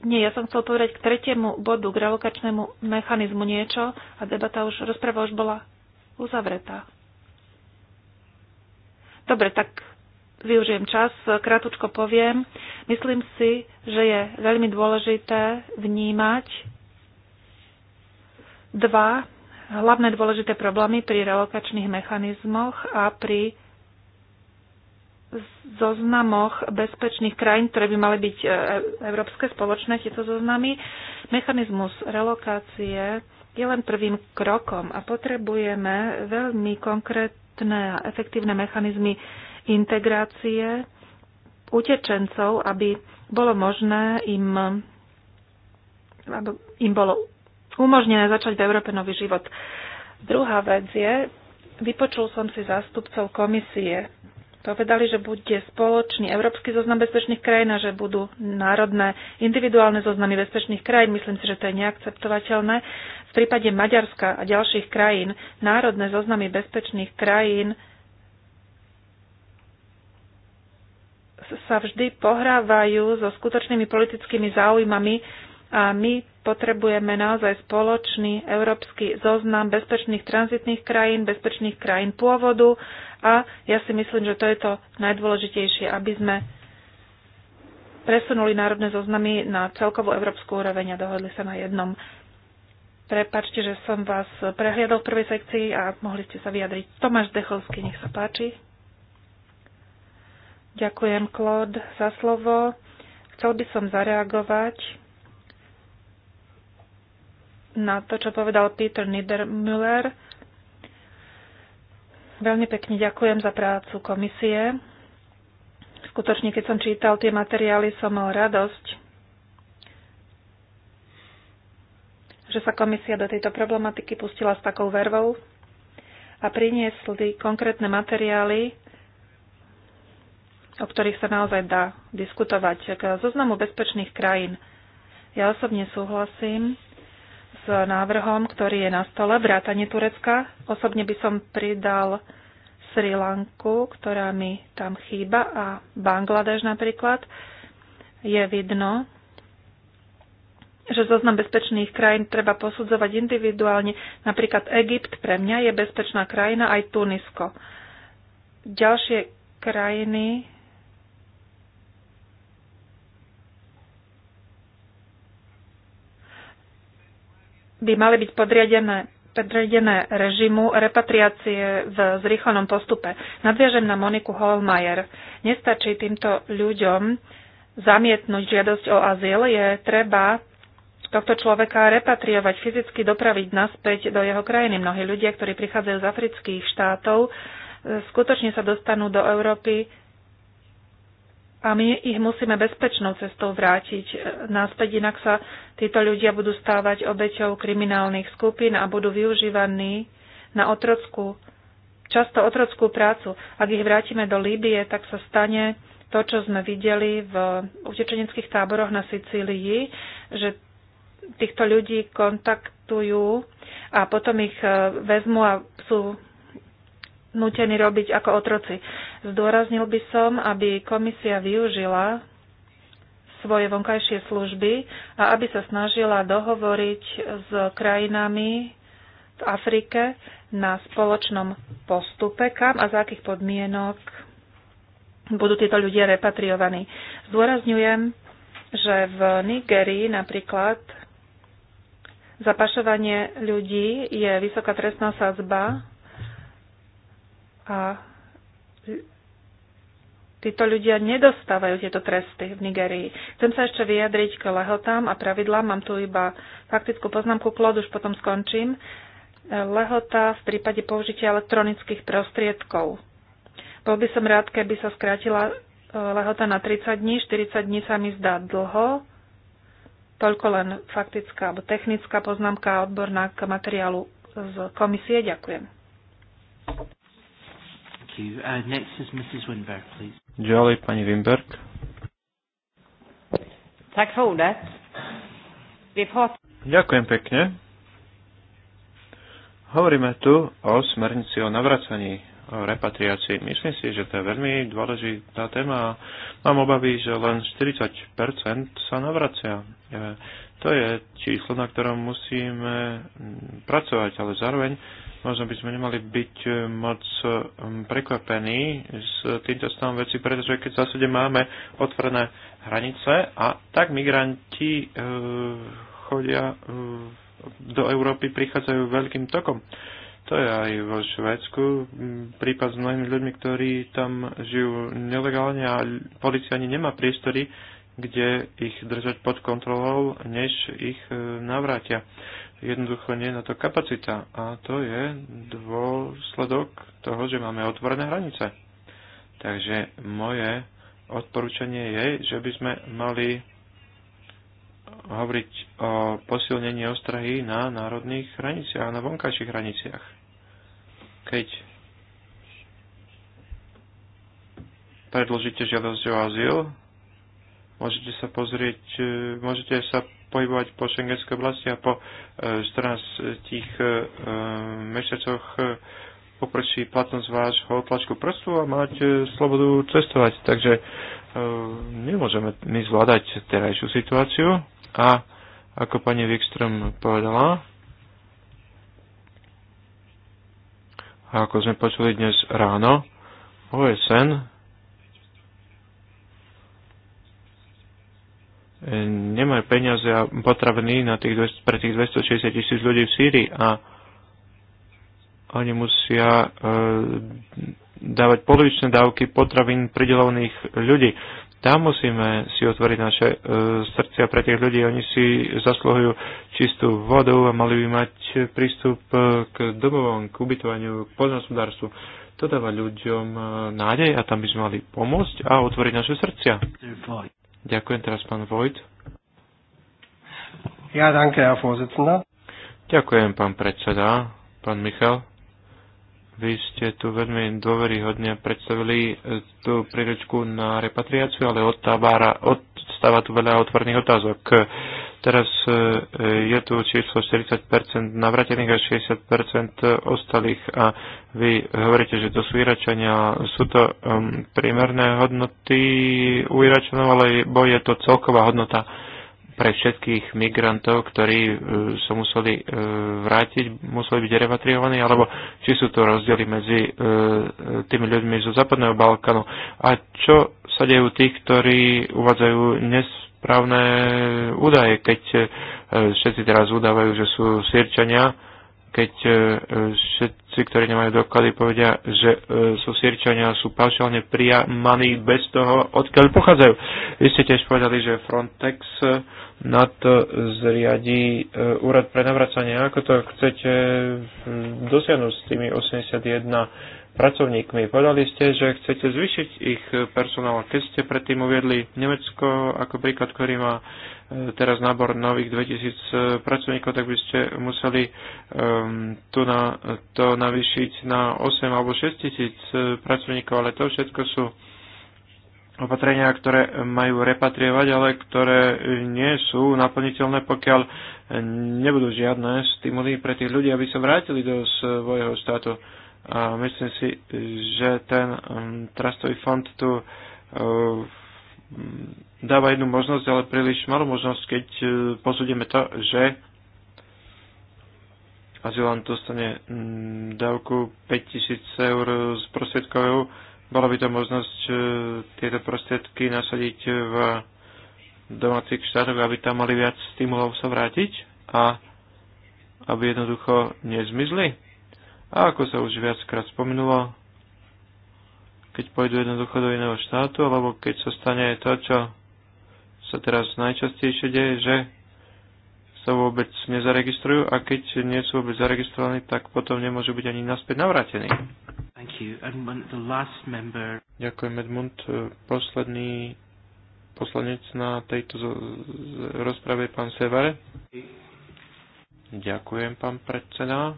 Nie, ja som chcel povedať k tretiemu bodu, k relokačnému mechanizmu niečo a debata už, rozprava už bola uzavretá. Dobre, tak využijem čas, krátko poviem. Myslím si, že je veľmi dôležité vnímať dva hlavné dôležité problémy pri relokačných mechanizmoch a pri zoznamoch bezpečných krajín, ktoré by mali byť e, európske spoločné, tieto zoznamy. Mechanizmus relokácie je len prvým krokom a potrebujeme veľmi konkrétne a efektívne mechanizmy integrácie utečencov, aby bolo možné im, aby im bolo umožnené začať v Európe nový život. Druhá vec je, vypočul som si zástupcov komisie povedali, že bude spoločný európsky zoznam bezpečných krajín a že budú národné individuálne zoznamy bezpečných krajín. Myslím si, že to je neakceptovateľné. V prípade Maďarska a ďalších krajín národné zoznamy bezpečných krajín sa vždy pohrávajú so skutočnými politickými záujmami a my potrebujeme naozaj spoločný európsky zoznam bezpečných tranzitných krajín, bezpečných krajín pôvodu a ja si myslím, že to je to najdôležitejšie, aby sme presunuli národné zoznamy na celkovú európsku úroveň a dohodli sa na jednom. Prepačte, že som vás prehliadol v prvej sekcii a mohli ste sa vyjadriť. Tomáš Dechovský, nech sa páči. Ďakujem, Claude, za slovo. Chcel by som zareagovať na to, čo povedal Peter Niedermüller. Veľmi pekne ďakujem za prácu komisie. Skutočne, keď som čítal tie materiály, som mal radosť, že sa komisia do tejto problematiky pustila s takou vervou a priniesli konkrétne materiály, o ktorých sa naozaj dá diskutovať. K zoznamu bezpečných krajín ja osobne súhlasím návrhom, ktorý je na stole, vrátanie Turecka. Osobne by som pridal Sri Lanku, ktorá mi tam chýba, a Bangladeš napríklad. Je vidno, že zoznam bezpečných krajín treba posudzovať individuálne. Napríklad Egypt pre mňa je bezpečná krajina, aj Tunisko. Ďalšie krajiny by mali byť podriadené predredené režimu repatriácie v zrýchlenom postupe. Nadviažem na Moniku Holmajer. Nestačí týmto ľuďom zamietnúť žiadosť o azyl, je treba tohto človeka repatriovať, fyzicky dopraviť naspäť do jeho krajiny. Mnohí ľudia, ktorí prichádzajú z afrických štátov, e, skutočne sa dostanú do Európy a my ich musíme bezpečnou cestou vrátiť e, náspäť, inak sa títo ľudia budú stávať obeťou kriminálnych skupín a budú využívaní na otrockú, často otrockú prácu. Ak ich vrátime do Líbie, tak sa stane to, čo sme videli v utečeneckých táboroch na Sicílii, že týchto ľudí kontaktujú a potom ich e, vezmu a sú nutení robiť ako otroci. Zdôraznil by som, aby komisia využila svoje vonkajšie služby a aby sa snažila dohovoriť s krajinami v Afrike na spoločnom postupe, kam a za akých podmienok budú títo ľudia repatriovaní. Zdôrazňujem, že v Nigerii napríklad zapašovanie ľudí je vysoká trestná sadzba a títo ľudia nedostávajú tieto tresty v Nigerii. Chcem sa ešte vyjadriť k lehotám a pravidlám. Mám tu iba faktickú poznámku. Klod už potom skončím. Lehota v prípade použitia elektronických prostriedkov. Bol by som rád, keby sa skrátila e, lehota na 30 dní. 40 dní sa mi zdá dlho. Toľko len faktická alebo technická poznámka a odborná k materiálu z komisie. Ďakujem. Thank you. Uh, next is Mrs. Winberg, please. Ďalej pani Wimberg. Tak for ordet. Vi Ďakujem pekne. Hovoríme tu o smernici o navracaní, o repatriácii. Myslím si, že to je veľmi dôležitá téma. Mám obavy, že len 40% sa navracia. E, to je číslo, na ktorom musíme pracovať, ale zároveň možno by sme nemali byť e, moc e, prekvapení s týmto stavom veci, pretože keď v zásade máme otvorené hranice a tak migranti e, chodia e, do Európy, prichádzajú veľkým tokom. To je aj vo Švédsku, prípad s mnohými ľuďmi, ktorí tam žijú nelegálne a policia ani nemá priestory, kde ich držať pod kontrolou, než ich e, navrátia. Jednoducho nie je na to kapacita. A to je dôsledok toho, že máme otvorené hranice. Takže moje odporúčanie je, že by sme mali hovoriť o posilnení ostrahy na národných hraniciach, na vonkajších hraniciach. Keď predložíte žiadosť o azyl, môžete sa pozrieť, e, môžete sa pohybovať po šengenskej oblasti a po 14 e, tých e, e, mesiacoch poprší platnosť vášho tlačku prstu a mať slobodu cestovať. Takže nemôžeme my zvládať terajšiu situáciu a ako pani Wikström povedala, a ako sme počuli dnes ráno, OSN nemajú peniaze a potraviny na tých 200, pre tých 260 tisíc ľudí v Sýrii a oni musia e, dávať polovičné dávky potravín pridelovaných ľudí. Tam musíme si otvoriť naše e, srdcia pre tých ľudí. Oni si zasluhujú čistú vodu a mali by mať prístup e, k domovom, k ubytovaniu, k podnospodárstvu. To dáva ľuďom e, nádej a tam by sme mali pomôcť a otvoriť naše srdcia. Ďakujem teraz pán Vojt. Ja, danke, Herr Vorsitzender. Ďakujem, pán predseda, pán Michal. Vy ste tu veľmi dôveryhodne predstavili eh, tú príročku na repatriáciu, ale odstáva tu veľa otvorných otázok. Teraz e, e, je tu číslo 40% navratených a 60% ostalých a vy hovoríte, že to sú Iračania. Sú to um, primárne hodnoty u Iračanov, alebo je to celková hodnota pre všetkých migrantov, ktorí uh, sa museli uh, vrátiť, museli byť repatriovaní, alebo či sú to rozdiely medzi uh, tými ľuďmi zo Západného Balkánu. A čo sa dejú tých, ktorí uvádzajú nes právne údaje, keď e, všetci teraz udávajú, že sú sírčania, keď e, všetci, ktorí nemajú doklady, povedia, že e, sú sírčania, sú paušálne prijamaní bez toho, odkiaľ pochádzajú. Vy ste tiež povedali, že Frontex na to zriadí úrad pre navracanie. Ako to chcete dosiahnuť s tými 81 pracovníkmi. Povedali ste, že chcete zvyšiť ich personál. Keď ste predtým uviedli Nemecko ako príklad, ktorý má e, teraz nábor nových 2000 e, pracovníkov, tak by ste museli um, tu na, to navýšiť na 8 alebo 6 tisíc e, pracovníkov, ale to všetko sú opatrenia, ktoré majú repatriovať, ale ktoré nie sú naplniteľné, pokiaľ nebudú žiadne stimuly pre tých ľudí, aby sa vrátili do svojho štátu a myslím si, že ten mm, trastový fond tu e, mm, dáva jednu možnosť, ale príliš malú možnosť, keď e, posúdime to, že azylant dostane mm, dávku 5000 eur z prostriedkov e Bola by to možnosť tieto prostriedky nasadiť v domácich štátoch, aby tam mali viac stimulov sa vrátiť a aby jednoducho nezmizli a ako sa už viackrát spomenulo, keď pôjdu jednoducho do iného štátu, alebo keď sa stane to, čo sa teraz najčastejšie deje, že sa vôbec nezaregistrujú a keď nie sú vôbec zaregistrovaní, tak potom nemôžu byť ani naspäť navrátení. Member... Ďakujem, Edmund. Posledný poslanec na tejto rozprave je pán Sevare. Ďakujem, pán predseda.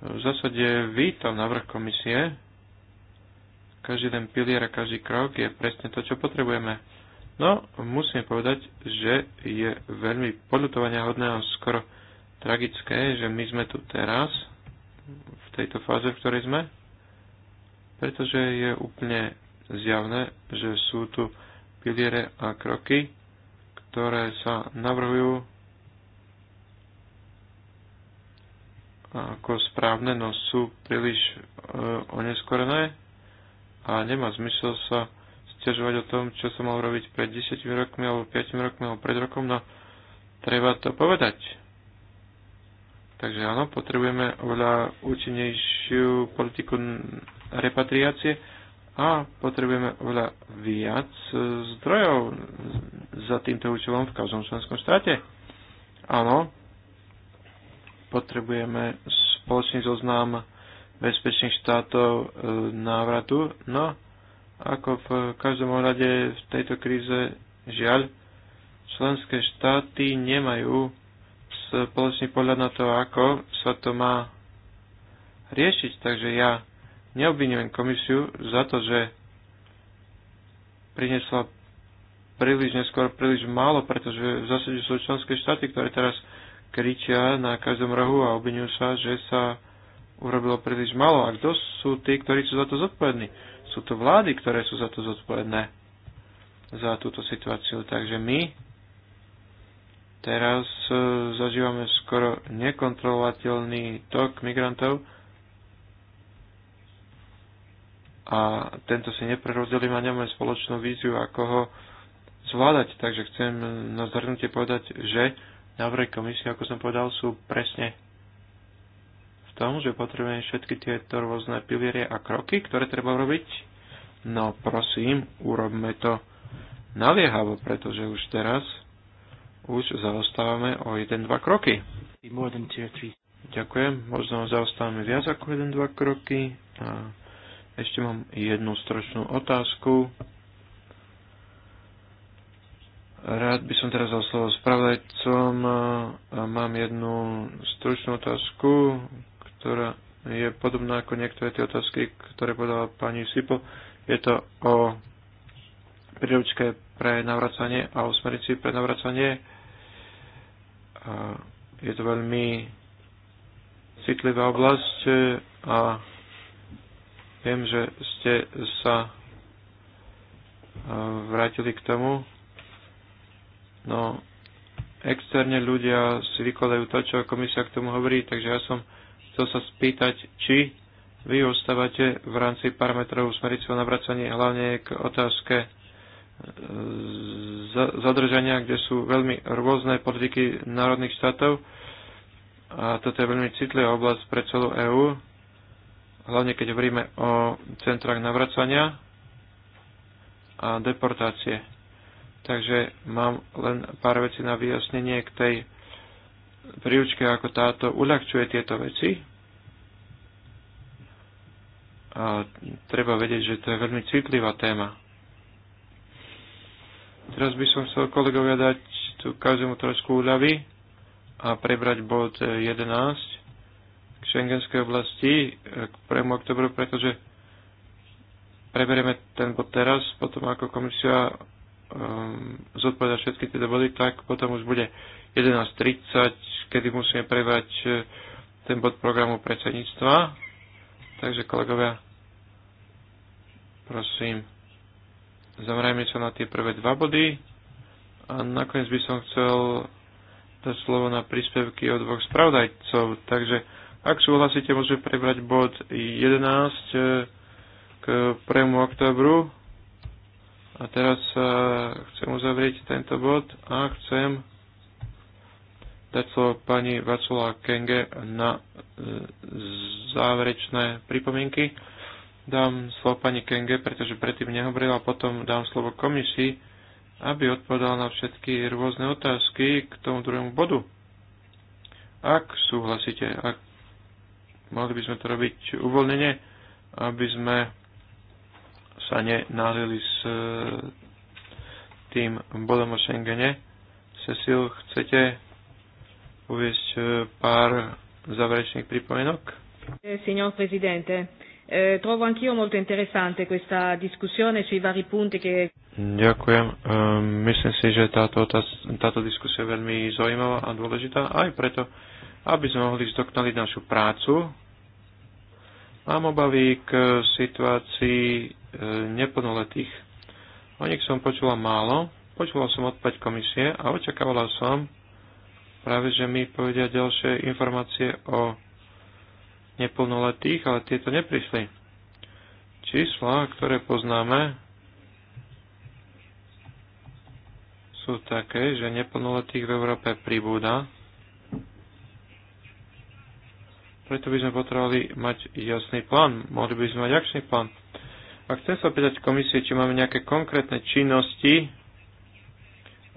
V zásade vítam návrh komisie. Každý ten pilier a každý krok je presne to, čo potrebujeme. No, musím povedať, že je veľmi podľutovania hodné a skoro tragické, že my sme tu teraz, v tejto fáze, v ktorej sme, pretože je úplne zjavné, že sú tu piliere a kroky, ktoré sa navrhujú ako správne, no sú príliš e, oneskorené a nemá zmysel sa stiažovať o tom, čo som mal robiť pred 10 rokmi, alebo 5 rokmi, alebo pred rokom, no treba to povedať. Takže áno, potrebujeme oveľa účinnejšiu politiku repatriácie a potrebujeme oveľa viac e, zdrojov za týmto účelom v každom členskom štáte. Áno, potrebujeme spoločný zoznam bezpečných štátov e, návratu. No, ako v každom rade v tejto kríze, žiaľ, členské štáty nemajú spoločný pohľad na to, ako sa to má riešiť. Takže ja neobvinujem komisiu za to, že priniesla príliš neskôr príliš málo, pretože v zásade sú členské štáty, ktoré teraz kričia na každom rohu a obvinujú sa, že sa urobilo príliš malo. A kto sú tí, ktorí sú za to zodpovední? Sú to vlády, ktoré sú za to zodpovedné za túto situáciu. Takže my teraz e, zažívame skoro nekontrolovateľný tok migrantov a tento si neprerozdelím a nemáme spoločnú víziu, ako ho zvládať. Takže chcem na zhrnutie povedať, že návrhy komisie, ako som povedal, sú presne v tom, že potrebujeme všetky tieto rôzne pilierie a kroky, ktoré treba robiť. No prosím, urobme to naliehavo, pretože už teraz už zaostávame o 1-2 kroky. Ďakujem, možno zaostávame viac ako 1-2 kroky. A ešte mám jednu stročnú otázku. Rád by som teraz dal slovo spravodajcom. Mám jednu stručnú otázku, ktorá je podobná ako niektoré tie otázky, ktoré podala pani Sipo. Je to o príručke pre navracanie a o smernici pre navracanie. Je to veľmi citlivá oblasť a viem, že ste sa vrátili k tomu, No, externe ľudia si vykladajú to, čo komisia k tomu hovorí, takže ja som chcel sa spýtať, či vy ostávate v rámci parametrov smernice navracania hlavne k otázke e, zadržania, kde sú veľmi rôzne politiky národných štátov a toto je veľmi citlivá oblasť pre celú EÚ, hlavne keď hovoríme o centrách navracania a deportácie. Takže mám len pár vecí na vyjasnenie k tej príručke ako táto uľahčuje tieto veci. A treba vedieť, že to je veľmi citlivá téma. Teraz by som chcel kolegovia dať tu každému trošku úľavy a prebrať bod 11 k šengenskej oblasti k 1. oktobru, pretože preberieme ten bod teraz, potom ako komisia Um, zodpovedať všetky tie body, tak potom už bude 11.30, kedy musíme prebrať e, ten bod programu predsedníctva. Takže kolegovia, prosím, zamerajme sa na tie prvé dva body a nakoniec by som chcel dať slovo na príspevky od dvoch spravodajcov. Takže ak súhlasíte, môžeme prebrať bod 11 e, k 1. oktobru a teraz e, chcem uzavrieť tento bod a chcem dať slovo pani Vacula Kenge na e, záverečné pripomienky. Dám slovo pani Kenge, pretože predtým nehovorila, potom dám slovo komisii, aby odpovedala na všetky rôzne otázky k tomu druhému bodu. Ak súhlasíte, ak mohli by sme to robiť uvoľnenie, aby sme sa nenalili s e, tým bodom o Schengene. Cecil, chcete uviesť e, pár záverečných pripomienok? Eh, signor Presidente, eh, trovo anch'io molto interessante questa discussione sui vari punti che... Ďakujem. Eh, myslím si, že táto, tá, táto diskusia je veľmi zaujímavá a dôležitá aj preto, aby sme mohli zdoknaliť našu prácu Mám obavy k situácii e, neplnoletých. O nich som počula málo, počula som odpať komisie a očakávala som práve, že mi povedia ďalšie informácie o neplnoletých, ale tieto neprišli. Čísla, ktoré poznáme, sú také, že neplnoletých v Európe pribúda Preto by sme potrebovali mať jasný plán. Mohli by sme mať akčný plán. A chcem sa opýtať komisie, či máme nejaké konkrétne činnosti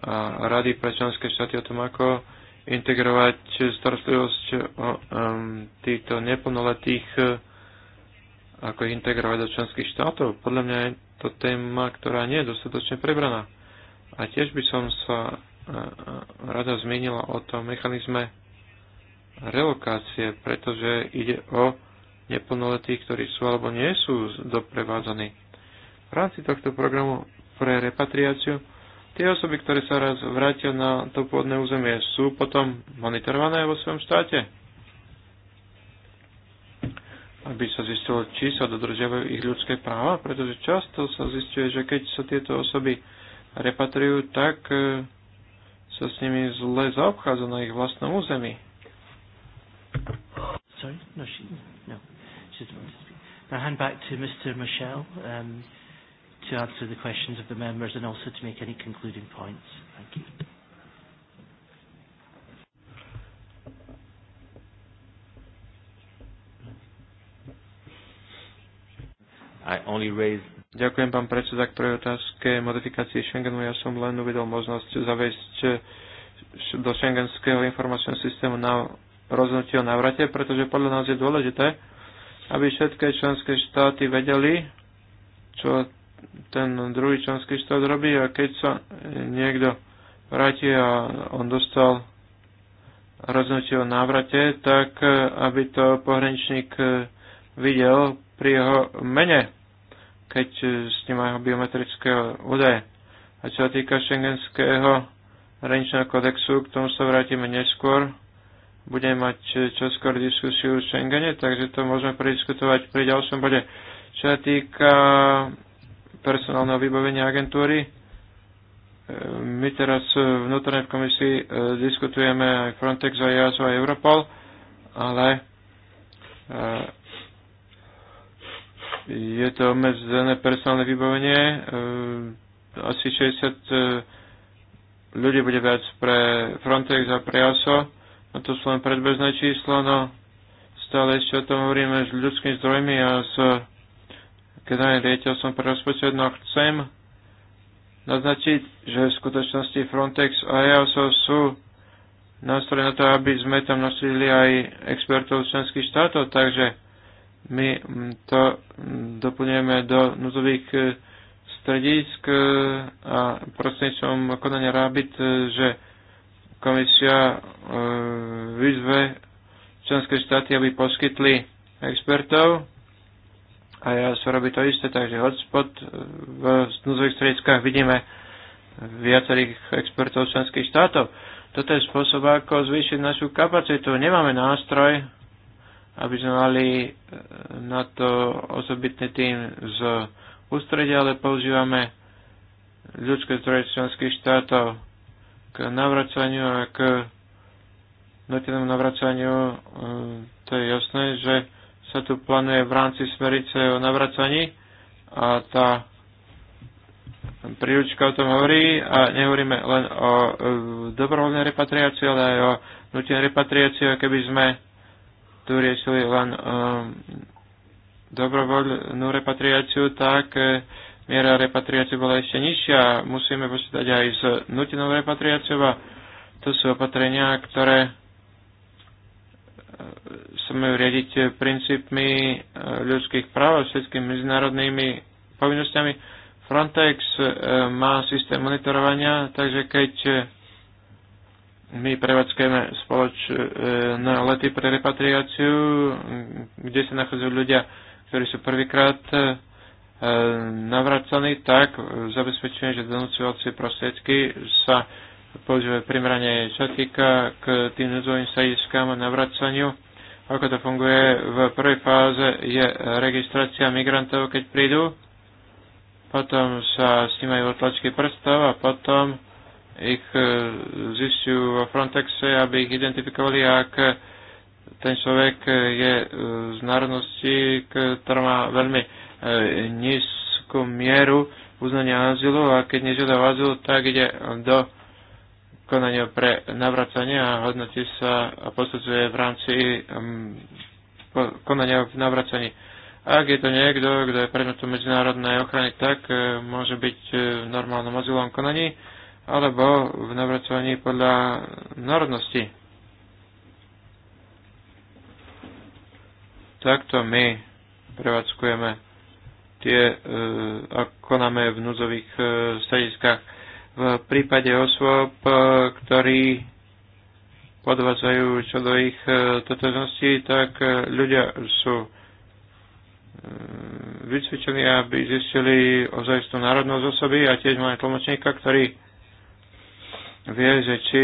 a rady pre členské štáty o tom, ako integrovať starostlivosť o um, týchto neplnoletých, ako ich integrovať do členských štátov. Podľa mňa je to téma, ktorá nie je dostatočne prebraná. A tiež by som sa e, e, rada zmienila o tom mechanizme relokácie, pretože ide o neplnoletých, ktorí sú alebo nie sú doprevádzaní. V rámci tohto programu pre repatriáciu tie osoby, ktoré sa raz vrátia na to pôvodné územie, sú potom monitorované vo svojom štáte? aby sa zistilo, či sa dodržiavajú ich ľudské práva, pretože často sa zistuje, že keď sa tieto osoby repatriujú, tak e, sa s nimi zle zaobchádza na ich vlastnom území. Sorry? No, she, no. She doesn't want to speak. Now hand back to Mr. Michel um, to answer the questions of the members and also to make any concluding points. Thank you. I only raised... Ďakujem, pán predseda, k prvej otázke modifikácie Schengenu. Ja som len uvidel možnosť zaviesť eh, do Schengenského informačného systému na rozhodnutie o návrate, pretože podľa nás je dôležité, aby všetky členské štáty vedeli, čo ten druhý členský štát robí a keď sa niekto vráti a on dostal rozhodnutie o návrate, tak e, aby to pohraničník e, videl pri jeho mene, keď e, sníma jeho biometrické údaje. A čo sa týka šengenského hraničného kodexu, k tomu sa vrátime neskôr budeme mať čoskôr diskusiu v Schengene, takže to môžeme prediskutovať pri ďalšom bode. Čo sa týka personálneho vybavenia agentúry, e, my teraz vnútorne v komisii e, diskutujeme aj Frontex, aj EASO, aj Europol, ale e, je to obmedzené personálne vybavenie, asi 60 ľudí bude viac pre Frontex a pre EASO a to sú len predbežné čísla, no stále ešte o tom hovoríme s ľudskými zdrojmi a s generálnym riaditeľstvom pre rozpočet, no chcem naznačiť, že v skutočnosti Frontex a EASO sú nástroje na to, aby sme tam nosili aj expertov členských štátov, takže my to doplňujeme do nutových eh, stredísk eh, a prostredníctvom konania RABIT, eh, že komisia e, vyzve členské štáty, aby poskytli expertov a ja sa robí to isté, takže hotspot e, v núzových strediskách vidíme viacerých expertov členských štátov. Toto je spôsob, ako zvýšiť našu kapacitu. Nemáme nástroj, aby sme mali e, na to osobitný tým z ústredia, ale používame ľudské zdroje členských štátov k navracaniu a k nutenému navracaniu, e, to je jasné, že sa tu plánuje v rámci smerice o navracaní a tá príručka o tom hovorí a nehovoríme len o e, dobrovoľnej repatriácii, ale aj o nutenej repatriácii, keby sme tu riešili len um, dobrovoľnú repatriáciu, tak miera repatriácie bola ešte nižšia. Musíme počítať aj s nutinou repatriáciou a to sú opatrenia, ktoré e, sa majú riadiť princípmi e, ľudských práv a všetkými medzinárodnými povinnosťami. Frontex e, má systém monitorovania, takže keď my prevádzkujeme spoločné lety pre repatriáciu, kde sa nachádzajú ľudia, ktorí sú prvýkrát navracaní, tak e, zabezpečujem, že donúcovacie prostriedky sa používajú primerane, sa týka k tým núdzovým strediskám a navracaniu. Ako to funguje? V prvej fáze je registrácia migrantov, keď prídu, potom sa snímajú otlačky prstov a potom ich e, zistiu vo Frontexe, aby ich identifikovali, ak ten človek je e, z národnosti, ktorá má veľmi nízku mieru uznania azylu a keď nežiada azyl, tak ide do konania pre navracanie a hodnotí sa a posudzuje v rámci mm, konania v navracaní. Ak je to niekto, kto je predmetom medzinárodnej ochrany, tak e, môže byť e, v normálnom azylovom konaní alebo v navracovaní podľa národnosti. Takto my prevádzkujeme tie e, konáme v núzových e, strediskách. V prípade osôb, e, ktorí podvádzajú čo do ich totožnosti, tak ľudia sú vycvičení, aby zistili ozajstnú národnosť osoby a tiež máme tlmočníka, ktorý vie, že či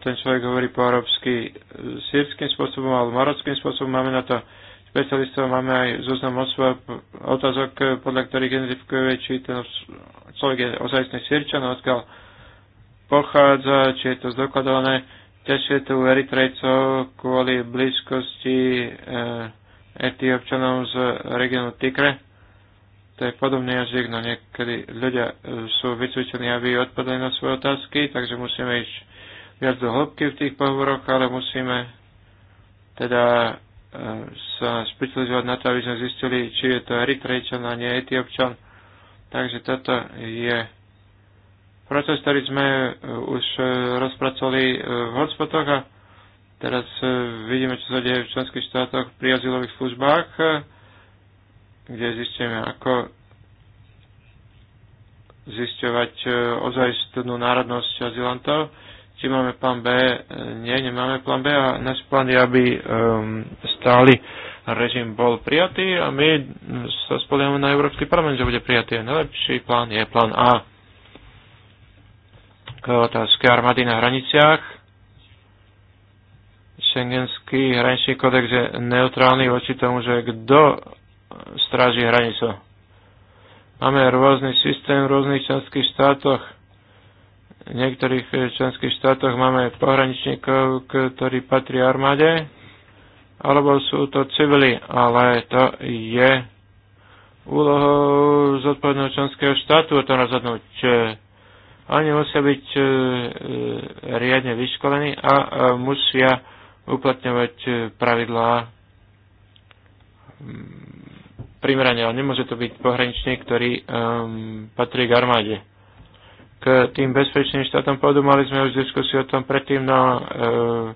ten človek hovorí po arabsky sírským spôsobom alebo marockým spôsobom, máme na to špecialistov, máme aj zoznam otázok, podľa ktorých identifikuje, či ten človek je ozajstný sírčan, odkiaľ pochádza, či je to zdokladované. Ťažšie tu Eritrejcov kvôli blízkosti e, eh, etiopčanov z regionu Tikre. To je podobný jazyk, no niekedy ľudia eh, sú vycvičení, aby odpadli na svoje otázky, takže musíme ísť viac do hĺbky v tých pohovoroch, ale musíme teda sa špecializovať na to, aby sme zistili, či je to Eritrejčan a nie Etiopčan. Takže toto je proces, ktorý sme e, už e, rozpracovali e, v hotspotoch a teraz vidíme, čo sa deje v členských štátoch pri azylových službách, kde zistíme, ako zisťovať ozajstnú národnosť azylantov či máme plán B. E, nie, nemáme plán B a náš plán je, aby um, stály režim bol prijatý a my sa spoliehame na Európsky parlament, že bude prijatý. Najlepší plán je plán A. K otázke armády na hraniciach. Schengenský hraničný kodex je neutrálny voči tomu, že kto stráži hranicu. Máme rôzny systém v rôznych členských štátoch v niektorých eh, členských štátoch máme pohraničníkov, ktorí patrí armáde, alebo sú to civili, ale to je úlohou zodpovedného členského štátu o tom rozhodnúť. Eh, oni musia byť eh, riadne vyškolení a musia uplatňovať pravidlá mm, primerane, ale nemôže to byť pohraničník, ktorý um, patrí k armáde k tým bezpečným štátom pôvodu. Mali sme už diskusiu o tom predtým na no, eh,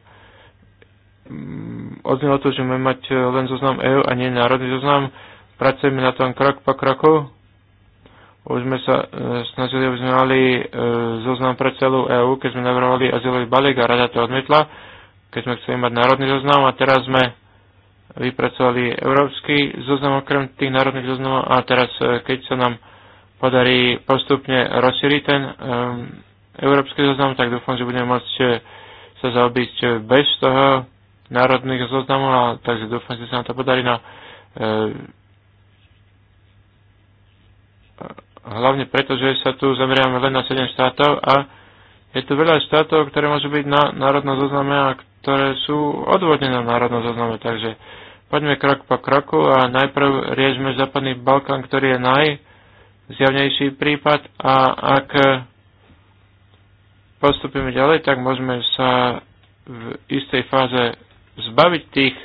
odznelo to, že máme mať len zoznam EU a nie národný zoznam. Pracujeme na tom krok po kroku. Už sme sa e, snažili, aby sme mali e, zoznam pre celú EÚ, keď sme navrhovali azylový balík a rada to odmietla, keď sme chceli mať národný zoznam a teraz sme vypracovali európsky zoznam okrem tých národných zoznamov a teraz, e, keď sa nám e, podarí postupne rozšíriť ten um, európsky zoznam, tak dúfam, že budeme môcť eh, sa zaobísť bez toho národných zoznamov, a takže dúfam, že sa nám to podarí na no, eh, hlavne preto, že sa tu zameriame len na 7 štátov a je tu veľa štátov, ktoré môžu byť na národnom zozname a ktoré sú odvodnené na národnom zozname. Takže poďme krok po kroku a najprv riešme Západný Balkán, ktorý je naj zjavnejší prípad a ak postupíme ďalej, tak môžeme sa v istej fáze zbaviť tých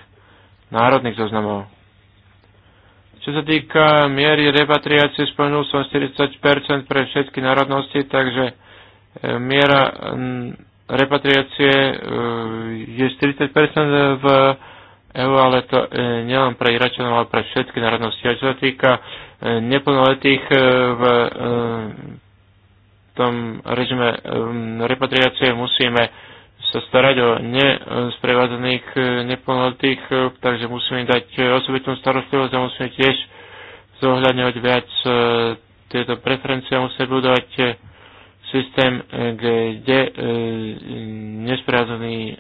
národných zoznamov. Čo sa týka miery repatriácie, spomenul som 40% pre všetky národnosti, takže e, miera repatriácie e, je 40% v Evo, ale to e, nielen pre Iračanov, ale pre všetky národnosti. A čo sa týka e, neplnoletých e, v tom režime repatriácie, musíme sa starať o nesprevádzaných neplnoletých, takže musíme im dať osobitnú starostlivosť a musíme tiež zohľadňovať viac tieto preferencie a musíme budovať systém, e, kde e, nesprevádzaní e,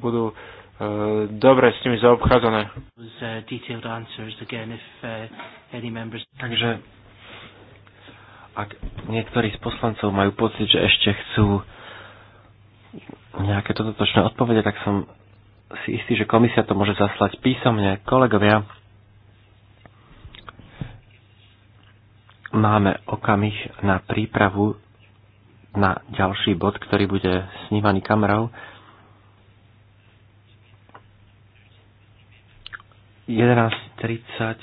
budú Eh, dobre s nimi zaobchádzané. Eh, eh, Takže ak niektorí z poslancov majú pocit, že ešte chcú nejaké dodatočné odpovede, tak som si istý, že komisia to môže zaslať písomne. Kolegovia, máme okamih na prípravu na ďalší bod, ktorý bude snívaný kamerou. 11.30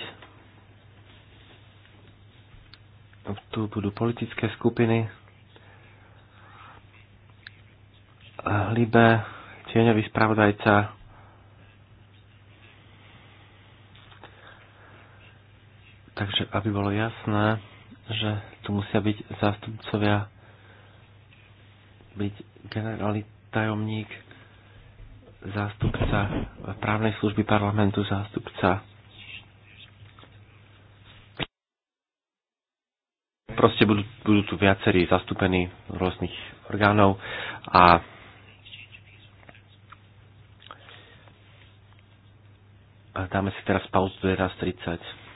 tu budú politické skupiny Libe, tieňový spravodajca Takže aby bolo jasné, že tu musia byť zástupcovia, byť generálny tajomník zástupca právnej služby parlamentu, zástupca proste budú, budú tu viacerí zastúpení rôznych orgánov a dáme si teraz pauzu 11.30.